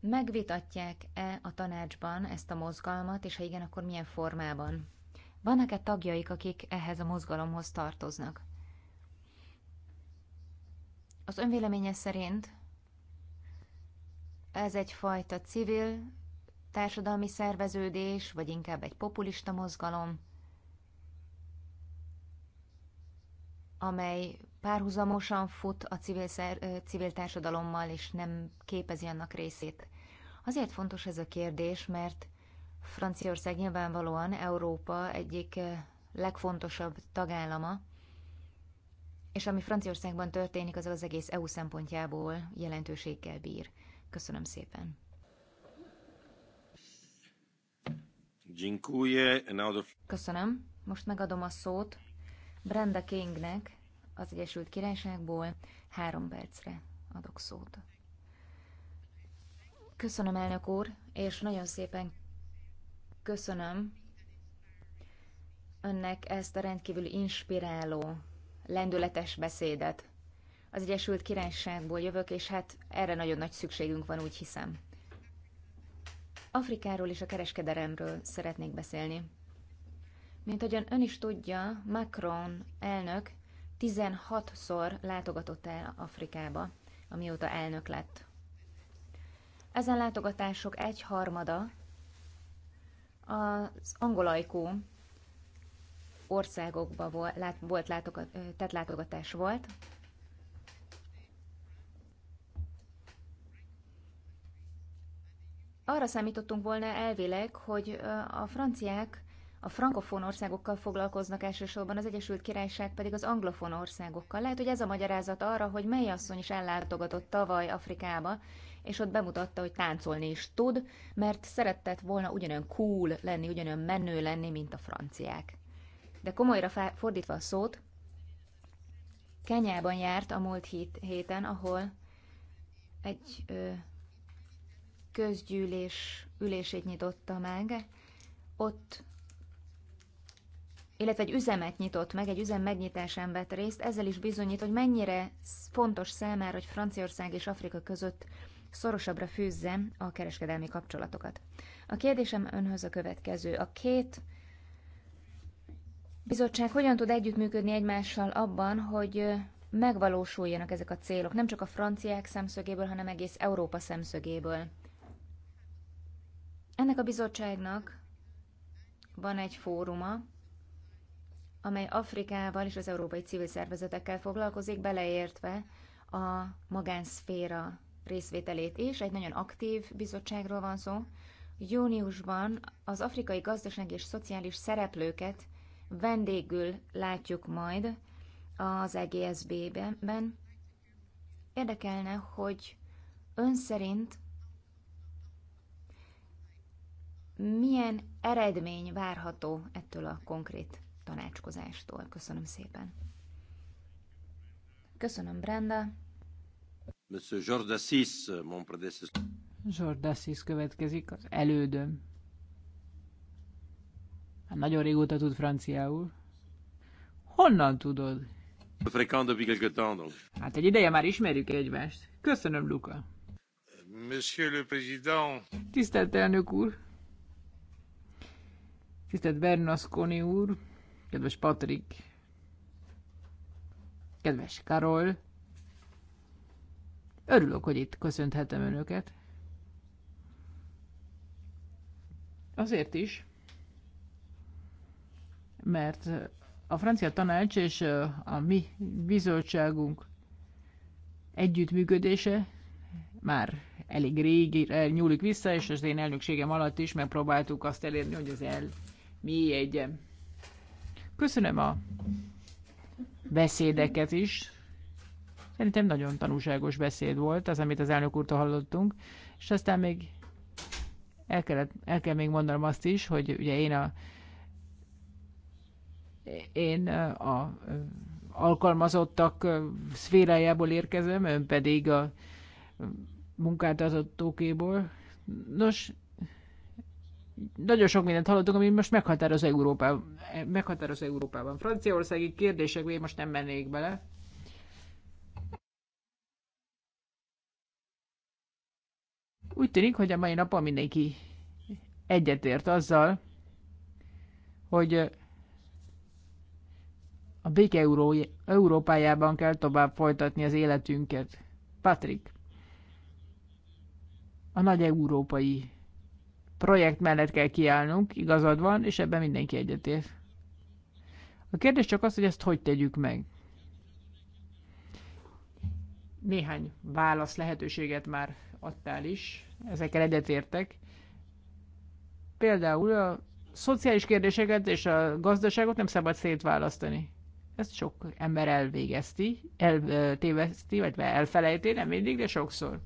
megvitatják-e a tanácsban ezt a mozgalmat, és ha igen, akkor milyen formában? Vannak-e tagjaik, akik ehhez a mozgalomhoz tartoznak? Az önvéleménye szerint ez egyfajta civil társadalmi szerveződés, vagy inkább egy populista mozgalom, amely párhuzamosan fut a civil, szer, civil társadalommal, és nem képezi annak részét. Azért fontos ez a kérdés, mert Franciaország nyilvánvalóan Európa egyik legfontosabb tagállama, és ami Franciaországban történik, az az egész EU szempontjából jelentőséggel bír. Köszönöm szépen. Köszönöm. Most megadom a szót Brenda Kingnek, az Egyesült Királyságból. Három percre adok szót. Köszönöm, elnök úr, és nagyon szépen köszönöm önnek ezt a rendkívül inspiráló, lendületes beszédet. Az Egyesült Királyságból jövök, és hát erre nagyon nagy szükségünk van, úgy hiszem. Afrikáról és a kereskedelemről szeretnék beszélni. Mint ahogyan ön is tudja, Macron elnök 16-szor látogatott el Afrikába, amióta elnök lett. Ezen látogatások egy harmada az angolajkú országokba volt, lát, volt látogat, tett látogatás volt. Arra számítottunk volna elvileg, hogy a franciák a frankofon országokkal foglalkoznak elsősorban, az Egyesült Királyság pedig az anglofon országokkal. Lehet, hogy ez a magyarázat arra, hogy mely asszony is ellátogatott tavaly Afrikába, és ott bemutatta, hogy táncolni is tud, mert szerettett volna ugyanolyan cool lenni, ugyanolyan menő lenni, mint a franciák. De komolyra fordítva a szót, Kenyában járt a múlt hét, héten, ahol egy ö, közgyűlés ülését nyitotta meg, ott illetve egy üzemet nyitott meg, egy üzem megnyitásán vett részt, ezzel is bizonyít, hogy mennyire fontos számára, hogy Franciaország és Afrika között szorosabbra fűzze a kereskedelmi kapcsolatokat. A kérdésem önhöz a következő. A két bizottság hogyan tud együttműködni egymással abban, hogy megvalósuljanak ezek a célok, nem csak a franciák szemszögéből, hanem egész Európa szemszögéből. Ennek a bizottságnak van egy fóruma, amely Afrikával és az európai civil szervezetekkel foglalkozik, beleértve a magánszféra részvételét is. Egy nagyon aktív bizottságról van szó. Júniusban az afrikai gazdasági és szociális szereplőket vendégül látjuk majd az EGSB-ben. Érdekelne, hogy ön szerint milyen eredmény várható ettől a konkrét tanácskozástól. Köszönöm szépen. Köszönöm, Brenda. Monsieur Jordasis, mon predecessor. következik, az elődöm. Hát nagyon régóta tud franciául. Honnan tudod? Fréquent depuis quelque temps, donc. Hát egy ideje már ismerjük egymást. Köszönöm, Luca. Monsieur le Président. Tisztelt elnök úr. Tisztelt Bernasconi úr kedves Patrik, kedves Karol, örülök, hogy itt köszönhetem önöket. Azért is, mert a francia tanács és a mi bizottságunk együttműködése már elég rég nyúlik vissza, és az én elnökségem alatt is megpróbáltuk azt elérni, hogy az el mi egy. Köszönöm a beszédeket is. Szerintem nagyon tanulságos beszéd volt az, amit az elnök úrtól hallottunk, és aztán még el, kellett, el kell még mondanom azt is, hogy ugye én a én a alkalmazottak szférájából érkezem, ön pedig a munkáltatókéból. Nos, nagyon sok mindent hallottunk, ami most meghatároz Európában. Eh, meghatároz Európában. Franciaországi kérdésekbe én most nem mennék bele. Úgy tűnik, hogy a mai napon mindenki egyetért azzal, hogy a béke Euró Európájában kell tovább folytatni az életünket. Patrick, a nagy európai projekt mellett kell kiállnunk, igazad van, és ebben mindenki egyetért. A kérdés csak az, hogy ezt hogy tegyük meg. Néhány válasz lehetőséget már adtál is, ezekkel egyetértek. Például a szociális kérdéseket és a gazdaságot nem szabad szétválasztani. Ezt sok ember elvégezti, eltéveszti, vagy elfelejti, nem mindig, de sokszor.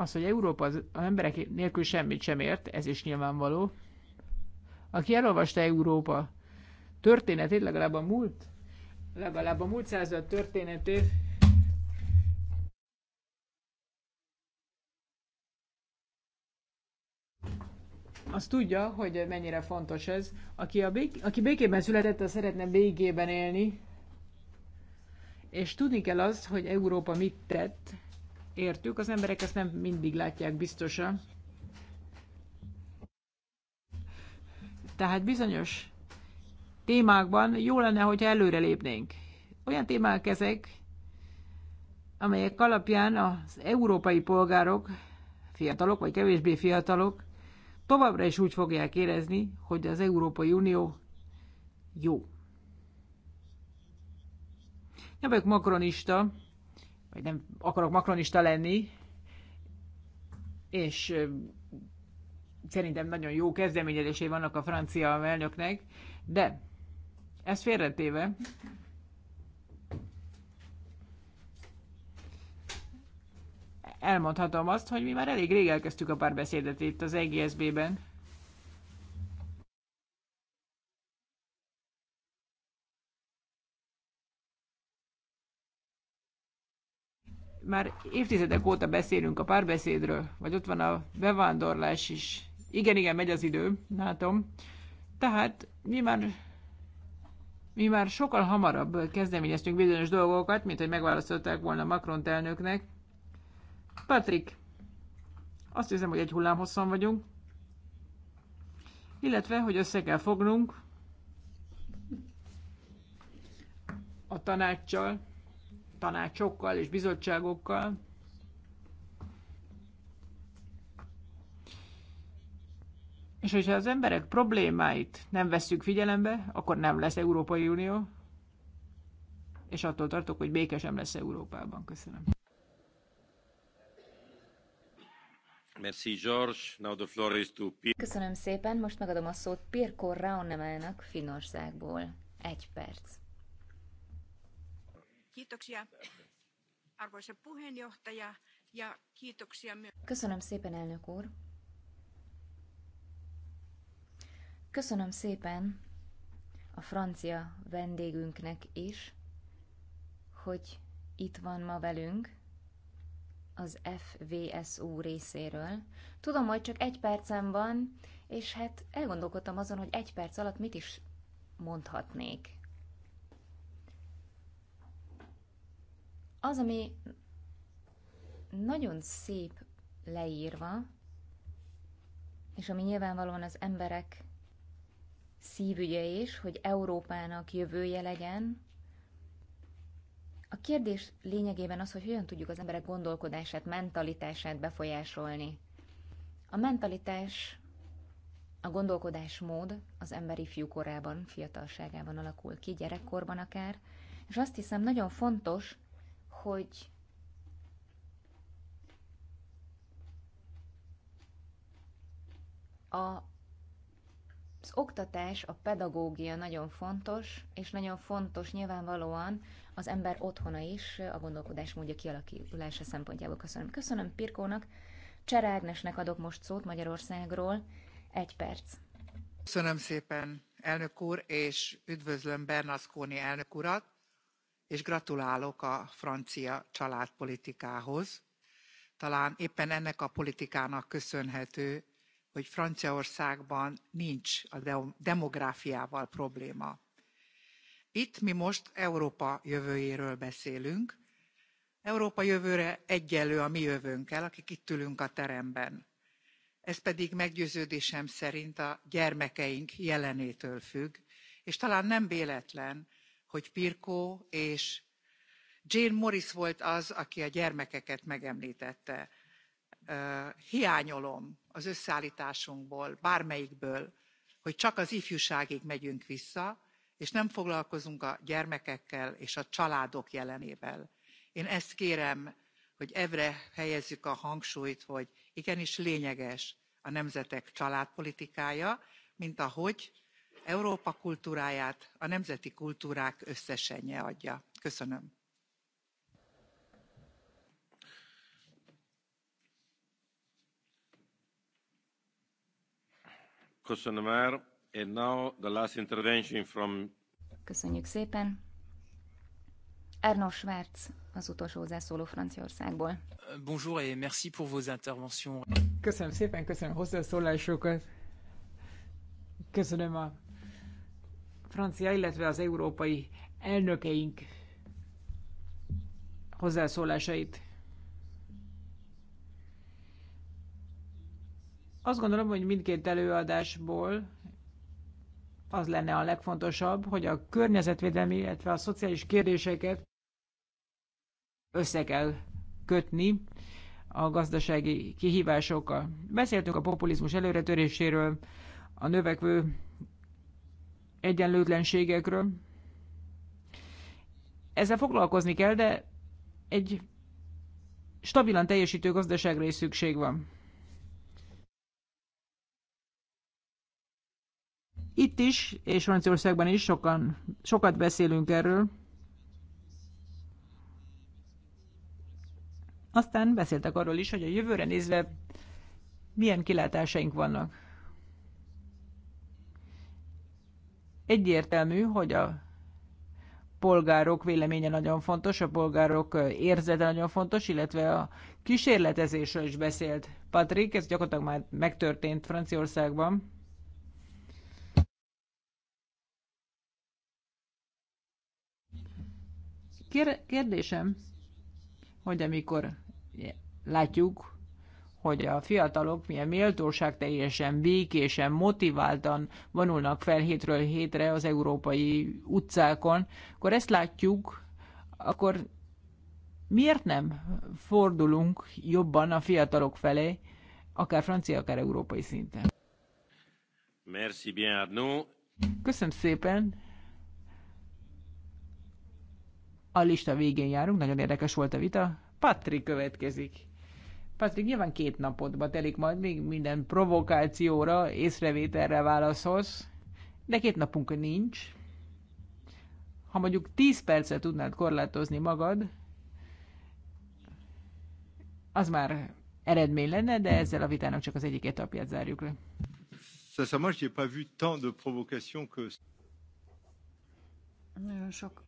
Az, hogy Európa az, az emberek nélkül semmit sem ért, ez is nyilvánvaló. Aki elolvasta Európa történetét, legalább a múlt, legalább a múlt század történetét, az tudja, hogy mennyire fontos ez. Aki, a bék, aki békében született, az szeretne békében élni, és tudni kell azt, hogy Európa mit tett, értük, az emberek ezt nem mindig látják biztosan. Tehát bizonyos témákban jó lenne, hogyha előrelépnénk. Olyan témák ezek, amelyek alapján az európai polgárok, fiatalok vagy kevésbé fiatalok, továbbra is úgy fogják érezni, hogy az Európai Unió jó. Nem vagyok makronista, hogy nem akarok makronista lenni, és szerintem nagyon jó kezdeményezésé vannak a francia elnöknek, de ez félretéve elmondhatom azt, hogy mi már elég rég elkezdtük a párbeszédet itt az EGSB-ben, már évtizedek óta beszélünk a párbeszédről, vagy ott van a bevándorlás is. Igen, igen, megy az idő, látom. Tehát mi már, mi már sokkal hamarabb kezdeményeztünk bizonyos dolgokat, mint hogy megválasztották volna Macron elnöknek. Patrick, azt hiszem, hogy egy hullámhosszan vagyunk, illetve, hogy össze kell fognunk a tanácssal, tanácsokkal és bizottságokkal. És hogyha az emberek problémáit nem vesszük figyelembe, akkor nem lesz Európai Unió, és attól tartok, hogy béke sem lesz Európában. Köszönöm. Merci, George. Now the floor is to Köszönöm szépen, most megadom a szót Pirko Raunemának Finországból. Egy perc. Kiitoksia, arvoisa puheenjohtaja, ja kiitoksia myös. Köszönöm szépen, elnök úr. Köszönöm szépen a francia vendégünknek is, hogy itt van ma velünk az FVSU részéről. Tudom, hogy csak egy percem van, és hát elgondolkodtam azon, hogy egy perc alatt mit is mondhatnék. Az, ami nagyon szép leírva, és ami nyilvánvalóan az emberek szívügye is, hogy Európának jövője legyen. A kérdés lényegében az, hogy hogyan tudjuk az emberek gondolkodását, mentalitását befolyásolni. A mentalitás, a gondolkodásmód az emberi fiúkorában, fiatalságában alakul ki, gyerekkorban akár, és azt hiszem nagyon fontos, hogy a az oktatás, a pedagógia nagyon fontos, és nagyon fontos nyilvánvalóan az ember otthona is a gondolkodás módja kialakulása szempontjából. Köszönöm. Köszönöm Pirkónak. Cserágnesnek adok most szót Magyarországról. Egy perc. Köszönöm szépen, elnök úr, és üdvözlöm Bernasconi elnök urat és gratulálok a francia családpolitikához. Talán éppen ennek a politikának köszönhető, hogy Franciaországban nincs a demográfiával probléma. Itt mi most Európa jövőjéről beszélünk. Európa jövőre egyenlő a mi jövőnkkel, akik itt ülünk a teremben. Ez pedig meggyőződésem szerint a gyermekeink jelenétől függ, és talán nem véletlen, hogy Pirkó és Jane Morris volt az, aki a gyermekeket megemlítette. Hiányolom az összeállításunkból, bármelyikből, hogy csak az ifjúságig megyünk vissza, és nem foglalkozunk a gyermekekkel és a családok jelenével. Én ezt kérem, hogy evre helyezzük a hangsúlyt, hogy igenis lényeges a nemzetek családpolitikája, mint ahogy Európa kultúráját a nemzeti kultúrák összesenje adja. Köszönöm. Köszönöm már. And now the last intervention from... Köszönjük szépen. Arnaud Schwartz az utolsó hozzászóló Franciaországból. Bonjour et merci pour vos interventions. Köszönöm szépen, köszönöm a hozzászólásokat. Köszönöm a francia, illetve az európai elnökeink hozzászólásait. Azt gondolom, hogy mindkét előadásból az lenne a legfontosabb, hogy a környezetvédelmi, illetve a szociális kérdéseket össze kell kötni a gazdasági kihívásokkal. Beszéltünk a populizmus előretöréséről, a növekvő egyenlőtlenségekről. Ezzel foglalkozni kell, de egy stabilan teljesítő gazdaságra is szükség van. Itt is, és Franciaországban is sokan, sokat beszélünk erről. Aztán beszéltek arról is, hogy a jövőre nézve milyen kilátásaink vannak. Egyértelmű, hogy a polgárok véleménye nagyon fontos, a polgárok érzete nagyon fontos, illetve a kísérletezésről is beszélt Patrik, ez gyakorlatilag már megtörtént Franciaországban. Kérdésem, hogy amikor látjuk, hogy a fiatalok milyen méltóság teljesen, békésen, motiváltan vonulnak fel hétről hétre az európai utcákon, akkor ezt látjuk, akkor miért nem fordulunk jobban a fiatalok felé, akár francia, akár európai szinten? Merci bien, Arnaud. Köszönöm szépen. A lista végén járunk, nagyon érdekes volt a vita. Patrik következik. Patrik, nyilván két napodba telik majd, még minden provokációra, észrevételre válaszolsz, de két napunk nincs. Ha mondjuk 10 percet tudnád korlátozni magad, az már eredmény lenne, de ezzel a vitának csak az egyik etapját zárjuk le. Sincèrement, je n'ai pas vu tant de provocation que... Nagyon sok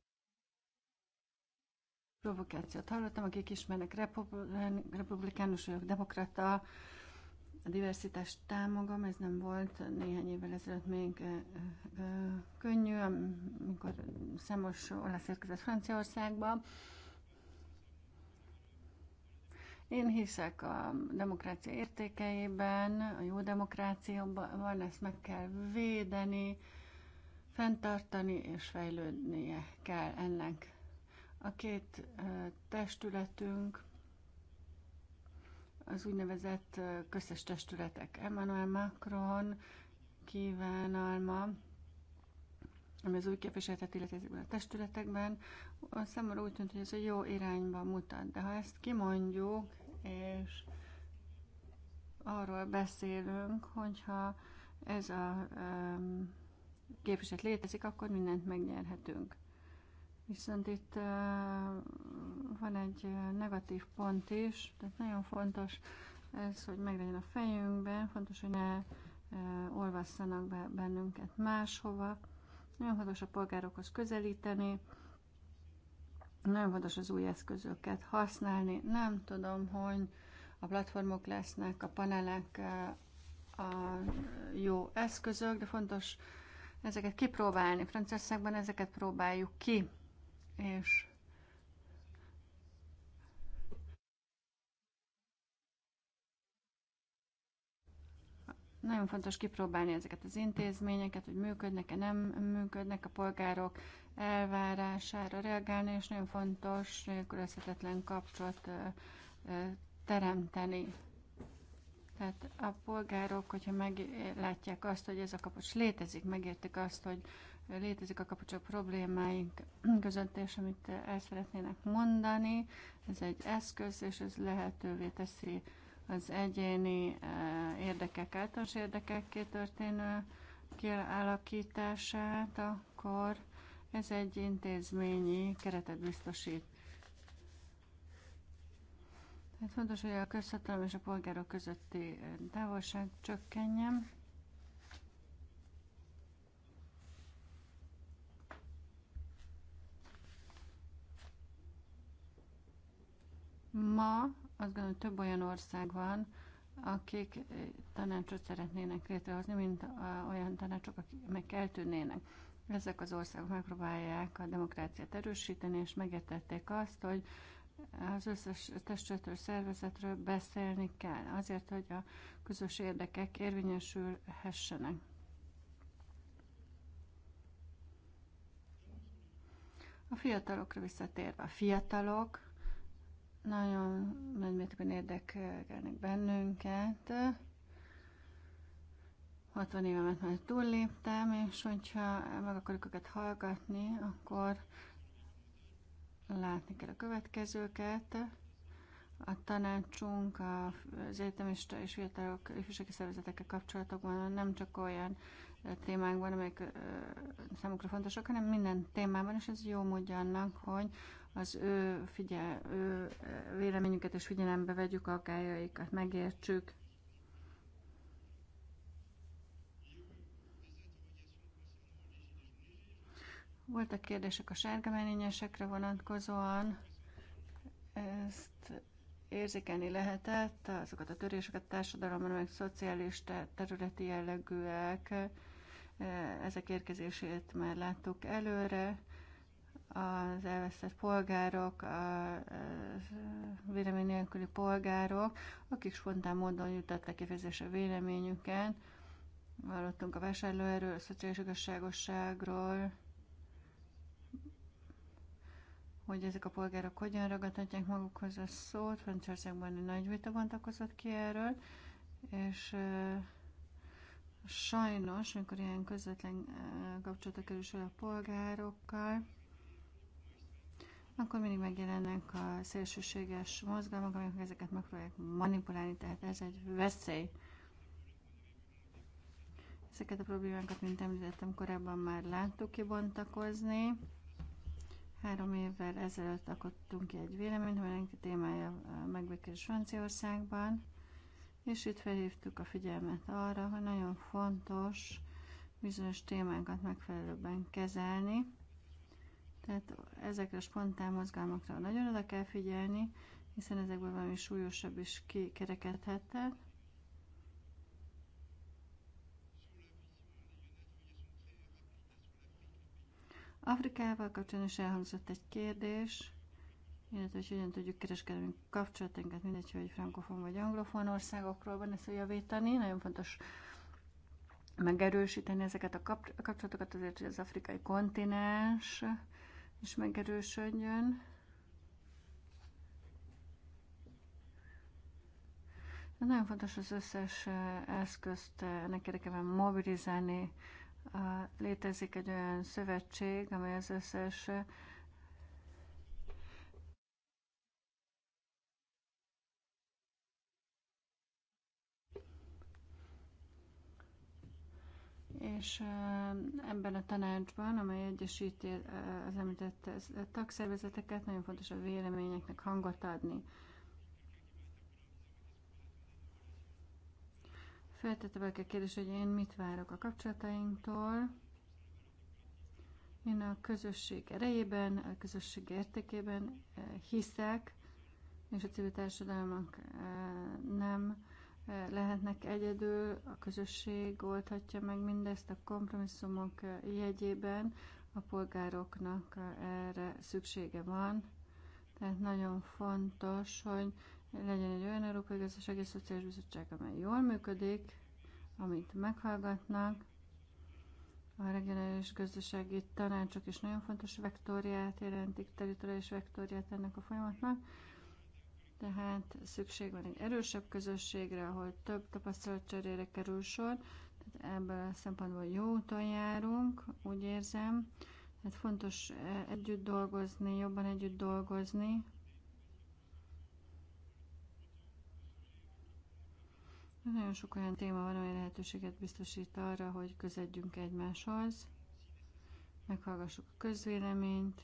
provokációt hallottam, akik ismernek republikánus vagyok, demokrata, a diversitást támogom, ez nem volt néhány évvel ezelőtt még könnyű, amikor számos olasz érkezett Franciaországba. Én hiszek a demokrácia értékeiben, a jó demokráciában, ezt meg kell védeni, fenntartani és fejlődnie kell ennek. A két testületünk az úgynevezett köztes testületek. Emmanuel Macron kívánalma, ami az új képviseletet illeti a testületekben, számomra úgy tűnt, hogy ez egy jó irányba mutat. De ha ezt kimondjuk, és arról beszélünk, hogyha ez a um, képviselet létezik, akkor mindent megnyerhetünk. Viszont itt van egy negatív pont is, tehát nagyon fontos ez, hogy meglegyen a fejünkben, fontos, hogy ne olvasszanak be bennünket máshova. Nagyon fontos a polgárokhoz közelíteni, nagyon fontos az új eszközöket használni. Nem tudom, hogy a platformok lesznek, a panelek a jó eszközök, de fontos ezeket kipróbálni. Franciaországban ezeket próbáljuk ki és nagyon fontos kipróbálni ezeket az intézményeket, hogy működnek-e, nem működnek a polgárok elvárására reagálni, és nagyon fontos nélkülözhetetlen kapcsolat teremteni. Tehát a polgárok, hogyha meglátják azt, hogy ez a kapcs létezik, megértik azt, hogy létezik a kapucsok problémáink között, és amit el szeretnének mondani, ez egy eszköz, és ez lehetővé teszi az egyéni eh, érdekek, általános érdekekké történő kialakítását, akkor ez egy intézményi keretet biztosít. Tehát fontos, hogy a közhatalom és a polgárok közötti eh, távolság csökkenjen. Ma azt gondolom, több olyan ország van, akik eh, tanácsot szeretnének létrehozni, mint eh, olyan tanácsok, akik meg eltűnnének. Ezek az országok megpróbálják a demokráciát erősíteni, és megértették azt, hogy az összes testületről, szervezetről beszélni kell, azért, hogy a közös érdekek érvényesülhessenek. A fiatalokra visszatérve, a fiatalok nagyon nagy mértékben érdekelnek bennünket. 60 évemet már túlléptem, és hogyha meg akarjuk őket hallgatni, akkor látni kell a következőket. A tanácsunk az egyetemista és fiatalok ifjúsági szervezetekkel kapcsolatokban nem csak olyan eh, témákban, amelyek eh, számukra fontosak, hanem minden témában, és ez jó módja annak, hogy az ő, figyel, ő véleményüket és figyelembe vegyük, aggájaikat megértsük. Voltak kérdések a sárga menényesekre vonatkozóan. Ezt érzékelni lehetett, azokat a töréseket társadalomra, meg szociális területi jellegűek, ezek érkezését már láttuk előre az elvesztett polgárok, a vélemény nélküli polgárok, akik spontán módon jutottak kifejezésre véleményüket. Hallottunk a vásárlóerről, a szociális igazságosságról, hogy ezek a polgárok hogyan ragadhatják magukhoz a szót. Franciaországban egy nagy vita bontakozott ki erről, és sajnos, amikor ilyen közvetlen kapcsolatok kerül a polgárokkal, akkor mindig megjelennek a szélsőséges mozgalmak, amik ezeket megpróbálják manipulálni, tehát ez egy veszély. Ezeket a problémákat, mint említettem, korábban már láttuk kibontakozni. Három évvel ezelőtt akadtunk ki egy véleményt, amelynek témája megbékés Franciaországban, és itt felhívtuk a figyelmet arra, hogy nagyon fontos bizonyos témákat megfelelőbben kezelni, tehát ezekre a spontán mozgalmakra nagyon oda kell figyelni, hiszen ezekből valami súlyosabb is kikerekedhetett. Afrikával kapcsolatban is elhangzott egy kérdés, illetve hogy hogyan tudjuk kereskedelmi kapcsolatunkat, mindegy, hogy frankofon vagy anglofon országokról van ezt javítani. Nagyon fontos megerősíteni ezeket a kapcsolatokat azért, hogy az afrikai kontinens és megerősödjön. De nagyon fontos az összes eszközt ennek érdekében mobilizálni. Létezik egy olyan szövetség, amely az összes és ebben a tanácsban, amely egyesíti az említett tagszervezeteket, nagyon fontos a véleményeknek hangot adni. Feltette valaki a kérdés, hogy én mit várok a kapcsolatainktól. Én a közösség erejében, a közösség értékében hiszek, és a civil társadalmak nem lehetnek egyedül, a közösség oldhatja meg mindezt a kompromisszumok jegyében, a polgároknak erre szüksége van. Tehát nagyon fontos, hogy legyen egy olyan Európai Gazdasági Szociális Bizottság, amely jól működik, amit meghallgatnak. A regionális gazdasági tanácsok is nagyon fontos vektorját jelentik, teritoriális vektorját ennek a folyamatnak tehát szükség van egy erősebb közösségre, ahol több cserére kerül sor, tehát ebből a szempontból jó úton járunk, úgy érzem. Tehát fontos eh, együtt dolgozni, jobban együtt dolgozni. Nagyon sok olyan téma van, amely lehetőséget biztosít arra, hogy közedjünk egymáshoz, meghallgassuk a közvéleményt,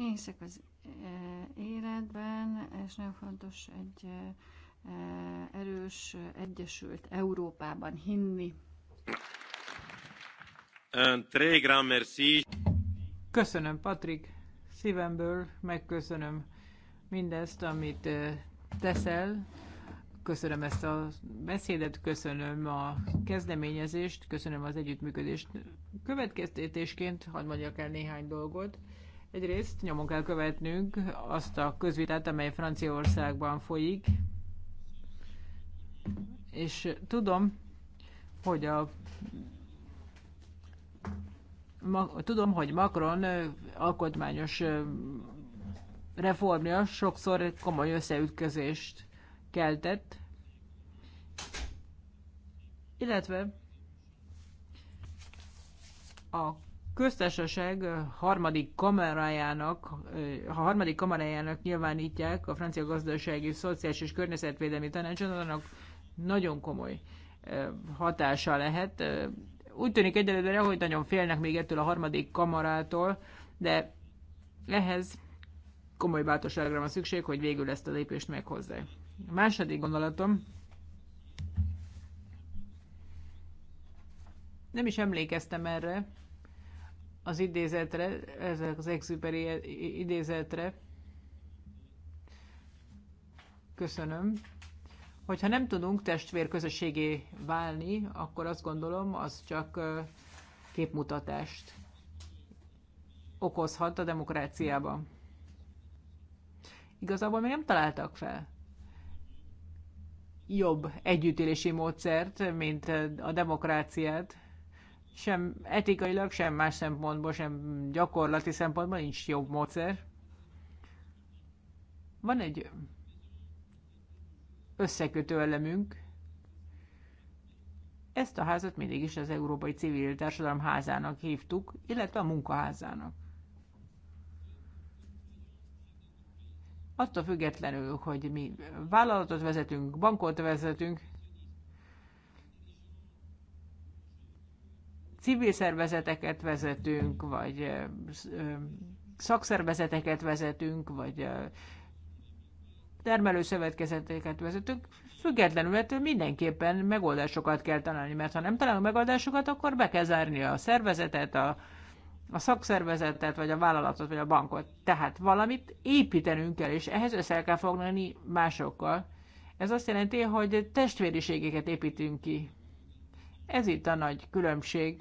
Én hiszek az eh, életben, és nagyon fontos egy eh, erős, egyesült Európában hinni. Eh, köszönöm, Patrik. Szívemből megköszönöm mindezt, amit teszel. Köszönöm ezt a beszédet, köszönöm a kezdeményezést, köszönöm az együttműködést. Következtetésként hadd mondjak el néhány dolgot. Egyrészt nyomon kell követnünk azt a közvitát, amely Franciaországban folyik, és tudom, hogy a ma, tudom, hogy Macron alkotmányos reformja sokszor komoly összeütközést keltett, illetve a köztársaság harmadik kamarájának, ha harmadik kamarájának nyilvánítják a francia gazdasági, szociális és környezetvédelmi tanácsot, annak nagyon komoly hatása lehet. Úgy tűnik egyelőre, hogy nagyon félnek még ettől a harmadik kamarától, de ehhez komoly bátorságra van szükség, hogy végül ezt a lépést meghozzák. A második gondolatom, nem is emlékeztem erre, az idézetre, ezek az exuperi idézetre. Köszönöm. Hogyha nem tudunk testvér közösségé válni, akkor azt gondolom, az csak képmutatást okozhat a demokráciában. Igazából még nem találtak fel jobb együttélési módszert, mint a demokráciát sem etikailag, sem más szempontból, sem gyakorlati szempontból nincs jobb módszer. Van egy összekötő elemünk. Ezt a házat mindig is az Európai Civil Társadalom házának hívtuk, illetve a munkaházának. Attól függetlenül, hogy mi vállalatot vezetünk, bankot vezetünk, civil szervezeteket vezetünk, vagy szakszervezeteket vezetünk, vagy termelőszövetkezeteket vezetünk, függetlenül ettől mindenképpen megoldásokat kell találni, mert ha nem találunk megoldásokat, akkor be kell zárni a szervezetet, a, a szakszervezetet, vagy a vállalatot, vagy a bankot. Tehát valamit építenünk kell, és ehhez össze kell foglalni másokkal. Ez azt jelenti, hogy testvériségeket építünk ki. Ez itt a nagy különbség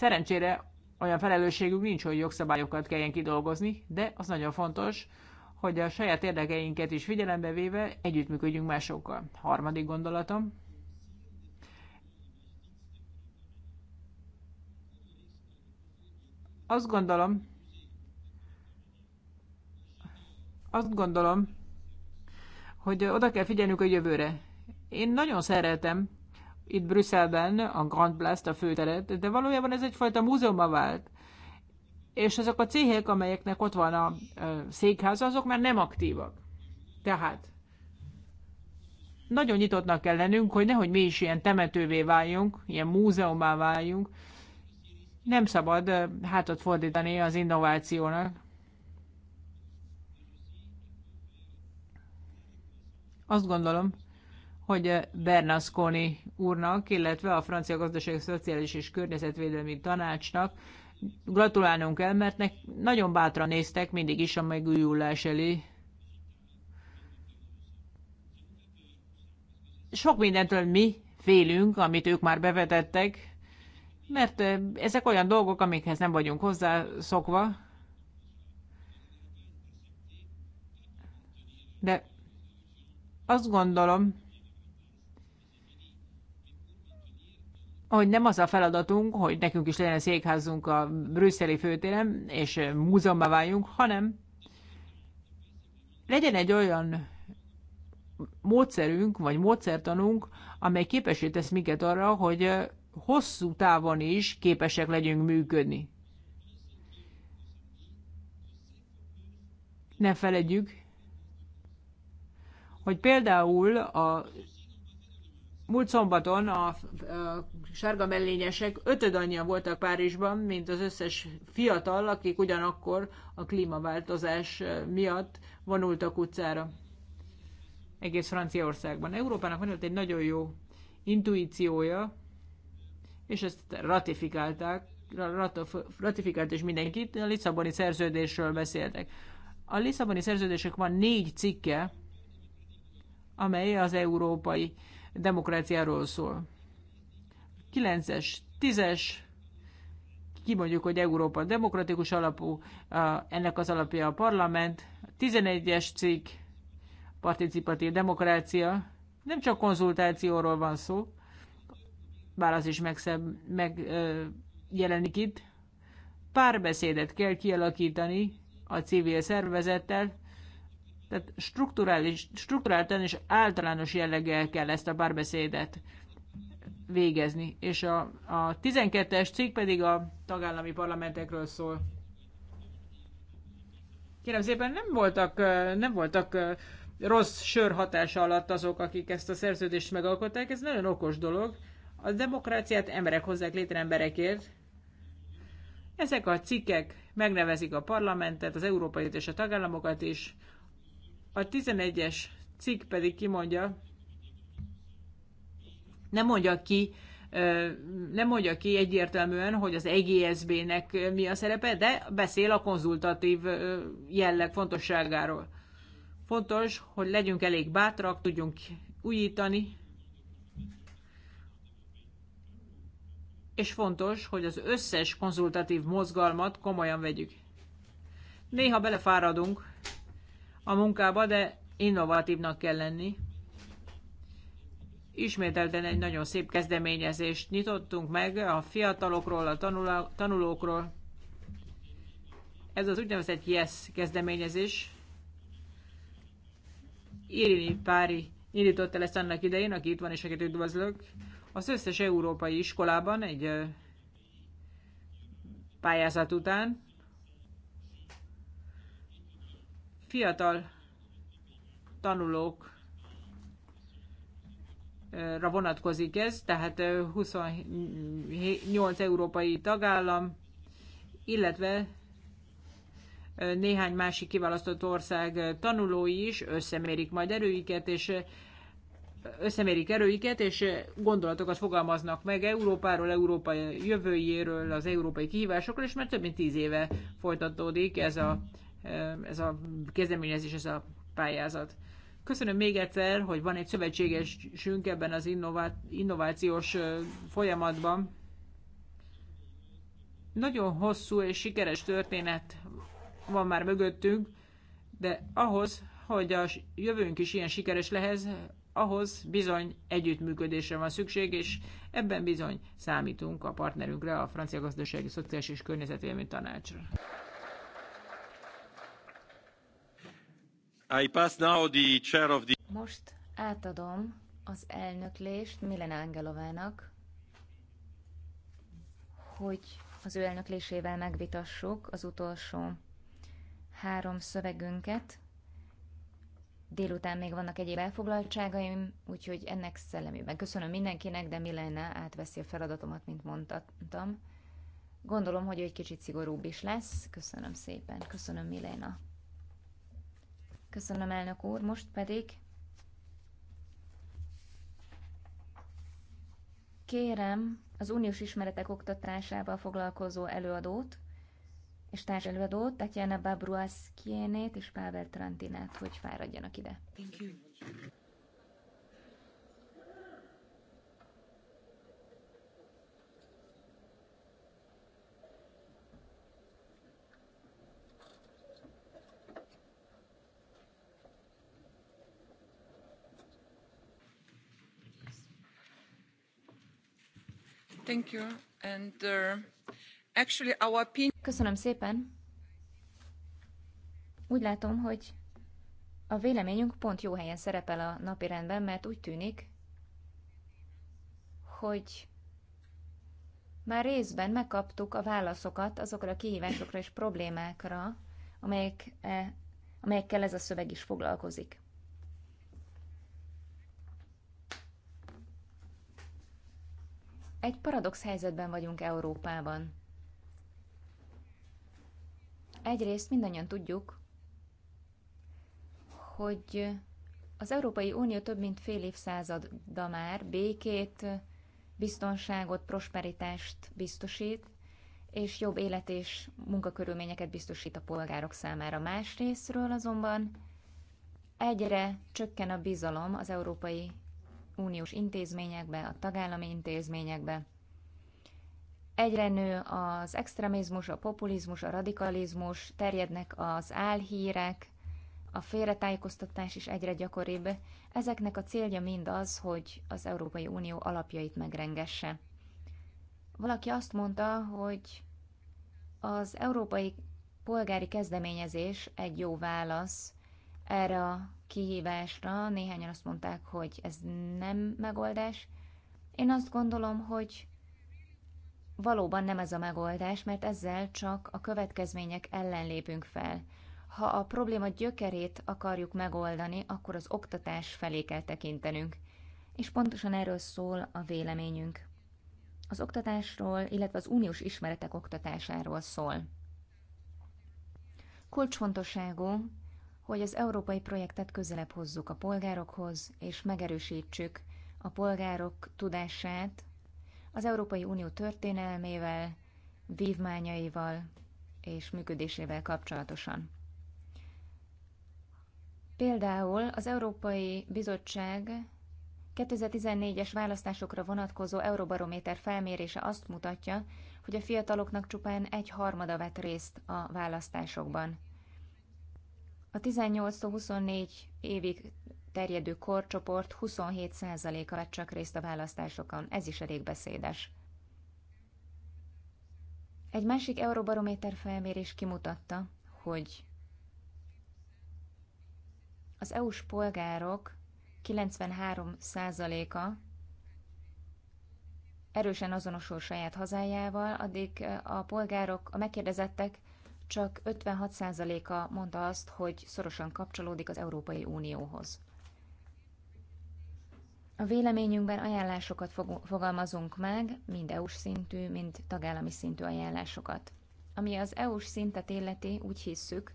Szerencsére olyan felelősségünk nincs, hogy jogszabályokat kelljen kidolgozni, de az nagyon fontos, hogy a saját érdekeinket is figyelembe véve együttműködjünk másokkal. Harmadik gondolatom. Azt gondolom, azt gondolom, hogy oda kell figyelnünk a jövőre. Én nagyon szeretem itt Brüsszelben, a Grand Blast a főteret, de valójában ez egyfajta múzeuma vált. És azok a céhek, amelyeknek ott van a székháza, azok már nem aktívak. Tehát nagyon nyitottnak kell lennünk, hogy nehogy mi is ilyen temetővé váljunk, ilyen múzeumá váljunk. Nem szabad hátat fordítani az innovációnak. Azt gondolom, hogy eh, Bernasconi úrnak, illetve a Francia Gazdaság Szociális és Környezetvédelmi Tanácsnak gratulálnunk kell, mert nek nagyon bátran néztek mindig is a megújulás elé. Sok mindentől mi félünk, amit ők már bevetettek, mert eh, ezek olyan dolgok, amikhez nem vagyunk hozzászokva. De azt gondolom, hogy nem az a feladatunk, hogy nekünk is legyen székházunk a brüsszeli főtéren, és múzeumba váljunk, hanem legyen egy olyan módszerünk, vagy módszertanunk, amely képesé tesz minket arra, hogy hosszú távon is képesek legyünk működni. Ne feledjük, hogy például a múlt szombaton a, a sárga mellényesek annyian voltak Párizsban, mint az összes fiatal, akik ugyanakkor a klímaváltozás miatt vonultak utcára. Egész Franciaországban. Európának van egy nagyon jó intuíciója, és ezt ratifikálták, ratifikált is mindenkit, a Lisszaboni szerződésről beszéltek. A Lisszaboni szerződések van négy cikke, amely az európai demokráciáról szól. 9-es, 10-es, kimondjuk, hogy Európa demokratikus alapú, ennek az alapja a parlament, 11-es cikk, participatív demokrácia, nem csak konzultációról van szó, bár az is megjelenik meg, itt, párbeszédet kell kialakítani a civil szervezettel, tehát strukturális, strukturáltan és általános jelleggel kell ezt a párbeszédet végezni. És a, a 12-es cikk pedig a tagállami parlamentekről szól. Kérem szépen, nem voltak, nem voltak rossz sör hatása alatt azok, akik ezt a szerződést megalkották. Ez nagyon okos dolog. A demokráciát emberek hozzák létre emberekért. Ezek a cikkek megnevezik a parlamentet, az európai és a tagállamokat is. A 11-es cikk pedig kimondja, nem mondja ki, nem mondja ki egyértelműen, hogy az EGSB-nek mi a szerepe, de beszél a konzultatív jelleg fontosságáról. Fontos, hogy legyünk elég bátrak, tudjunk újítani, és fontos, hogy az összes konzultatív mozgalmat komolyan vegyük. Néha belefáradunk a munkába, de innovatívnak kell lenni. Ismételten egy nagyon szép kezdeményezést nyitottunk meg a fiatalokról, a tanulókról. Ez az úgynevezett YES kezdeményezés. Irini Pári indított el ezt annak idején, aki itt van és akit üdvözlök. Az összes európai iskolában egy pályázat után fiatal tanulók vonatkozik ez, tehát 28 európai tagállam, illetve néhány másik kiválasztott ország tanulói is összemérik majd erőiket, és összemérik erőiket, és gondolatokat fogalmaznak meg Európáról, Európa jövőjéről, az európai kihívásokról, és már több mint tíz éve folytatódik ez a ez a kezdeményezés, ez a pályázat. Köszönöm még egyszer, hogy van egy szövetségesünk ebben az innovációs folyamatban. Nagyon hosszú és sikeres történet van már mögöttünk, de ahhoz, hogy a jövőnk is ilyen sikeres lehez, ahhoz bizony együttműködésre van szükség, és ebben bizony számítunk a partnerünkre, a Francia Gazdasági Szociális és Környezetvédelmi Tanácsra. I pass now the chair of the... Most átadom az elnöklést Milena Angelovának, hogy az ő elnöklésével megvitassuk az utolsó három szövegünket. Délután még vannak egyéb elfoglaltságaim, úgyhogy ennek szellemében köszönöm mindenkinek, de Milena átveszi a feladatomat, mint mondtam. Gondolom, hogy egy kicsit szigorúbb is lesz. Köszönöm szépen. Köszönöm, Milena. Köszönöm, elnök úr. Most pedig kérem az uniós ismeretek oktatásával foglalkozó előadót és előadót, Tatjana Babruaszkienét és Pavel Trantinát, hogy fáradjanak ide. Thank you. Uh, Köszönöm szépen. Úgy látom, hogy a véleményünk pont jó helyen szerepel a napirendben, mert úgy tűnik, hogy már részben megkaptuk a válaszokat azokra a kihívásokra és problémákra, amelyek, amelyekkel ez a szöveg is foglalkozik. Egy paradox helyzetben vagyunk Európában. Egyrészt mindannyian tudjuk, hogy az Európai Unió több mint fél évszázada már békét, biztonságot, prosperitást biztosít, és jobb élet és munkakörülményeket biztosít a polgárok számára. Másrésztről azonban egyre csökken a bizalom az Európai uniós intézményekbe, a tagállami intézményekbe. Egyre nő az extremizmus, a populizmus, a radikalizmus, terjednek az álhírek, a félretájékoztatás is egyre gyakoribb. Ezeknek a célja mind az, hogy az Európai Unió alapjait megrengesse. Valaki azt mondta, hogy az európai polgári kezdeményezés egy jó válasz erre a kihívásra. Néhányan azt mondták, hogy ez nem megoldás. Én azt gondolom, hogy valóban nem ez a megoldás, mert ezzel csak a következmények ellen lépünk fel. Ha a probléma gyökerét akarjuk megoldani, akkor az oktatás felé kell tekintenünk. És pontosan erről szól a véleményünk. Az oktatásról, illetve az uniós ismeretek oktatásáról szól. Kulcsfontosságú, hogy az európai projektet közelebb hozzuk a polgárokhoz, és megerősítsük a polgárok tudását az Európai Unió történelmével, vívmányaival és működésével kapcsolatosan. Például az Európai Bizottság 2014-es választásokra vonatkozó Euróbarométer felmérése azt mutatja, hogy a fiataloknak csupán egy harmada vett részt a választásokban. A 18-24 évig terjedő korcsoport 27%-a vett csak részt a választásokon, ez is elég beszédes. Egy másik Euróbarométer felmérés kimutatta, hogy az EU-s polgárok 93%-a erősen azonosul saját hazájával, addig eh, a polgárok, a megkérdezettek csak 56%-a mondta azt, hogy szorosan kapcsolódik az Európai Unióhoz. A véleményünkben ajánlásokat fog, fogalmazunk meg, mind EU-s szintű, mind tagállami szintű ajánlásokat. Ami az EU-s szintet illeti, úgy hisszük,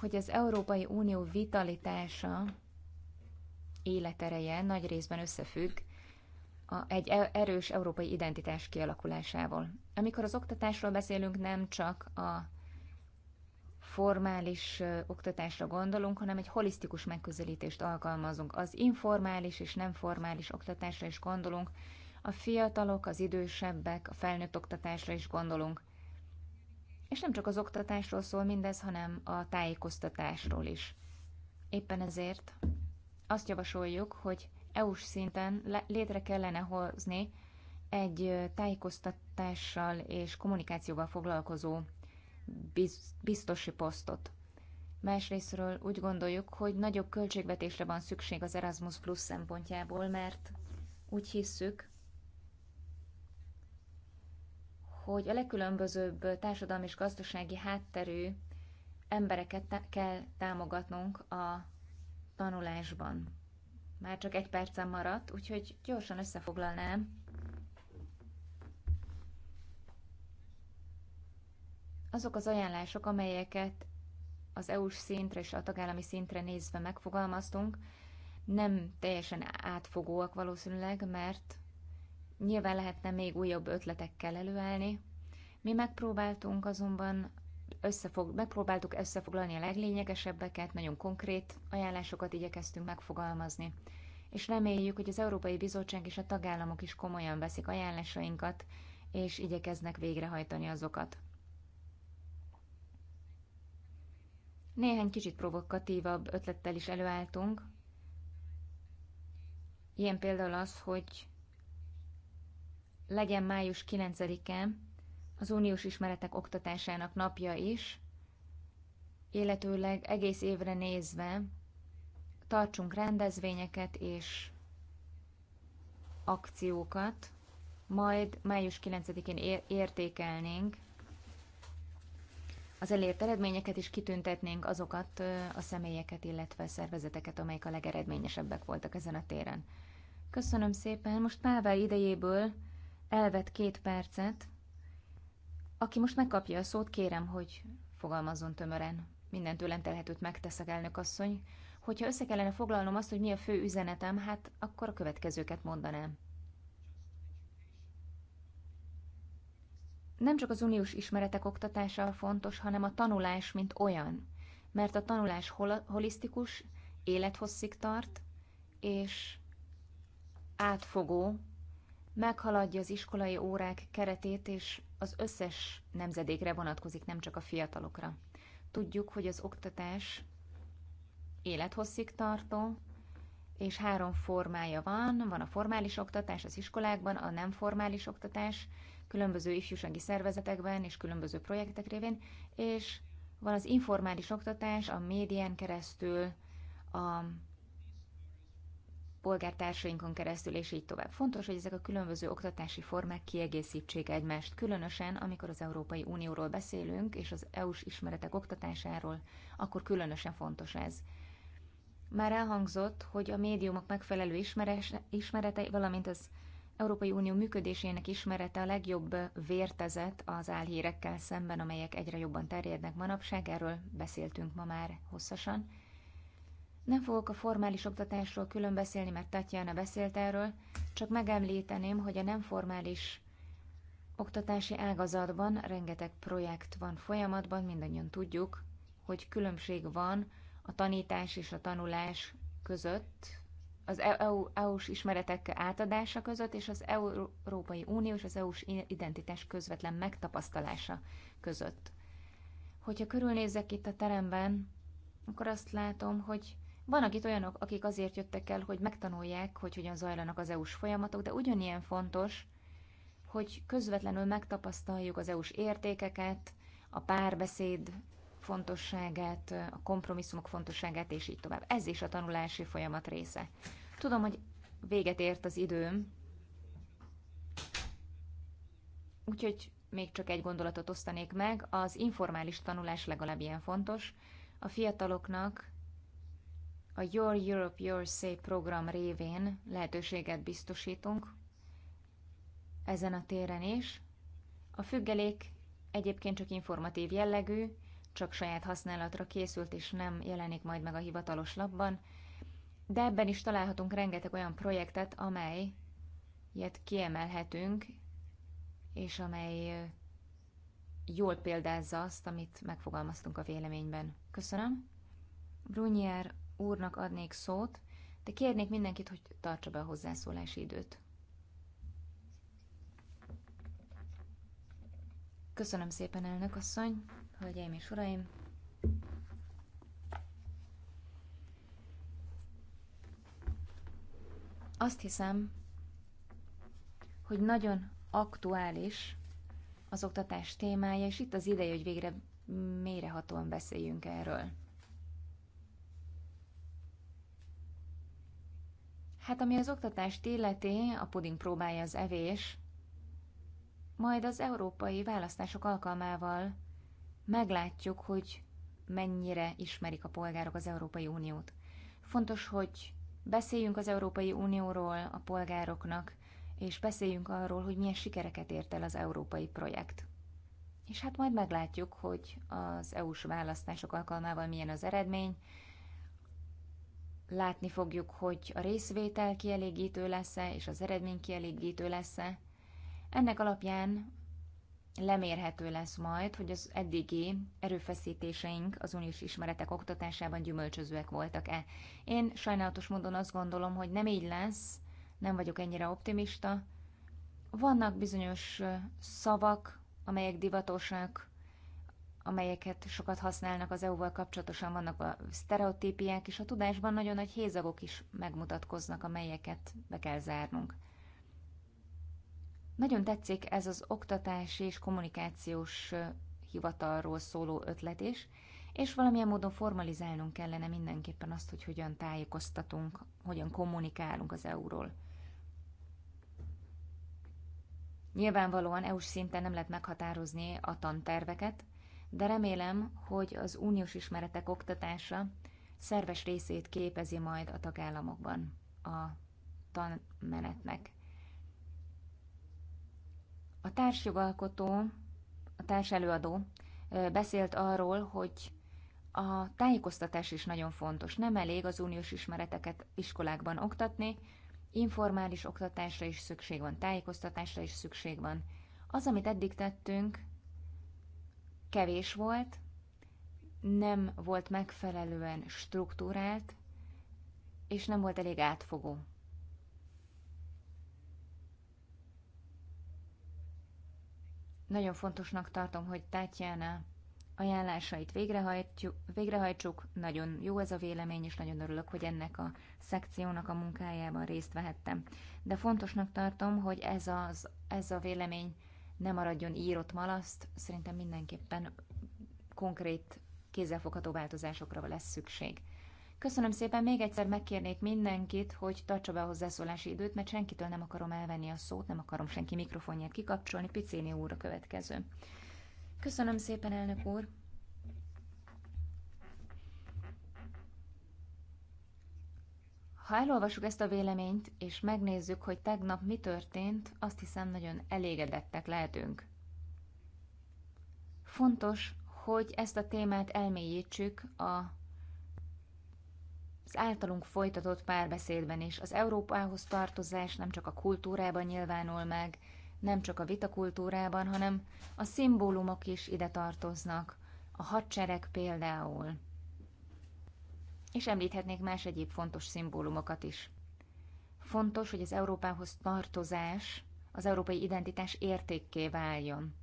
hogy az Európai Unió vitalitása, életereje nagy részben összefügg a, egy e- erős európai identitás kialakulásával. Amikor az oktatásról beszélünk, nem csak a formális oktatásra gondolunk, hanem egy holisztikus megközelítést alkalmazunk. Az informális és nem formális oktatásra is gondolunk, a fiatalok, az idősebbek, a felnőtt oktatásra is gondolunk. És nem csak az oktatásról szól mindez, hanem a tájékoztatásról is. Éppen ezért azt javasoljuk, hogy EU-s szinten létre kellene hozni egy tájékoztatással és kommunikációval foglalkozó biztosi posztot. Másrésztről úgy gondoljuk, hogy nagyobb költségvetésre van szükség az Erasmus Plus szempontjából, mert úgy hisszük, hogy a legkülönbözőbb társadalmi és gazdasági hátterű embereket kell támogatnunk a tanulásban. Már csak egy percem maradt, úgyhogy gyorsan összefoglalnám. Azok az ajánlások, amelyeket az EU-s szintre és a tagállami szintre nézve megfogalmaztunk, nem teljesen átfogóak valószínűleg, mert nyilván lehetne még újabb ötletekkel előállni. Mi megpróbáltunk azonban összefog, megpróbáltuk összefoglalni a leglényegesebbeket, nagyon konkrét ajánlásokat igyekeztünk megfogalmazni, és reméljük, hogy az Európai Bizottság és a tagállamok is komolyan veszik ajánlásainkat, és igyekeznek végrehajtani azokat. Néhány kicsit provokatívabb ötlettel is előálltunk. Ilyen például az, hogy legyen május 9-e az uniós ismeretek oktatásának napja is, illetőleg egész évre nézve tartsunk rendezvényeket és akciókat, majd május 9-én értékelnénk az elért eredményeket, és kitüntetnénk azokat a személyeket, illetve szervezeteket, amelyek a legeredményesebbek voltak ezen a téren. Köszönöm szépen, most Pável idejéből elvett két percet, aki most megkapja a szót, kérem, hogy fogalmazzon tömören. Minden tőlem telhetőt megteszek, elnök asszony. Hogyha össze kellene foglalnom azt, hogy mi a fő üzenetem, hát akkor a következőket mondanám. Nem csak az uniós ismeretek oktatása fontos, hanem a tanulás, mint olyan. Mert a tanulás hol- holisztikus, élethosszig tart, és átfogó, meghaladja az iskolai órák keretét, és az összes nemzedékre vonatkozik, nem csak a fiatalokra. Tudjuk, hogy az oktatás élethosszig tartó, és három formája van. Van a formális oktatás az iskolákban, a nem formális oktatás különböző ifjúsági szervezetekben és különböző projektek révén, és van az informális oktatás a médián keresztül, a polgártársainkon keresztül, és így tovább. Fontos, hogy ezek a különböző oktatási formák kiegészítsék egymást, különösen amikor az Európai Unióról beszélünk, és az EU-s ismeretek oktatásáról, akkor különösen fontos ez. Már elhangzott, hogy a médiumok megfelelő ismeres, ismerete, valamint az Európai Unió működésének ismerete a legjobb vértezet az álhírekkel szemben, amelyek egyre jobban terjednek manapság, erről beszéltünk ma már hosszasan. Nem fogok a formális oktatásról külön beszélni, mert Tatjana beszélt erről, csak megemlíteném, hogy a nem formális oktatási ágazatban rengeteg projekt van folyamatban, mindannyian tudjuk, hogy különbség van a tanítás és a tanulás között, az EU-s e e ismeretek átadása között, és az Európai Unió és az EU-s identitás közvetlen megtapasztalása között. Hogyha körülnézek itt a teremben, akkor azt látom, hogy vannak itt olyanok, akik azért jöttek el, hogy megtanulják, hogy hogyan zajlanak az EU-s folyamatok, de ugyanilyen fontos, hogy közvetlenül megtapasztaljuk az EU-s értékeket, a párbeszéd fontosságát, a kompromisszumok fontosságát, és így tovább. Ez is a tanulási folyamat része. Tudom, hogy véget ért az időm, úgyhogy még csak egy gondolatot osztanék meg. Az informális tanulás legalább ilyen fontos. A fiataloknak a Your Europe, Your Say program révén lehetőséget biztosítunk ezen a téren is. A függelék egyébként csak informatív jellegű, csak saját használatra készült és nem jelenik majd meg a hivatalos labban, de ebben is találhatunk rengeteg olyan projektet, amelyet kiemelhetünk, és amely jól példázza azt, amit megfogalmaztunk a véleményben. Köszönöm. Brunier úrnak adnék szót, de kérnék mindenkit, hogy tartsa be a hozzászólási időt. Köszönöm szépen, elnök asszony, hölgyeim és uraim! Azt hiszem, hogy nagyon aktuális az oktatás témája, és itt az ideje, hogy végre mélyrehatóan beszéljünk erről. Hát ami az oktatást illeti, a puding próbálja az evés, majd az európai választások alkalmával meglátjuk, hogy mennyire ismerik a polgárok az Európai Uniót. Fontos, hogy beszéljünk az Európai Unióról a polgároknak, és beszéljünk arról, hogy milyen sikereket ért el az európai projekt. És hát majd meglátjuk, hogy az EU-s választások alkalmával milyen az eredmény, Látni fogjuk, hogy a részvétel kielégítő lesz-e, és az eredmény kielégítő lesz-e. Ennek alapján lemérhető lesz majd, hogy az eddigi erőfeszítéseink az uniós ismeretek oktatásában gyümölcsözőek voltak-e. Én sajnálatos módon azt gondolom, hogy nem így lesz, nem vagyok ennyire optimista. Vannak bizonyos szavak, amelyek divatosak, amelyeket sokat használnak az EU-val kapcsolatosan, vannak a sztereotípiák, és a tudásban nagyon nagy hézagok is megmutatkoznak, amelyeket be kell zárnunk. Nagyon tetszik ez az oktatási és kommunikációs hivatalról szóló ötlet is, és valamilyen módon formalizálnunk kellene mindenképpen azt, hogy hogyan tájékoztatunk, hogyan kommunikálunk az EU-ról. Nyilvánvalóan EU-s szinten nem lehet meghatározni a tanterveket, de remélem, hogy az uniós ismeretek oktatása szerves részét képezi majd a tagállamokban a tanmenetnek. A társjogalkotó, a társelőadó beszélt arról, hogy a tájékoztatás is nagyon fontos. Nem elég az uniós ismereteket iskolákban oktatni, informális oktatásra is szükség van, tájékoztatásra is szükség van. Az, amit eddig tettünk, kevés volt, nem volt megfelelően struktúrált, és nem volt elég átfogó. Nagyon fontosnak tartom, hogy Tatjana ajánlásait végrehajtjuk, végrehajtsuk. Nagyon jó ez a vélemény, és nagyon örülök, hogy ennek a szekciónak a munkájában részt vehettem. De fontosnak tartom, hogy ez, az, ez a vélemény ne maradjon írott malaszt, szerintem mindenképpen konkrét kézzelfogható változásokra lesz szükség. Köszönöm szépen, még egyszer megkérnék mindenkit, hogy tartsa be a hozzászólási időt, mert senkitől nem akarom elvenni a szót, nem akarom senki mikrofonját kikapcsolni. Picéni úr a következő. Köszönöm szépen, elnök úr! Ha elolvasjuk ezt a véleményt, és megnézzük, hogy tegnap mi történt, azt hiszem nagyon elégedettek lehetünk. Fontos, hogy ezt a témát elmélyítsük a, az általunk folytatott párbeszédben is. Az Európához tartozás nem csak a kultúrában nyilvánul meg, nem csak a vitakultúrában, hanem a szimbólumok is ide tartoznak. A hadsereg például – és említhetnék más egyéb fontos szimbólumokat is. Fontos, hogy az Európához tartozás az európai identitás értékké váljon.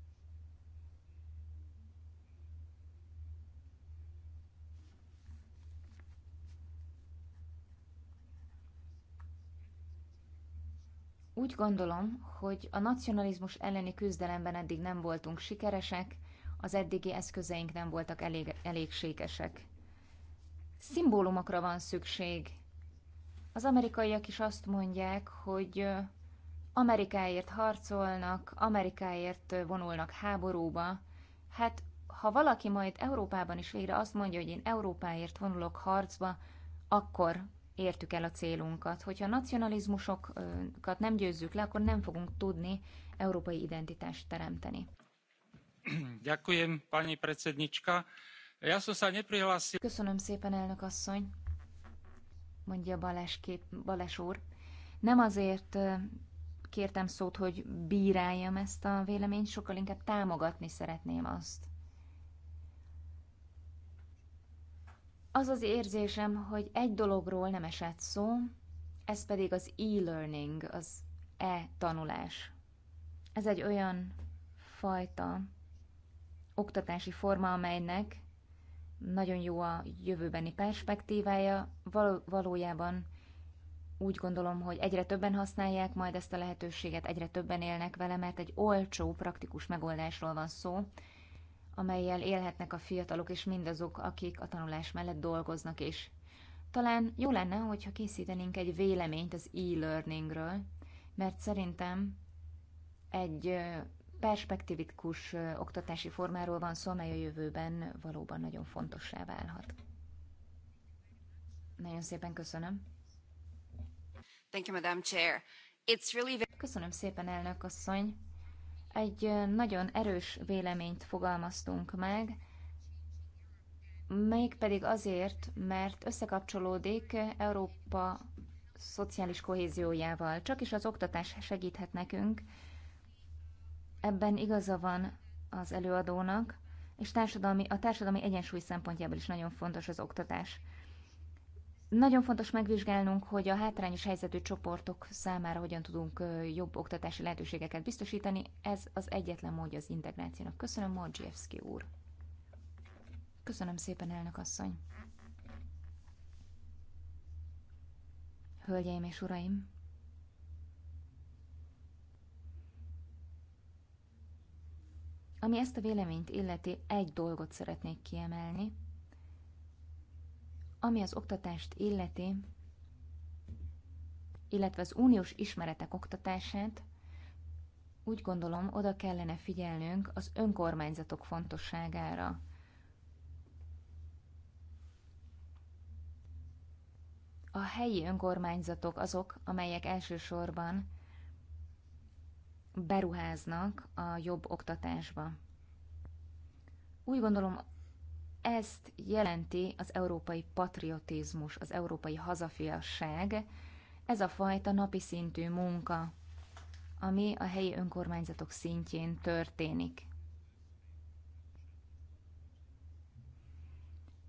Úgy gondolom, hogy a nacionalizmus elleni küzdelemben eddig nem voltunk sikeresek, az eddigi eszközeink nem voltak elég, elégségesek szimbólumokra van szükség. Az amerikaiak is azt mondják, hogy Amerikáért harcolnak, Amerikáért vonulnak háborúba. Hát, ha valaki majd Európában is végre azt mondja, hogy én Európáért vonulok harcba, akkor értük el a célunkat. Hogyha a nacionalizmusokat nem győzzük le, akkor nem fogunk tudni európai identitást teremteni. Köszönöm, pani predsednička. Köszönöm szépen, elnök asszony, mondja Bales, kép, Bales úr. Nem azért kértem szót, hogy bíráljam ezt a véleményt, sokkal inkább támogatni szeretném azt. Az az érzésem, hogy egy dologról nem esett szó, ez pedig az e-learning, az e-tanulás. Ez egy olyan fajta oktatási forma, amelynek nagyon jó a jövőbeni perspektívája. Val- valójában úgy gondolom, hogy egyre többen használják majd ezt a lehetőséget, egyre többen élnek vele, mert egy olcsó, praktikus megoldásról van szó, amelyel élhetnek a fiatalok és mindazok, akik a tanulás mellett dolgoznak is. Talán jó lenne, hogyha készítenénk egy véleményt az e-learningről, mert szerintem egy perspektivikus oktatási formáról van szó, amely a jövőben valóban nagyon fontossá válhat. Nagyon szépen köszönöm. Thank you, Madam Chair. It's really... Köszönöm szépen, elnök asszony. Egy nagyon erős véleményt fogalmaztunk meg, Még pedig azért, mert összekapcsolódik Európa szociális kohéziójával. Csak is az oktatás segíthet nekünk Ebben igaza van az előadónak, és társadalmi, a társadalmi egyensúly szempontjából is nagyon fontos az oktatás. Nagyon fontos megvizsgálnunk, hogy a hátrányos helyzetű csoportok számára hogyan tudunk jobb oktatási lehetőségeket biztosítani. Ez az egyetlen módja az integrációnak. Köszönöm, Morgievski úr. Köszönöm szépen, elnök asszony. Hölgyeim és uraim! Ami ezt a véleményt illeti, egy dolgot szeretnék kiemelni. Ami az oktatást illeti, illetve az uniós ismeretek oktatását, úgy gondolom, oda kellene figyelnünk az önkormányzatok fontosságára. A helyi önkormányzatok azok, amelyek elsősorban beruháznak a jobb oktatásba. Úgy gondolom, ezt jelenti az európai patriotizmus, az európai hazafiasság, ez a fajta napi szintű munka, ami a helyi önkormányzatok szintjén történik.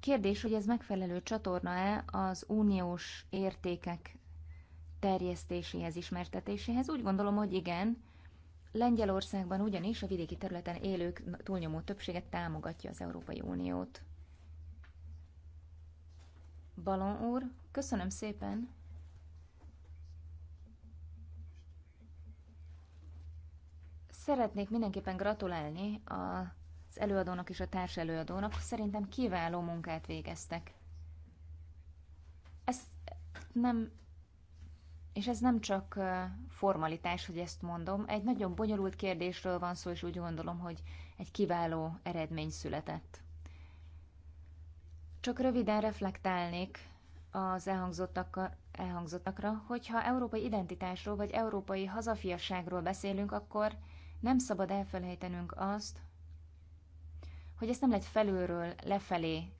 Kérdés, hogy ez megfelelő csatorna-e az uniós értékek terjesztéséhez, ismertetéséhez? Úgy gondolom, hogy igen, Lengyelországban ugyanis a vidéki területen élők túlnyomó többséget támogatja az Európai Uniót. Balon úr, köszönöm szépen! Szeretnék mindenképpen gratulálni az előadónak és a társ előadónak Szerintem kiváló munkát végeztek. Ezt nem és ez nem csak formalitás, hogy ezt mondom, egy nagyon bonyolult kérdésről van szó, és úgy gondolom, hogy egy kiváló eredmény született. Csak röviden reflektálnék az elhangzottak, elhangzottakra, hogyha európai identitásról vagy európai hazafiasságról beszélünk, akkor nem szabad elfelejtenünk azt, hogy ezt nem lehet felülről lefelé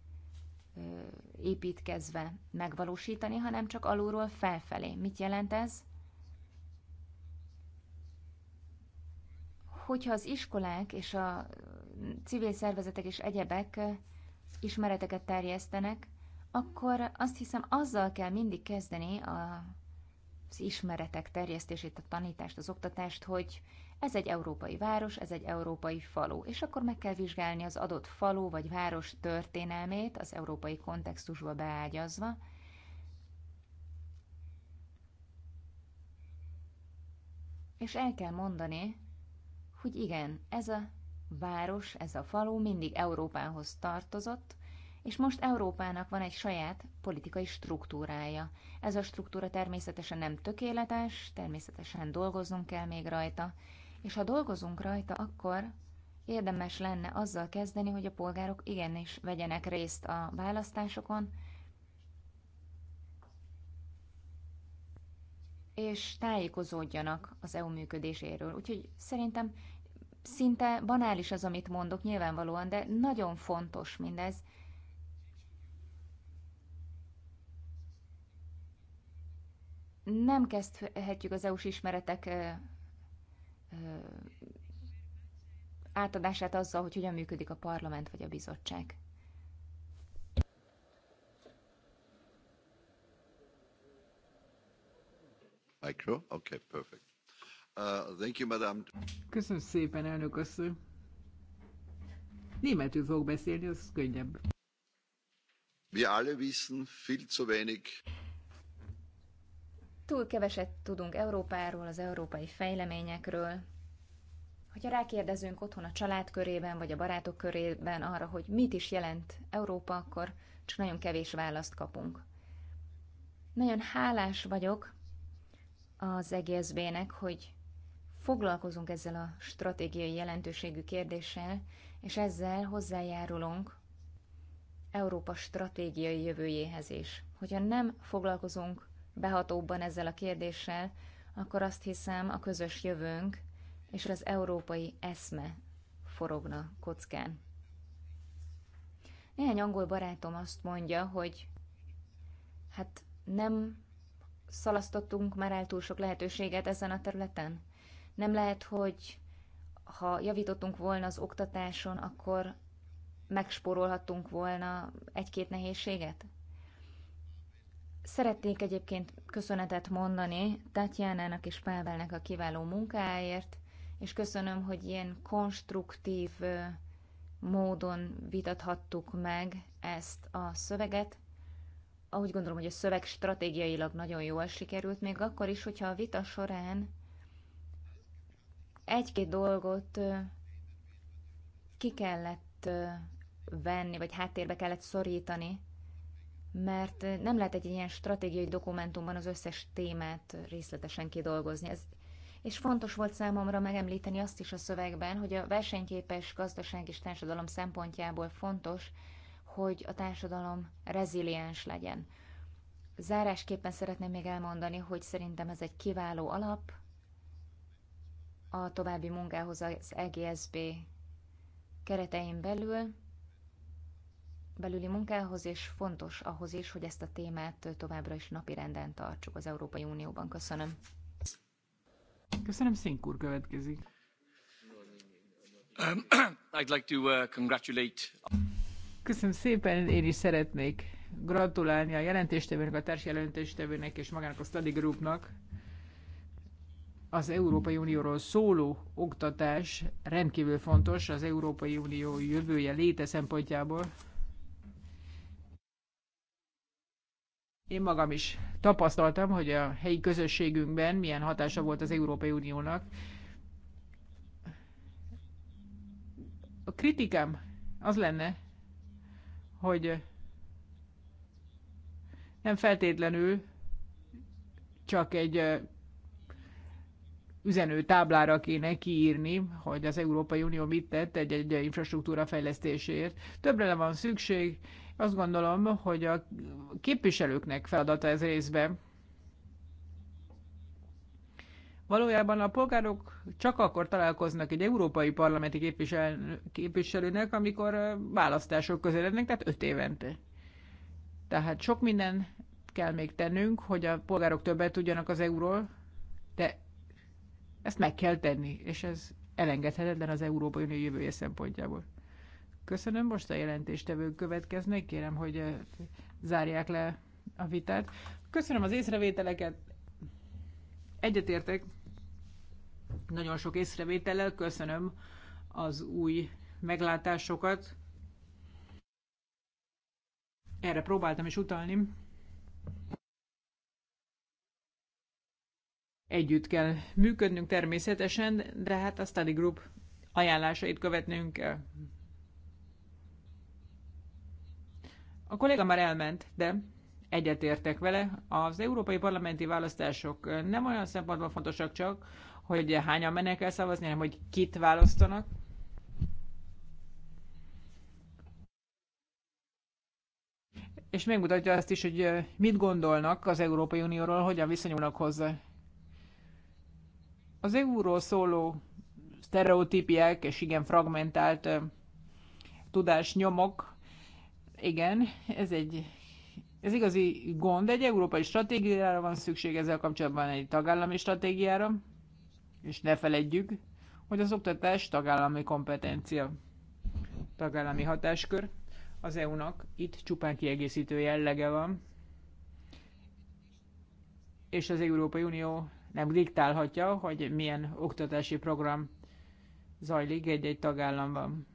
építkezve megvalósítani, hanem csak alulról felfelé. Mit jelent ez? Hogyha az iskolák és a civil szervezetek és egyebek ismereteket terjesztenek, akkor azt hiszem azzal kell mindig kezdeni a, az ismeretek terjesztését, a tanítást, az oktatást, hogy ez egy európai város, ez egy európai falu, és akkor meg kell vizsgálni az adott falu vagy város történelmét az európai kontextusba beágyazva, és el kell mondani, hogy igen, ez a város, ez a falu mindig Európához tartozott, és most Európának van egy saját politikai struktúrája. Ez a struktúra természetesen nem tökéletes, természetesen dolgoznunk kell még rajta, és ha dolgozunk rajta, akkor érdemes lenne azzal kezdeni, hogy a polgárok igenis vegyenek részt a választásokon, és tájékozódjanak az EU működéséről. Úgyhogy szerintem szinte banális az, amit mondok nyilvánvalóan, de nagyon fontos mindez. Nem kezdhetjük az EU-s ismeretek átadását azzal, hogy hogyan működik a parlament vagy a bizottság. Micro? Okay, perfect. Uh, thank you, madam. Köszönöm szépen, elnök asszony. Németül fog beszélni, az könnyebb. Wir alle wissen viel zu wenig. Túl keveset tudunk Európáról, az európai fejleményekről. Hogyha rákérdezünk otthon a család körében, vagy a barátok körében arra, hogy mit is jelent Európa, akkor csak nagyon kevés választ kapunk. Nagyon hálás vagyok az EGSZB-nek, hogy foglalkozunk ezzel a stratégiai jelentőségű kérdéssel, és ezzel hozzájárulunk Európa stratégiai jövőjéhez is. Hogyha nem foglalkozunk behatóbban ezzel a kérdéssel, akkor azt hiszem a közös jövőnk és az európai eszme forogna kockán. Néhány angol barátom azt mondja, hogy hát nem szalasztottunk már el túl sok lehetőséget ezen a területen. Nem lehet, hogy ha javítottunk volna az oktatáson, akkor megspórolhattunk volna egy-két nehézséget? Szeretnék egyébként köszönetet mondani Tatjánának és Pávelnek a kiváló munkáért, és köszönöm, hogy ilyen konstruktív módon vitathattuk meg ezt a szöveget. Ahogy gondolom, hogy a szöveg stratégiailag nagyon jól sikerült, még akkor is, hogyha a vita során egy-két dolgot ki kellett venni, vagy háttérbe kellett szorítani, mert eh, nem lehet egy ilyen stratégiai dokumentumban az összes témát részletesen kidolgozni. Ez, és fontos volt számomra megemlíteni azt is a szövegben, hogy a versenyképes gazdaság és társadalom szempontjából fontos, hogy a társadalom reziliens legyen. Zárásképpen szeretném még elmondani, hogy szerintem ez egy kiváló alap a további munkához az EGSB keretein belül, belüli munkához, és fontos ahhoz is, hogy ezt a témát továbbra is napirenden tartsuk az Európai Unióban. Köszönöm. Köszönöm, szinkur következik. Um, <clears throat> I'd like to uh, congratulate... Köszönöm szépen, én is szeretnék gratulálni a jelentéstevőnek, a társ jelentéstevőnek és magának a Study Groupnak. Az Európai Unióról szóló oktatás rendkívül fontos az Európai Unió jövője léte szempontjából. Én magam is tapasztaltam, hogy a helyi közösségünkben milyen hatása volt az Európai Uniónak. A kritikám az lenne, hogy nem feltétlenül csak egy üzenő táblára kéne kiírni, hogy az Európai Unió mit tett egy, egy infrastruktúra fejlesztésért. Többre le van szükség, azt gondolom, hogy a képviselőknek feladata ez részben. Valójában a polgárok csak akkor találkoznak egy európai parlamenti képvisel, képviselőnek, amikor választások közelednek, tehát öt évente. Tehát sok minden kell még tennünk, hogy a polgárok többet tudjanak az euról, de ezt meg kell tenni, és ez elengedhetetlen az Európai Unió jövője szempontjából. Köszönöm, most a jelentéstevők következnek, kérem, hogy zárják le a vitát. Köszönöm az észrevételeket, egyetértek nagyon sok észrevétellel, köszönöm az új meglátásokat. Erre próbáltam is utalni. Együtt kell működnünk természetesen, de hát a study group ajánlásait követnünk kell. A kolléga már elment, de egyetértek vele. Az európai parlamenti választások nem olyan szempontból fontosak csak, hogy hányan mennek el szavazni, hanem hogy kit választanak. És megmutatja azt is, hogy mit gondolnak az Európai Unióról, hogyan viszonyulnak hozzá. Az EU-ról szóló sztereotípiák és igen fragmentált tudásnyomok igen, ez egy ez igazi gond, egy európai stratégiára van szükség ezzel kapcsolatban, egy tagállami stratégiára, és ne feledjük, hogy az oktatás tagállami kompetencia, tagállami hatáskör. Az EU-nak itt csupán kiegészítő jellege van, és az Európai Unió nem diktálhatja, hogy milyen oktatási program zajlik egy-egy tagállamban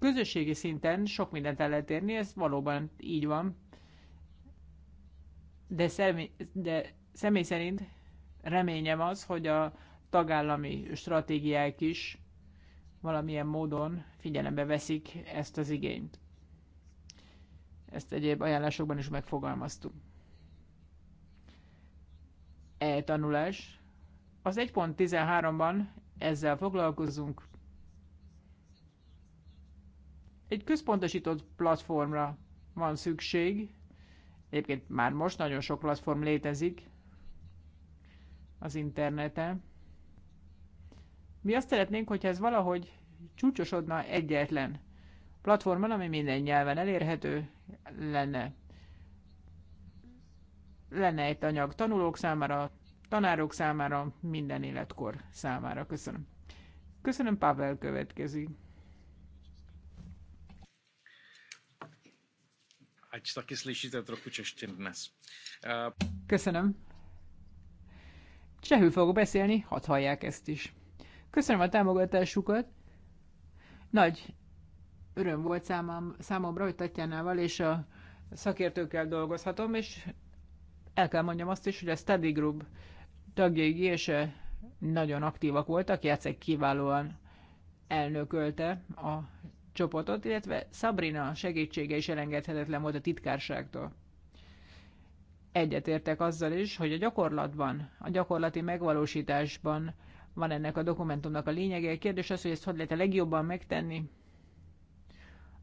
közösségi szinten sok mindent el lehet érni, ez valóban így van. De személy, de személy szerint reményem az, hogy a tagállami stratégiák is valamilyen módon figyelembe veszik ezt az igényt. Ezt egyéb ajánlásokban is megfogalmaztuk. E-tanulás. Az 1.13-ban ezzel foglalkozunk, egy központosított platformra van szükség. Egyébként már most nagyon sok platform létezik az interneten. Mi azt szeretnénk, hogyha ez valahogy csúcsosodna egyetlen platformon, ami minden nyelven elérhető lenne. Lenne egy anyag tanulók számára, tanárok számára, minden életkor számára. Köszönöm. Köszönöm, Pavel következik. ať taky slyšíte trochu češtin dnes. Uh... Köszönöm. Csehül fogok beszélni, hadd hallják ezt is. Köszönöm a támogatásukat. Nagy öröm volt számom, számomra, hogy Tatjánával és a szakértőkkel dolgozhatom, és el kell mondjam azt is, hogy a Study Group tagjai és e nagyon aktívak voltak, játszik kiválóan elnökölte a csoportot, illetve Sabrina segítsége is elengedhetetlen volt a titkárságtól. Egyetértek azzal is, hogy a gyakorlatban, a gyakorlati megvalósításban van ennek a dokumentumnak a lényege. A kérdés az, hogy ezt hogy lehet a legjobban megtenni.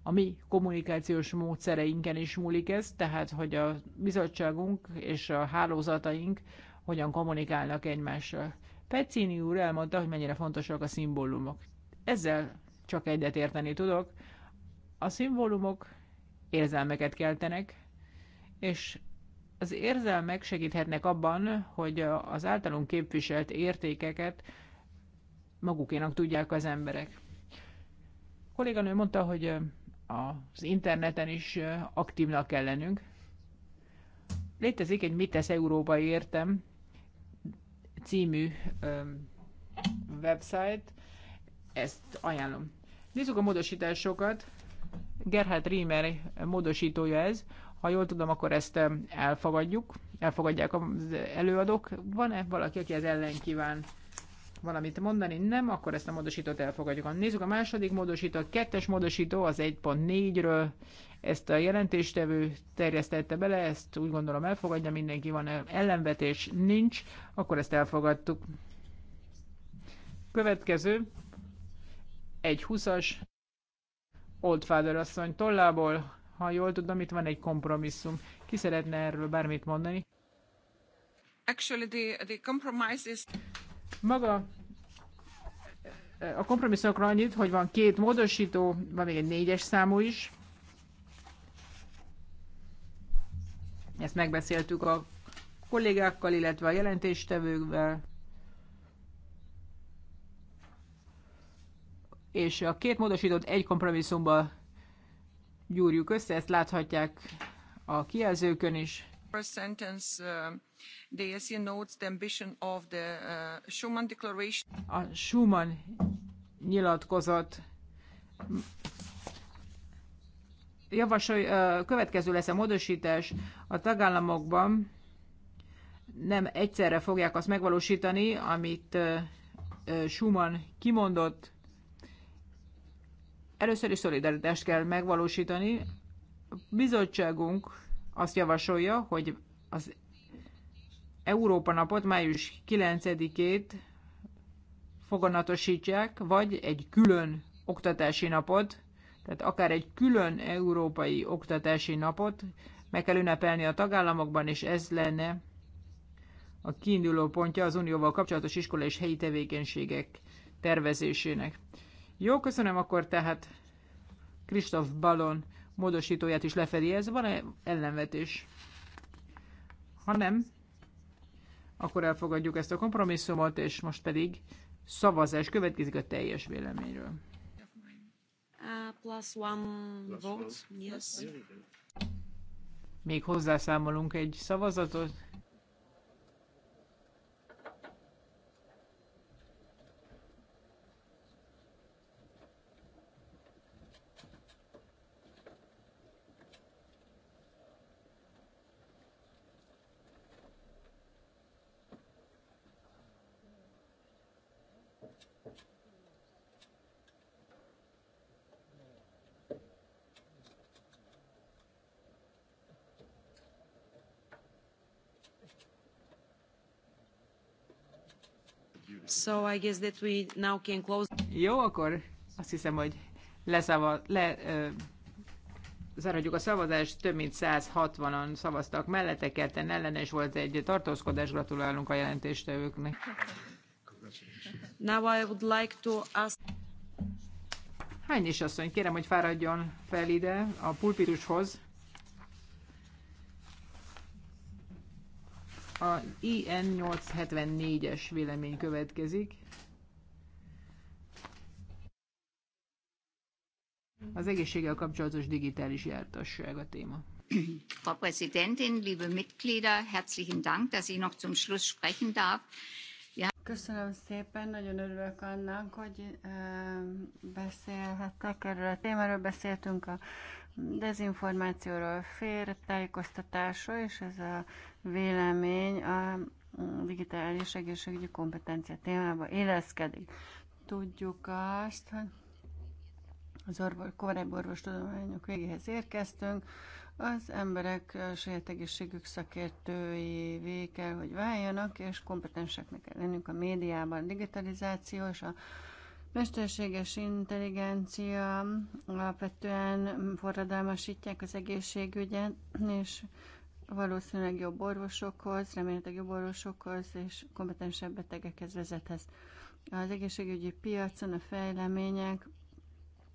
A mi kommunikációs módszereinken is múlik ez, tehát hogy a bizottságunk és a hálózataink hogyan kommunikálnak egymással. Pecini úr elmondta, hogy mennyire fontosak a szimbólumok. Ezzel csak egyet érteni tudok. A szimbólumok érzelmeket keltenek, és az érzelmek segíthetnek abban, hogy az általunk képviselt értékeket magukénak tudják az emberek. A kolléganő mondta, hogy az interneten is aktívnak kell lennünk. Létezik egy Mit tesz Európa értem című website, ezt ajánlom. Nézzük a módosításokat. Gerhard Riemer módosítója ez. Ha jól tudom, akkor ezt elfogadjuk. Elfogadják az előadók. Van-e valaki, aki ez ellen kíván valamit mondani? Nem, akkor ezt a módosítót elfogadjuk. Nézzük a második módosító. A kettes módosító az 1.4-ről. Ezt a jelentéstevő terjesztette bele, ezt úgy gondolom elfogadja, mindenki van ellenvetés, nincs, akkor ezt elfogadtuk. Következő, egy 20-as, Father asszony tollából, ha jól tudom, itt van egy kompromisszum. Ki szeretne erről bármit mondani? Actually, the, the compromise is... Maga a kompromisszokra annyit, hogy van két módosító, van még egy négyes számú is. Ezt megbeszéltük a kollégákkal, illetve a jelentéstevőkvel. és a két módosított egy kompromisszumba gyúrjuk össze, ezt láthatják a kijelzőkön is. First sentence, uh, the e notes the ambition of the uh, Schuman Declaration. A Schuman nyilatkozat javasol, uh, következő lesz a módosítás a tagállamokban nem egyszerre fogják azt megvalósítani, amit uh, uh, Schumann kimondott, Először is szolidaritást kell megvalósítani. A bizottságunk azt javasolja, hogy az Európa napot május 9-ét foganatosítják, vagy egy külön oktatási napot, tehát akár egy külön európai oktatási napot meg kell ünnepelni a tagállamokban, és ez lenne a kiinduló pontja az unióval kapcsolatos iskola és helyi tevékenységek tervezésének. Jó, köszönöm, akkor tehát Kristof Balon módosítóját is lefedi ez. Van-e ellenvetés? Ha nem, akkor elfogadjuk ezt a kompromisszumot, és most pedig szavazás következik a teljes véleményről. Uh, plus one vote, yes. Még hozzászámolunk egy szavazatot. So I guess that we now can close. Jó, akkor azt hiszem, hogy leszava, le, ö, a szavazást. Több mint 160-an szavaztak mellette, kerten ellene, és volt egy tartózkodás. Gratulálunk a jelentéstevőknek. Now I would like to ask... Hány is asszony, kérem, hogy fáradjon fel ide a pulpitushoz. IN 874-es vélemény következik. Az egészséggel kapcsolatos digitális jártasság a téma. Frau Präsidentin, liebe Mitglieder, herzlichen Dank, dass ich noch zum Schluss sprechen darf. Ja. Köszönöm szépen, nagyon örülök annak, hogy ö, eh, beszélhettek erről a témáról. Beszéltünk a dezinformációról, tájékoztatása, és ez a vélemény a digitális egészségügyi kompetencia témába éleszkedik. Tudjuk azt, hogy az orvos, korábbi orvostudományok végéhez érkeztünk, az emberek saját egészségük szakértői kell, hogy váljanak, és kompetenseknek kell lennünk a médiában, digitalizáció és a Mesterséges intelligencia alapvetően forradalmasítják az egészségügyet, és valószínűleg jobb orvosokhoz, remélhetőleg jobb orvosokhoz és kompetensebb betegekhez vezethez. Az egészségügyi piacon a fejlemények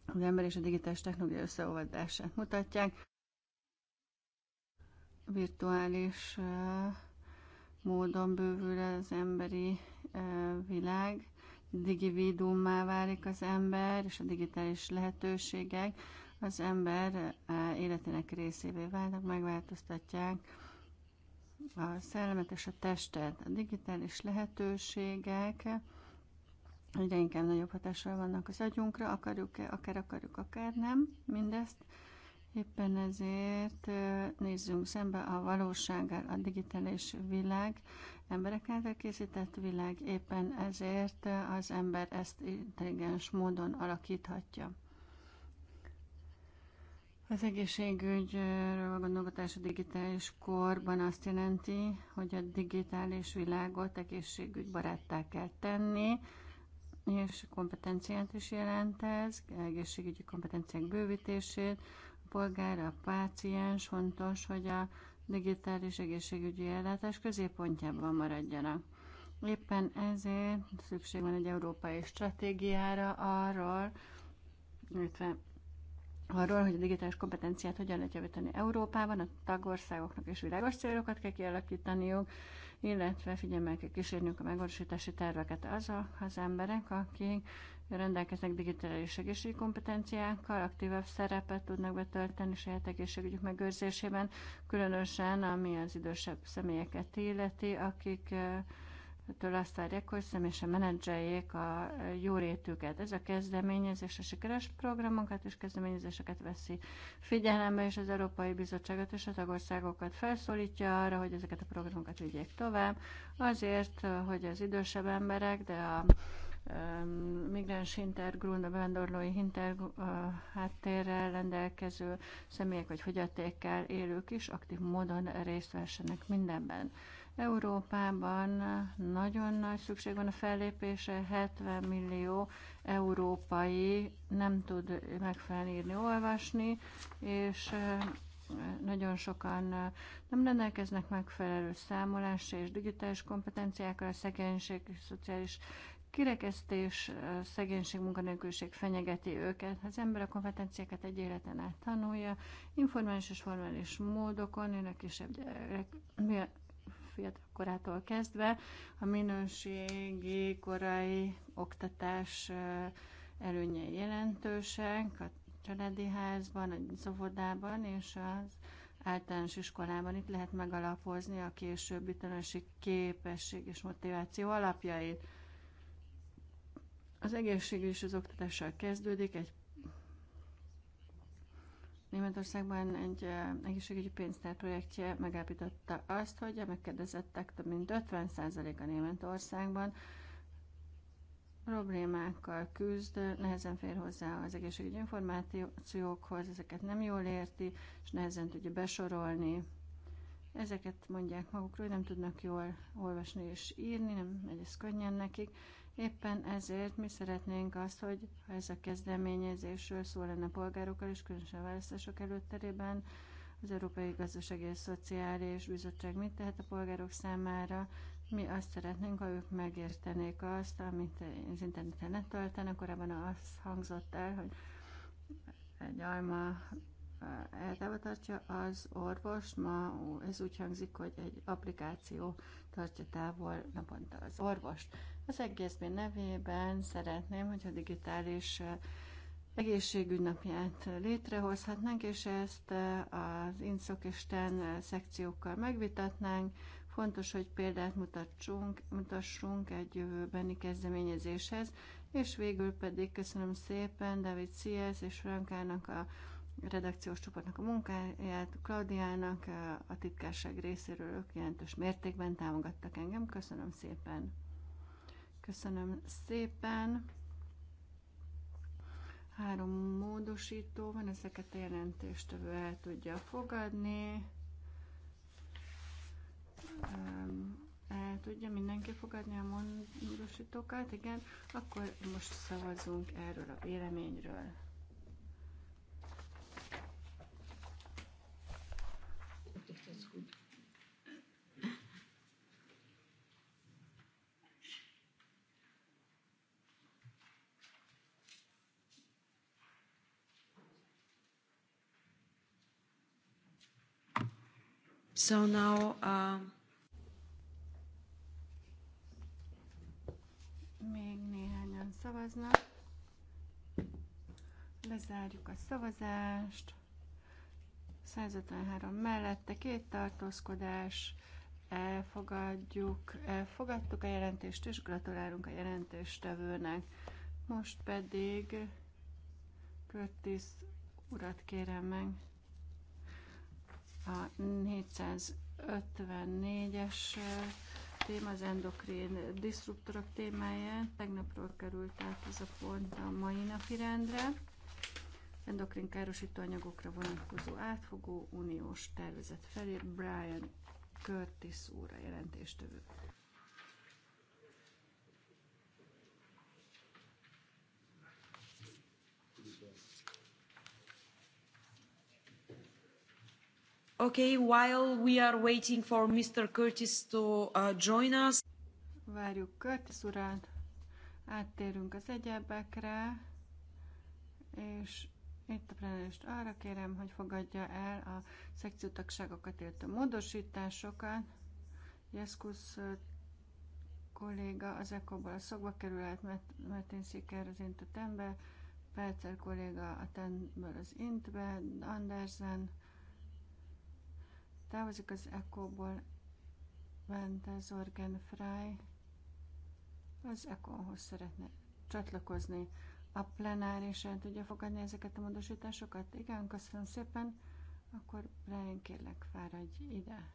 az ember és a digitális technológia összeolvadását mutatják. Virtuális eh, módon bővül az emberi eh, világ, digivídummá válik az ember, és a digitális lehetőségek az ember eh, életének részévé válnak, megváltoztatják a szellemet és a testet. A digitális lehetőségek egyre inkább nagyobb hatással vannak az agyunkra, akarjuk-e, akár akarjuk, akár nem mindezt. Éppen ezért eh, nézzünk szembe a valósággal, a digitális világ emberek által készített világ, éppen ezért az ember ezt intelligens módon alakíthatja. Az egészségügyről a gondolkodás a digitális korban azt jelenti, hogy a digitális világot egészségügybaráttá kell tenni, és kompetenciát is jelent ez, egészségügyi kompetenciák bővítését, a polgár, a páciens, fontos, hogy a digitális egészségügyi ellátás középpontjában maradjanak. Éppen ezért szükség van egy európai stratégiára arról, illetve arról, hogy a digitális kompetenciát hogyan lehet javítani Európában, a tagországoknak és világos célokat kell kialakítaniuk, illetve figyelmel kell kísérniük a megvalósítási terveket azok az emberek, akik rendelkeznek digitális egészségügyi kompetenciákkal, aktívabb szerepet tudnak betölteni saját egészségügyük megőrzésében, különösen ami az idősebb személyeket illeti, akik től azt várják, hogy személyesen menedzseljék a jórétüket. Ez a kezdeményezés a sikeres programokat és kezdeményezéseket veszi figyelembe, és az Európai Bizottságot és a tagországokat felszólítja arra, hogy ezeket a programokat vigyék tovább, azért, hogy az idősebb emberek, de a migráns hintergrund, a bevándorlói hinter háttérrel rendelkező személyek vagy fogyatékkel élők is aktív módon részt vessenek mindenben. Európában nagyon nagy szükség van a fellépése, 70 millió európai nem tud megfelelően írni, olvasni, és nagyon sokan nem rendelkeznek megfelelő számolással és digitális kompetenciákkal, a szegénység, a szociális Kirekesztés, szegénység, munkanélküliség fenyegeti őket. Az ember a kompetenciákat egy életen át tanulja, informális és formális módokon, őnek is kisebb gyerek, fiatal korától kezdve, a minőségi korai oktatás előnyei jelentősek, a családi házban, a szobodában és az általános iskolában itt lehet megalapozni a későbbi tanulási képesség és motiváció alapjait. Az egészség és az oktatással kezdődik, egy Németországban egy egészségügyi pénztár projektje megállapította azt, hogy a megkérdezettek több mint 50%-a Németországban problémákkal küzd, nehezen fér hozzá az egészségügyi információkhoz, ezeket nem jól érti, és nehezen tudja besorolni. Ezeket mondják magukról, hogy nem tudnak jól olvasni és írni, nem megy ez könnyen nekik, Éppen ezért mi szeretnénk azt, hogy ha ez a kezdeményezésről szó lenne a polgárokkal, és különösen a választások előtterében, az Európai Gazdasági és Szociális Bizottság mit tehet a polgárok számára, mi azt szeretnénk, ha ők megértenék azt, amit az interneten töltenek, Korábban az hangzott el, hogy egy alma eltávolítja az orvost, ma ez úgy hangzik, hogy egy applikáció tartja távol naponta az orvost. Az egészben nevében szeretném, hogy a digitális egészségügynapját létrehozhatnánk, és ezt az INSZOK és TEN szekciókkal megvitatnánk. Fontos, hogy példát mutassunk, mutassunk egy jövőbeni kezdeményezéshez, és végül pedig köszönöm szépen David Cies és Frankának a redakciós csoportnak a munkáját, Klaudiának, a titkárság részéről ők jelentős mértékben támogattak engem. Köszönöm szépen! Köszönöm szépen! Három módosító van, ezeket a jelentéstövő el tudja fogadni. El tudja mindenki fogadni a módosítókat, igen. Akkor most szavazunk erről a véleményről. So now, um... Még néhányan szavaznak. Lezárjuk a szavazást. 153 mellette, két tartózkodás, elfogadjuk, elfogadtuk a jelentést, és gratulálunk a jelentéstevőnek. Most pedig Körtis urat kérem meg. A 454-es eh, téma az endokrén diszruptorok témáját. Tegnapról került át ez a pont a mai napi rendre. Endokrin károsító anyagokra vonatkozó átfogó uniós tervezet felé Brian Curtis úr a jelentéstövő. Okay, while we are waiting for Mr. Curtis to uh, join us. Várjuk Curtis urát, áttérünk az egyebekre, és itt a plenárist arra kérem, hogy fogadja el a szekciótagságokat, illetve módosításokat. Jeszkusz kolléga az ECO-ból a szokba kerülhet, Martin Sziker az Intet ember, Pelcer kolléga a Tenből az Intbe, Andersen, távozik az ECO-ból Vente Zorgen Frey az ECO-hoz szeretne csatlakozni. A plenárisan, el tudja fogadni ezeket a módosításokat? Igen, köszönöm szépen. Akkor Brian, kérlek, fáradj ide.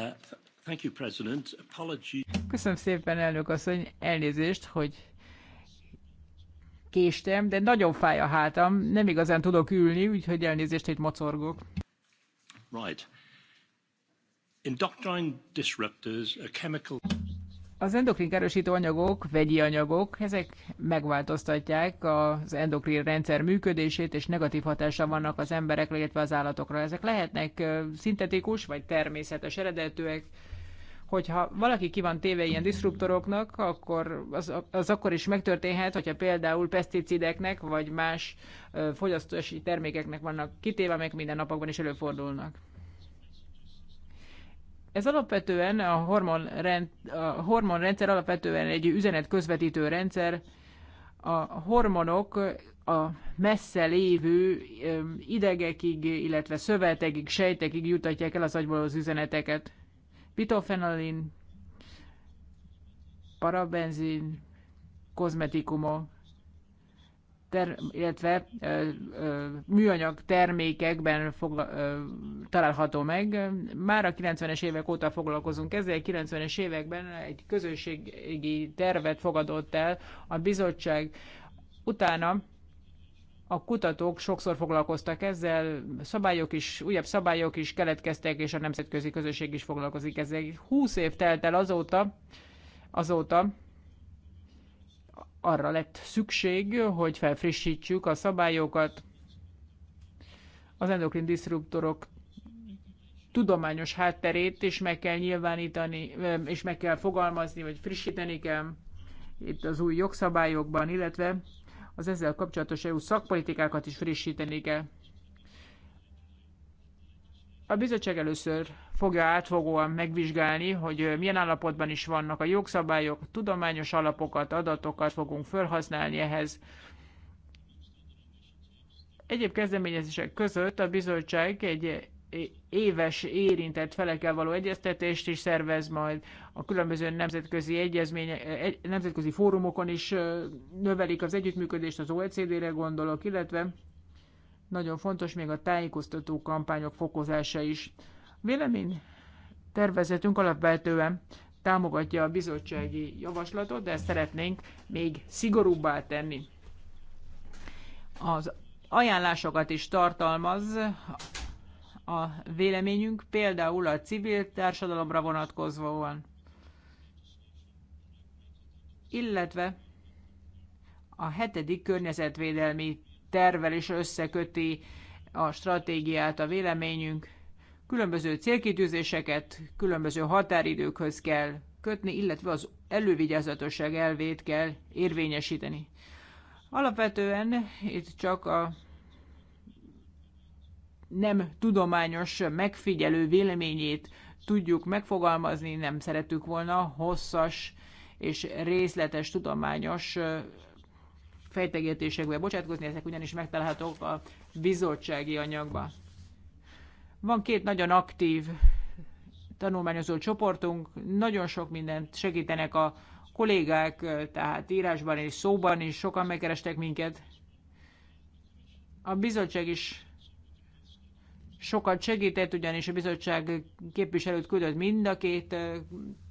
Uh, Köszönöm szépen, elnök asszony, elnézést, hogy késtem, de nagyon fáj a hátam, nem igazán tudok ülni, úgyhogy elnézést, hogy mocorgok. Right. Endocrine disruptors, a chemical... Az endokrin károsító anyagok, vegyi anyagok, ezek megváltoztatják az endokrin rendszer működését, és negatív hatása vannak az emberekre, illetve az állatokra. Ezek lehetnek szintetikus vagy természetes eredetűek. Hogyha valaki ki van téve ilyen diszruptoroknak, akkor az, az akkor is megtörténhet, hogyha például peszticideknek vagy más fogyasztási termékeknek vannak kitéve, amelyek minden napokban is előfordulnak. Ez alapvetően a, hormonrend, a hormonrendszer alapvetően egy üzenet közvetítő rendszer. A hormonok a messze lévő idegekig, illetve szövetekig, sejtekig jutatják el az agyból az üzeneteket. Pitofenalin, parabenzin, kozmetikumok, ter, illetve ö, ö, műanyag termékekben fog, ö, található meg. Már a 90-es évek óta foglalkozunk ezzel, a 90-es években egy közösségi tervet fogadott el a bizottság. Utána a kutatók sokszor foglalkoztak ezzel, szabályok is, újabb szabályok is keletkeztek, és a nemzetközi közösség is foglalkozik ezzel. 20 év telt el azóta, azóta arra lett szükség, hogy felfrissítsük a szabályokat. Az endokrin diszruptorok tudományos hátterét is meg kell nyilvánítani, és meg kell fogalmazni, vagy frissíteni kell itt az új jogszabályokban, illetve az ezzel kapcsolatos EU szakpolitikákat is frissíteni kell. A bizottság először fogja átfogóan megvizsgálni, hogy milyen állapotban is vannak a jogszabályok, tudományos alapokat, adatokat fogunk felhasználni ehhez. Egyéb kezdeményezések között a bizottság egy éves érintett felekkel való egyeztetést is szervez majd, a különböző nemzetközi egyezménye egy, nemzetközi fórumokon is növelik az együttműködést, az OECD-re gondolok, illetve nagyon fontos még a tájékoztató kampányok fokozása is. Vélemény tervezetünk alapvetően támogatja a bizottsági javaslatot, de ezt szeretnénk még szigorúbbá tenni. Az ajánlásokat is tartalmaz a véleményünk, például a civil társadalomra vonatkozóan, illetve a hetedik környezetvédelmi tervel is összeköti a stratégiát a véleményünk, Különböző célkitűzéseket különböző határidőkhöz kell kötni, illetve az elővigyázatosság elvét kell érvényesíteni. Alapvetően itt csak a nem tudományos megfigyelő véleményét tudjuk megfogalmazni, nem szeretük volna hosszas és részletes tudományos fejtegetésekbe bocsátkozni, ezek ugyanis megtalálhatók a bizottsági anyagban. Van két nagyon aktív tanulmányozó csoportunk, nagyon sok mindent segítenek a kollégák, tehát írásban és szóban is sokan megkerestek minket. A bizottság is sokat segített, ugyanis a bizottság képviselőt küldött mind a két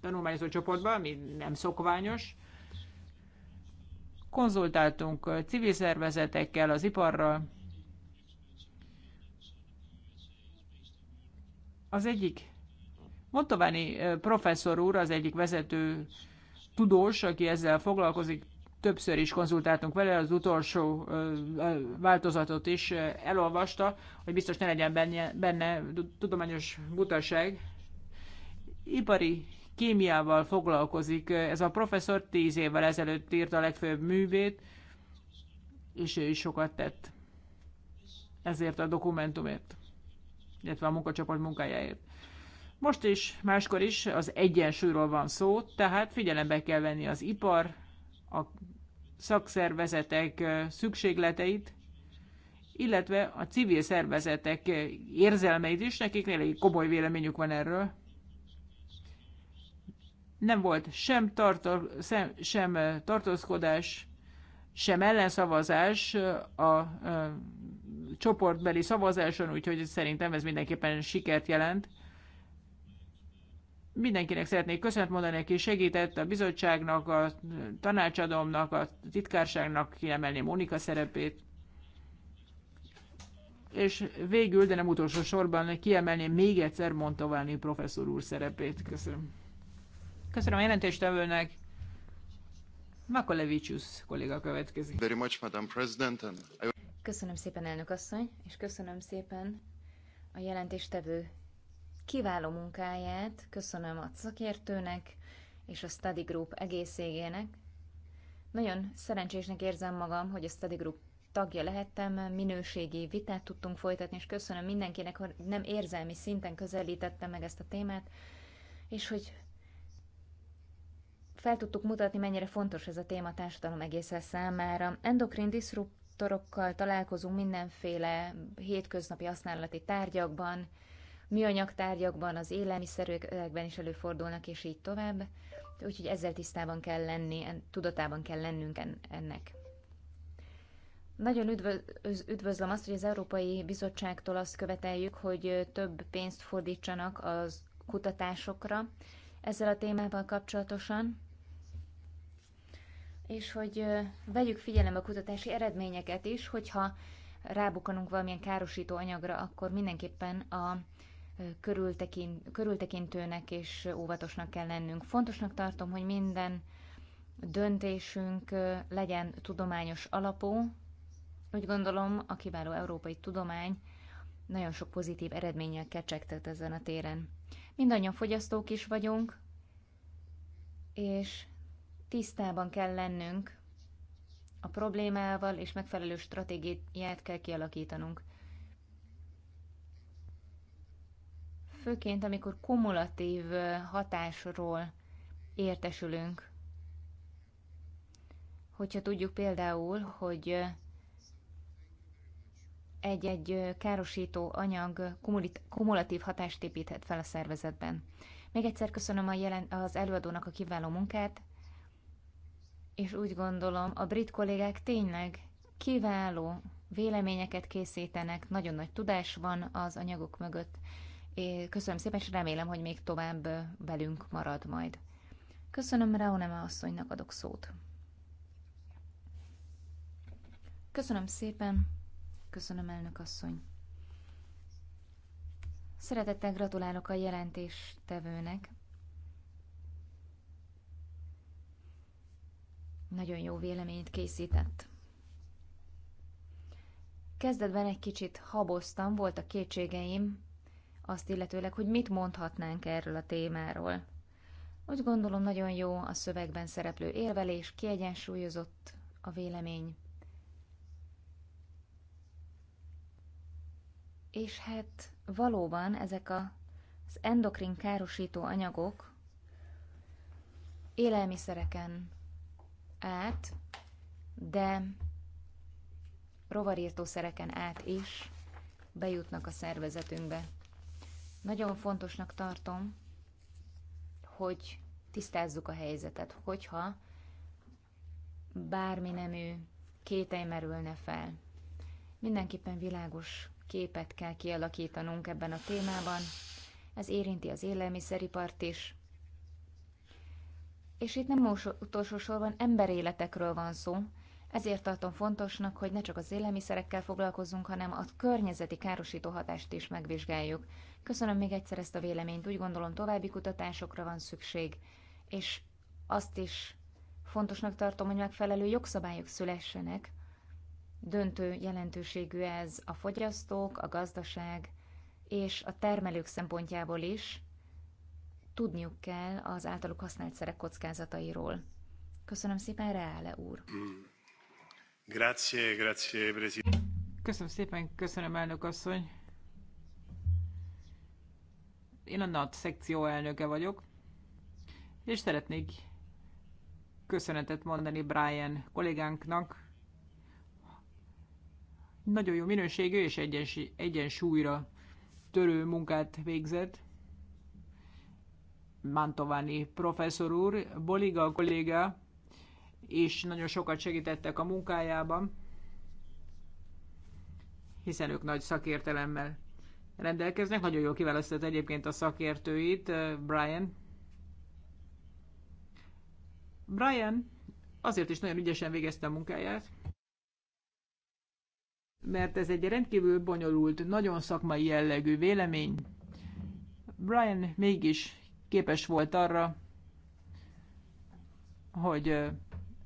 tanulmányozó csoportba, ami nem szokványos. Konzultáltunk civil szervezetekkel, az iparral, Az egyik Montovani professzor úr, az egyik vezető tudós, aki ezzel foglalkozik, többször is konzultáltunk vele, az utolsó változatot is elolvasta, hogy biztos ne legyen benne, benne tudományos butaság. Ipari kémiával foglalkozik. Ez a professzor tíz évvel ezelőtt írt a legfőbb művét, és ő is sokat tett ezért a dokumentumért illetve a munkacsoport munkájáért. Most is, máskor is az egyensúlyról van szó, tehát figyelembe kell venni az ipar, a szakszervezetek szükségleteit, illetve a civil szervezetek érzelmeit is, nekik elég komoly véleményük van erről. Nem volt sem, tartó, sem, sem tartózkodás, sem ellenszavazás a, a csoportbeli szavazáson, úgyhogy szerintem ez mindenképpen sikert jelent. Mindenkinek szeretnék köszönet mondani, aki segített a bizottságnak, a tanácsadómnak, a titkárságnak, kiemelni Monika szerepét. És végül, de nem utolsó sorban kiemelném még egyszer Montováni professzor úr szerepét. Köszönöm. Köszönöm a jelentéstevőnek. Makolevicius kolléga következik. Very much, Madam President. And I... Köszönöm szépen, elnök asszony, és köszönöm szépen a jelentéstevő kiváló munkáját, köszönöm a szakértőnek és a Study Group egészségének. Nagyon szerencsésnek érzem magam, hogy a Study Group tagja lehettem, minőségi vitát tudtunk folytatni, és köszönöm mindenkinek, hogy nem érzelmi szinten közelítette meg ezt a témát, és hogy fel tudtuk mutatni, mennyire fontos ez a téma a társadalom egészen számára. Endokrin diszrup konstruktorokkal találkozunk mindenféle hétköznapi használati tárgyakban, műanyag tárgyakban, az élelmiszerekben is előfordulnak, és így tovább. Úgyhogy ezzel tisztában kell lenni, tudatában kell lennünk ennek. Nagyon üdvözlöm azt, hogy az Európai Bizottságtól azt követeljük, hogy több pénzt fordítsanak az kutatásokra ezzel a témával kapcsolatosan és hogy vegyük figyelembe a kutatási eredményeket is, hogyha rábukanunk valamilyen károsító anyagra, akkor mindenképpen a körültekint, körültekintőnek és óvatosnak kell lennünk. Fontosnak tartom, hogy minden döntésünk legyen tudományos alapú. Úgy gondolom, a kiváló európai tudomány nagyon sok pozitív eredménnyel kecsegtet ezen a téren. Mindannyian fogyasztók is vagyunk, és Tisztában kell lennünk a problémával, és megfelelő stratégiát kell kialakítanunk. Főként, amikor kumulatív hatásról értesülünk. Hogyha tudjuk például, hogy egy-egy károsító anyag kumulatív hatást építhet fel a szervezetben. Még egyszer köszönöm a jelen, az előadónak a kiváló munkát, és úgy gondolom, a brit kollégák tényleg kiváló véleményeket készítenek, nagyon nagy tudás van az anyagok mögött. Köszönöm szépen, és remélem, hogy még tovább velünk marad majd. Köszönöm, Raunema asszonynak adok szót. Köszönöm szépen, köszönöm, elnök asszony. Szeretettel gratulálok a jelentéstevőnek. nagyon jó véleményt készített. Kezdetben egy kicsit haboztam, a kétségeim, azt illetőleg, hogy mit mondhatnánk erről a témáról. Úgy gondolom, nagyon jó a szövegben szereplő érvelés, kiegyensúlyozott a vélemény. És hát valóban ezek a, az endokrin károsító anyagok élelmiszereken, át, de rovarírtószereken át is bejutnak a szervezetünkbe. Nagyon fontosnak tartom, hogy tisztázzuk a helyzetet, hogyha bármi nemű kétely merülne fel. Mindenképpen világos képet kell kialakítanunk ebben a témában. Ez érinti az élelmiszeripart is, és itt nem utolsó sorban emberéletekről van szó, ezért tartom fontosnak, hogy ne csak az élelmiszerekkel foglalkozzunk, hanem a környezeti károsító hatást is megvizsgáljuk. Köszönöm még egyszer ezt a véleményt, úgy gondolom további kutatásokra van szükség, és azt is fontosnak tartom, hogy megfelelő jogszabályok szülessenek. Döntő jelentőségű ez a fogyasztók, a gazdaság és a termelők szempontjából is, tudniuk kell az általuk használt szerek kockázatairól. Köszönöm szépen, Reále úr! Grazie, grazie, Presidente. Köszönöm szépen, köszönöm, elnök asszony. Én a NAT szekció elnöke vagyok, és szeretnék köszönetet mondani Brian kollégánknak. Nagyon jó minőségű és egyensúlyra törő munkát végzett. Mantovani professzor úr, Boliga a kolléga, és nagyon sokat segítettek a munkájában, hiszen ők nagy szakértelemmel rendelkeznek. Nagyon jól kiválasztott egyébként a szakértőit, eh, Brian. Brian azért is nagyon ügyesen végezte a munkáját, mert ez egy rendkívül bonyolult, nagyon szakmai jellegű vélemény. Brian mégis képes volt arra, hogy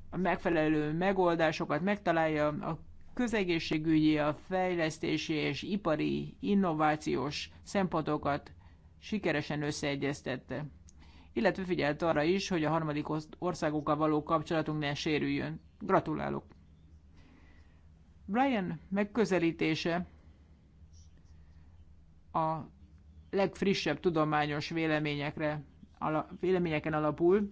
a megfelelő megoldásokat megtalálja a közegészségügyi, a fejlesztési és ipari innovációs szempontokat sikeresen összeegyeztette. Illetve figyelt arra is, hogy a harmadik országokkal való kapcsolatunk ne sérüljön. Gratulálok! Brian megközelítése a legfrissebb tudományos véleményekre, ala, véleményeken alapul.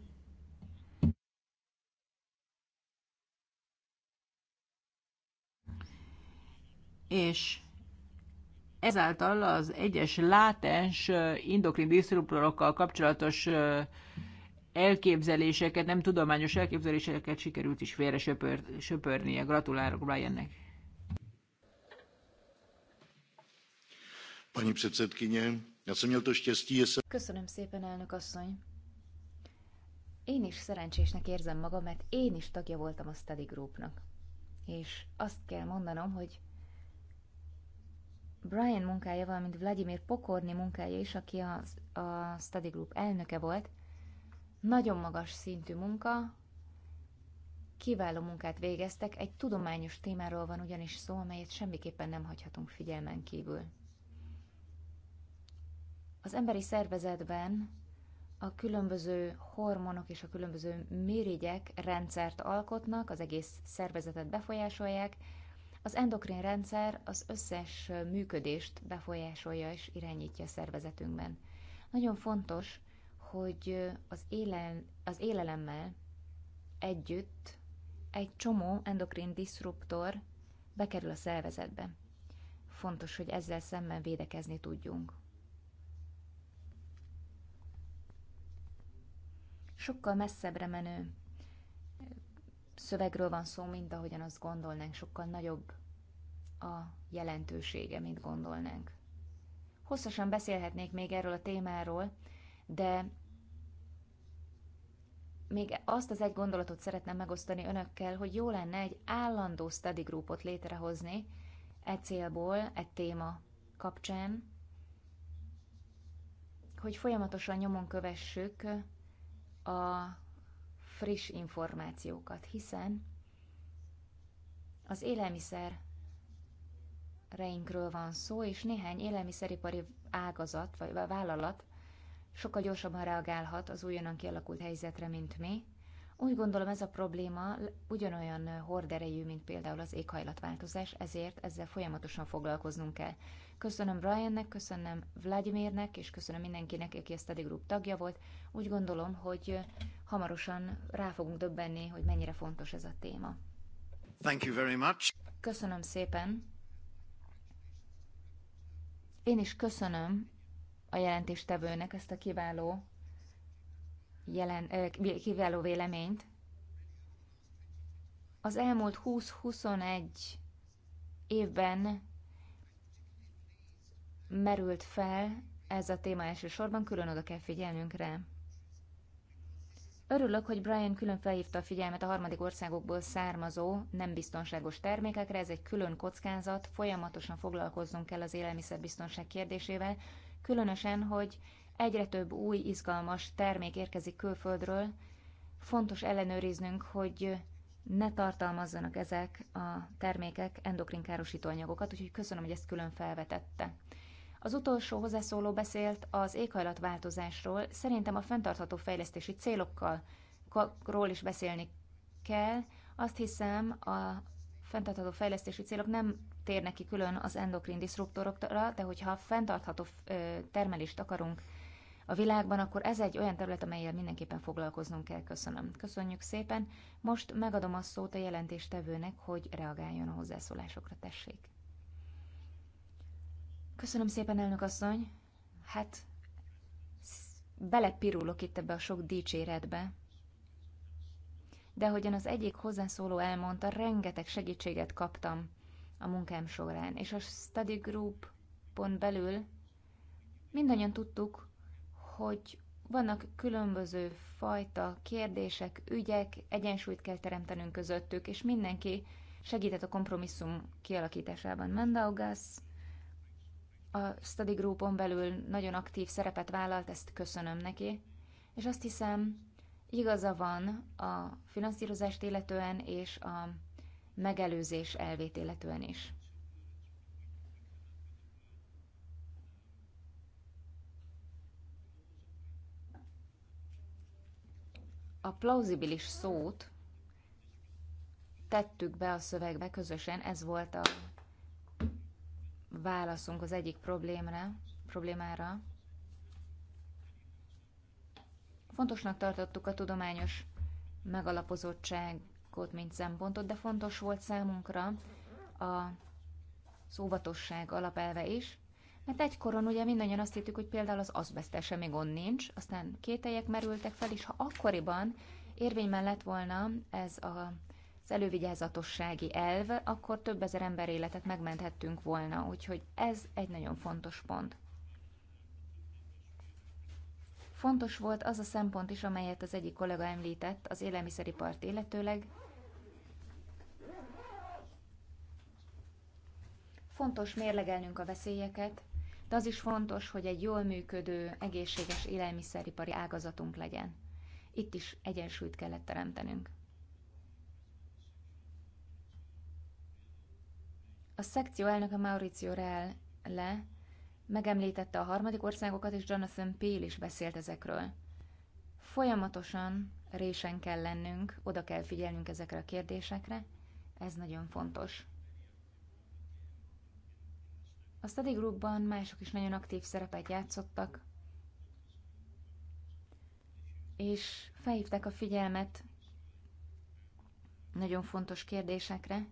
És ezáltal az egyes látens endokrin diszruptorokkal kapcsolatos elképzeléseket, nem tudományos elképzeléseket sikerült is félre söpör, söpörnie. Gratulálok Briannek. Pani předsedkyně, Köszönöm szépen, elnök asszony. Én is szerencsésnek érzem magam, mert én is tagja voltam a study groupnak. És azt kell mondanom, hogy Brian munkája, valamint Vladimir Pokorni munkája is, aki a, a study group elnöke volt, nagyon magas szintű munka, kiváló munkát végeztek, egy tudományos témáról van ugyanis szó, amelyet semmiképpen nem hagyhatunk figyelmen kívül. Az emberi szervezetben a különböző hormonok és a különböző mérigyek rendszert alkotnak, az egész szervezetet befolyásolják, az endokrin rendszer az összes működést befolyásolja és irányítja a szervezetünkben. Nagyon fontos, hogy az, élel, az élelemmel együtt egy csomó endokrin diszruptor bekerül a szervezetbe. Fontos, hogy ezzel szemben védekezni tudjunk. sokkal messzebbre menő szövegről van szó, mint ahogyan azt gondolnánk, sokkal nagyobb a jelentősége, mint gondolnánk. Hosszasan beszélhetnék még erről a témáról, de még azt az egy gondolatot szeretném megosztani önökkel, hogy jó lenne egy állandó study groupot létrehozni e célból, e téma kapcsán, hogy folyamatosan nyomon kövessük a friss információkat, hiszen az élelmiszer reinkről van szó, és néhány élelmiszeripari ágazat vagy vállalat sokkal gyorsabban reagálhat az újonnan kialakult helyzetre, mint mi. Úgy gondolom ez a probléma ugyanolyan horderejű, mint például az éghajlatváltozás, ezért ezzel folyamatosan foglalkoznunk kell. Köszönöm Briannek, köszönöm Vladimirnek, és köszönöm mindenkinek, aki a Study Group tagja volt. Úgy gondolom, hogy hamarosan rá fogunk döbbenni, hogy mennyire fontos ez a téma. Thank you very much. Köszönöm szépen. Én is köszönöm a jelentéstevőnek ezt a kiváló jelen, kiváló véleményt. Az elmúlt 20-21 évben merült fel ez a téma elsősorban, külön oda kell figyelnünk rá. Örülök, hogy Brian külön felhívta a figyelmet a harmadik országokból származó, nem biztonságos termékekre, ez egy külön kockázat, folyamatosan foglalkozzunk kell az élelmiszerbiztonság kérdésével, különösen, hogy Egyre több új, izgalmas termék érkezik külföldről. Fontos ellenőriznünk, hogy ne tartalmazzanak ezek a termékek endokrin károsító anyagokat, úgyhogy köszönöm, hogy ezt külön felvetette. Az utolsó hozzászóló beszélt az éghajlatváltozásról, szerintem a fenntartható fejlesztési célokkal ról is beszélni kell. Azt hiszem, a fenntartható fejlesztési célok nem térnek ki külön az endokrin diszruptorokra, de hogyha fenntartható termelést akarunk a világban, akkor ez egy olyan terület, amelyel mindenképpen foglalkoznunk kell. Köszönöm. Köszönjük szépen. Most megadom a szót a jelentéstevőnek, hogy reagáljon a hozzászólásokra, tessék. Köszönöm szépen, elnök asszony. Hát, belepirulok itt ebbe a sok dicséretbe, de ahogyan az egyik hozzászóló elmondta, rengeteg segítséget kaptam a munkám során, és a study group pont belül mindannyian tudtuk, hogy vannak különböző fajta kérdések, ügyek, egyensúlyt kell teremtenünk közöttük, és mindenki segített a kompromisszum kialakításában. Mandaugas a study groupon belül nagyon aktív szerepet vállalt, ezt köszönöm neki, és azt hiszem, igaza van a finanszírozást illetően és a megelőzés elvét illetően is. a plauzibilis szót tettük be a szövegbe közösen, ez volt a válaszunk az egyik problémára. problémára. Fontosnak tartottuk a tudományos megalapozottságot, mint szempontot, de fontos volt számunkra a szóvatosság alapelve is, mert egykoron ugye mindannyian azt hittük, hogy például az azbesztel semmi gond nincs, aztán kételjek merültek fel, és ha akkoriban érvényben lett volna ez a, az elővigyázatossági elv, akkor több ezer ember életet megmenthettünk volna, úgyhogy ez egy nagyon fontos pont. Fontos volt az a szempont is, amelyet az egyik kollega említett, az élelmiszeripart illetőleg. Fontos mérlegelnünk a veszélyeket, de az is fontos, hogy egy jól működő, egészséges élelmiszeripari ágazatunk legyen. Itt is egyensúlyt kellett teremtenünk. A szekció elnöke Mauricio Real le megemlítette a harmadik országokat, és Jonathan Peale is beszélt ezekről. Folyamatosan résen kell lennünk, oda kell figyelnünk ezekre a kérdésekre, ez nagyon fontos. A study groupban mások is nagyon aktív szerepet játszottak, és felhívták a figyelmet nagyon fontos kérdésekre.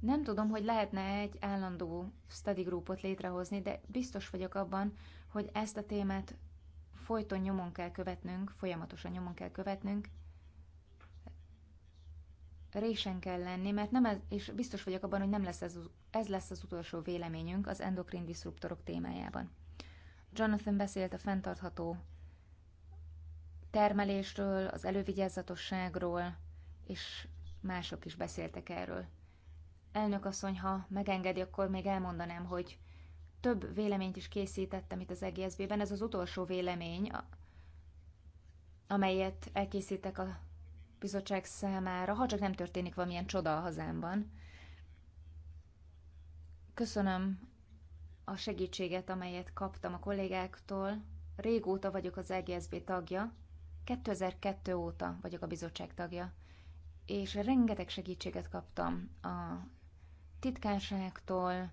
Nem tudom, hogy lehetne egy állandó study groupot létrehozni, de biztos vagyok abban, hogy ezt a témát folyton nyomon kell követnünk, folyamatosan nyomon kell követnünk, résen kell lenni, mert nem ez, és biztos vagyok abban, hogy nem lesz ez, ez lesz az utolsó véleményünk az endokrin diszruptorok témájában. Jonathan beszélt a fenntartható termelésről, az elővigyázatosságról, és mások is beszéltek erről. Elnök asszony, ha megengedi, akkor még elmondanám, hogy több véleményt is készítettem itt az EGSZB-ben. Ez az utolsó vélemény, amelyet elkészítek a bizottság számára, ha csak nem történik valamilyen csoda a hazámban. Köszönöm a segítséget, amelyet kaptam a kollégáktól. Régóta vagyok az EGSB tagja, 2002 óta vagyok a bizottság tagja, és rengeteg segítséget kaptam a titkárságtól,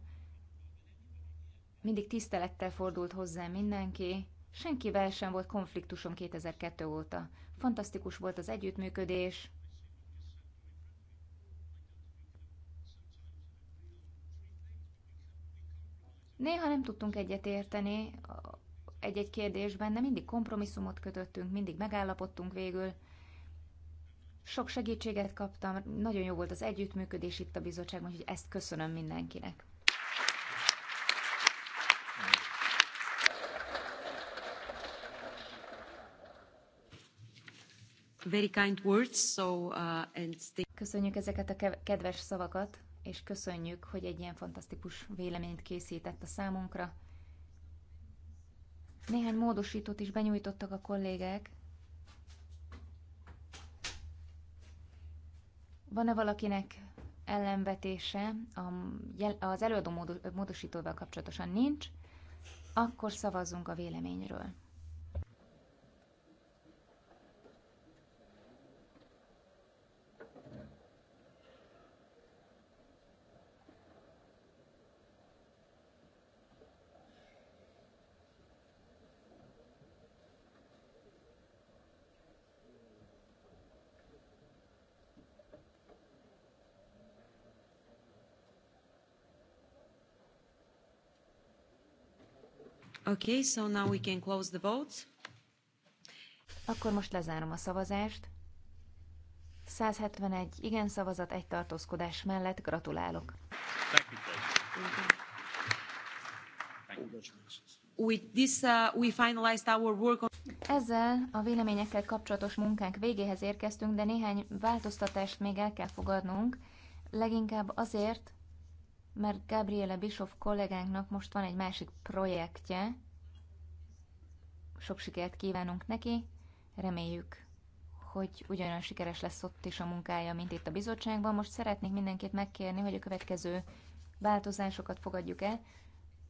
mindig tisztelettel fordult hozzá mindenki, senkivel sem volt konfliktusom 2002 óta. Fantasztikus volt az együttműködés. Néha nem tudtunk egyet érteni egy-egy kérdésben, de mindig kompromisszumot kötöttünk, mindig megállapodtunk végül. Sok segítséget kaptam, nagyon jó volt az együttműködés itt a bizottságban, hogy ezt köszönöm mindenkinek. Uh, köszönjük ezeket a kedves szavakat, és köszönjük, hogy egy ilyen fantasztikus véleményt készített a számunkra. Néhány módosítót is benyújtottak a kollégák. Van-e valakinek ellenvetése az előadó módosítóval kapcsolatosan nincs, akkor szavazzunk a véleményről. Okay, so now we can close the Akkor most lezárom a szavazást. 171 igen szavazat, egy tartózkodás mellett gratulálok. With this, uh, we finalized our work on... Ezzel a véleményekkel kapcsolatos munkánk végéhez érkeztünk, de néhány változtatást még el kell fogadnunk, leginkább azért, mert Gabriele Bischoff kollégánknak most van egy másik projektje. Sok sikert kívánunk neki, reméljük, hogy ugyanolyan sikeres lesz ott is a munkája, mint itt a bizottságban. Most szeretnék mindenkit megkérni, hogy a következő változásokat fogadjuk el.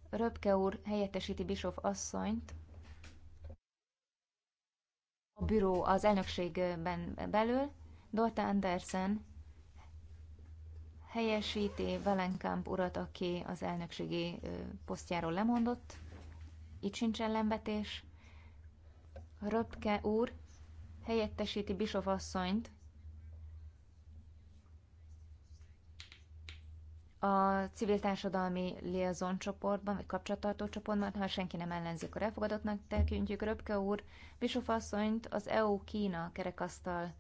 Röpke úr helyettesíti Bischoff asszonyt, a büró az elnökségben belül, Dolta Andersen helyesíti Valenkamp urat, aki az elnökségi posztjáról lemondott. Itt sincs ellenvetés. Röpke úr helyettesíti Bischoff asszonyt a civil társadalmi liaison csoportban, vagy kapcsolattartó csoportban, ha senki nem ellenzi, akkor elfogadottnak tekintjük. Röpke úr Bischoff asszonyt az EU-Kína kerekasztal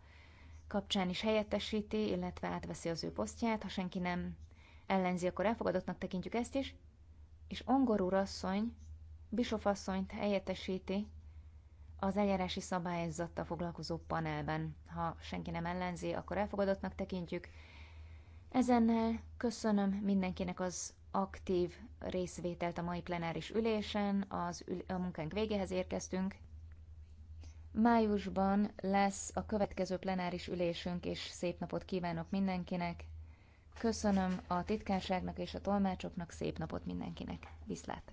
kapcsán is helyettesíti, illetve átveszi az ő posztját. Ha senki nem ellenzi, akkor elfogadottnak tekintjük ezt is. És Ongor urasszony, Bishop asszonyt helyettesíti az eljárási szabályzattal foglalkozó panelben. Ha senki nem ellenzi, akkor elfogadottnak tekintjük. Ezennel köszönöm mindenkinek az aktív részvételt a mai plenáris ülésen, az ül- a munkánk végéhez érkeztünk. Májusban lesz a következő plenáris ülésünk, és szép napot kívánok mindenkinek. Köszönöm a titkárságnak és a tolmácsoknak, szép napot mindenkinek. Viszlát!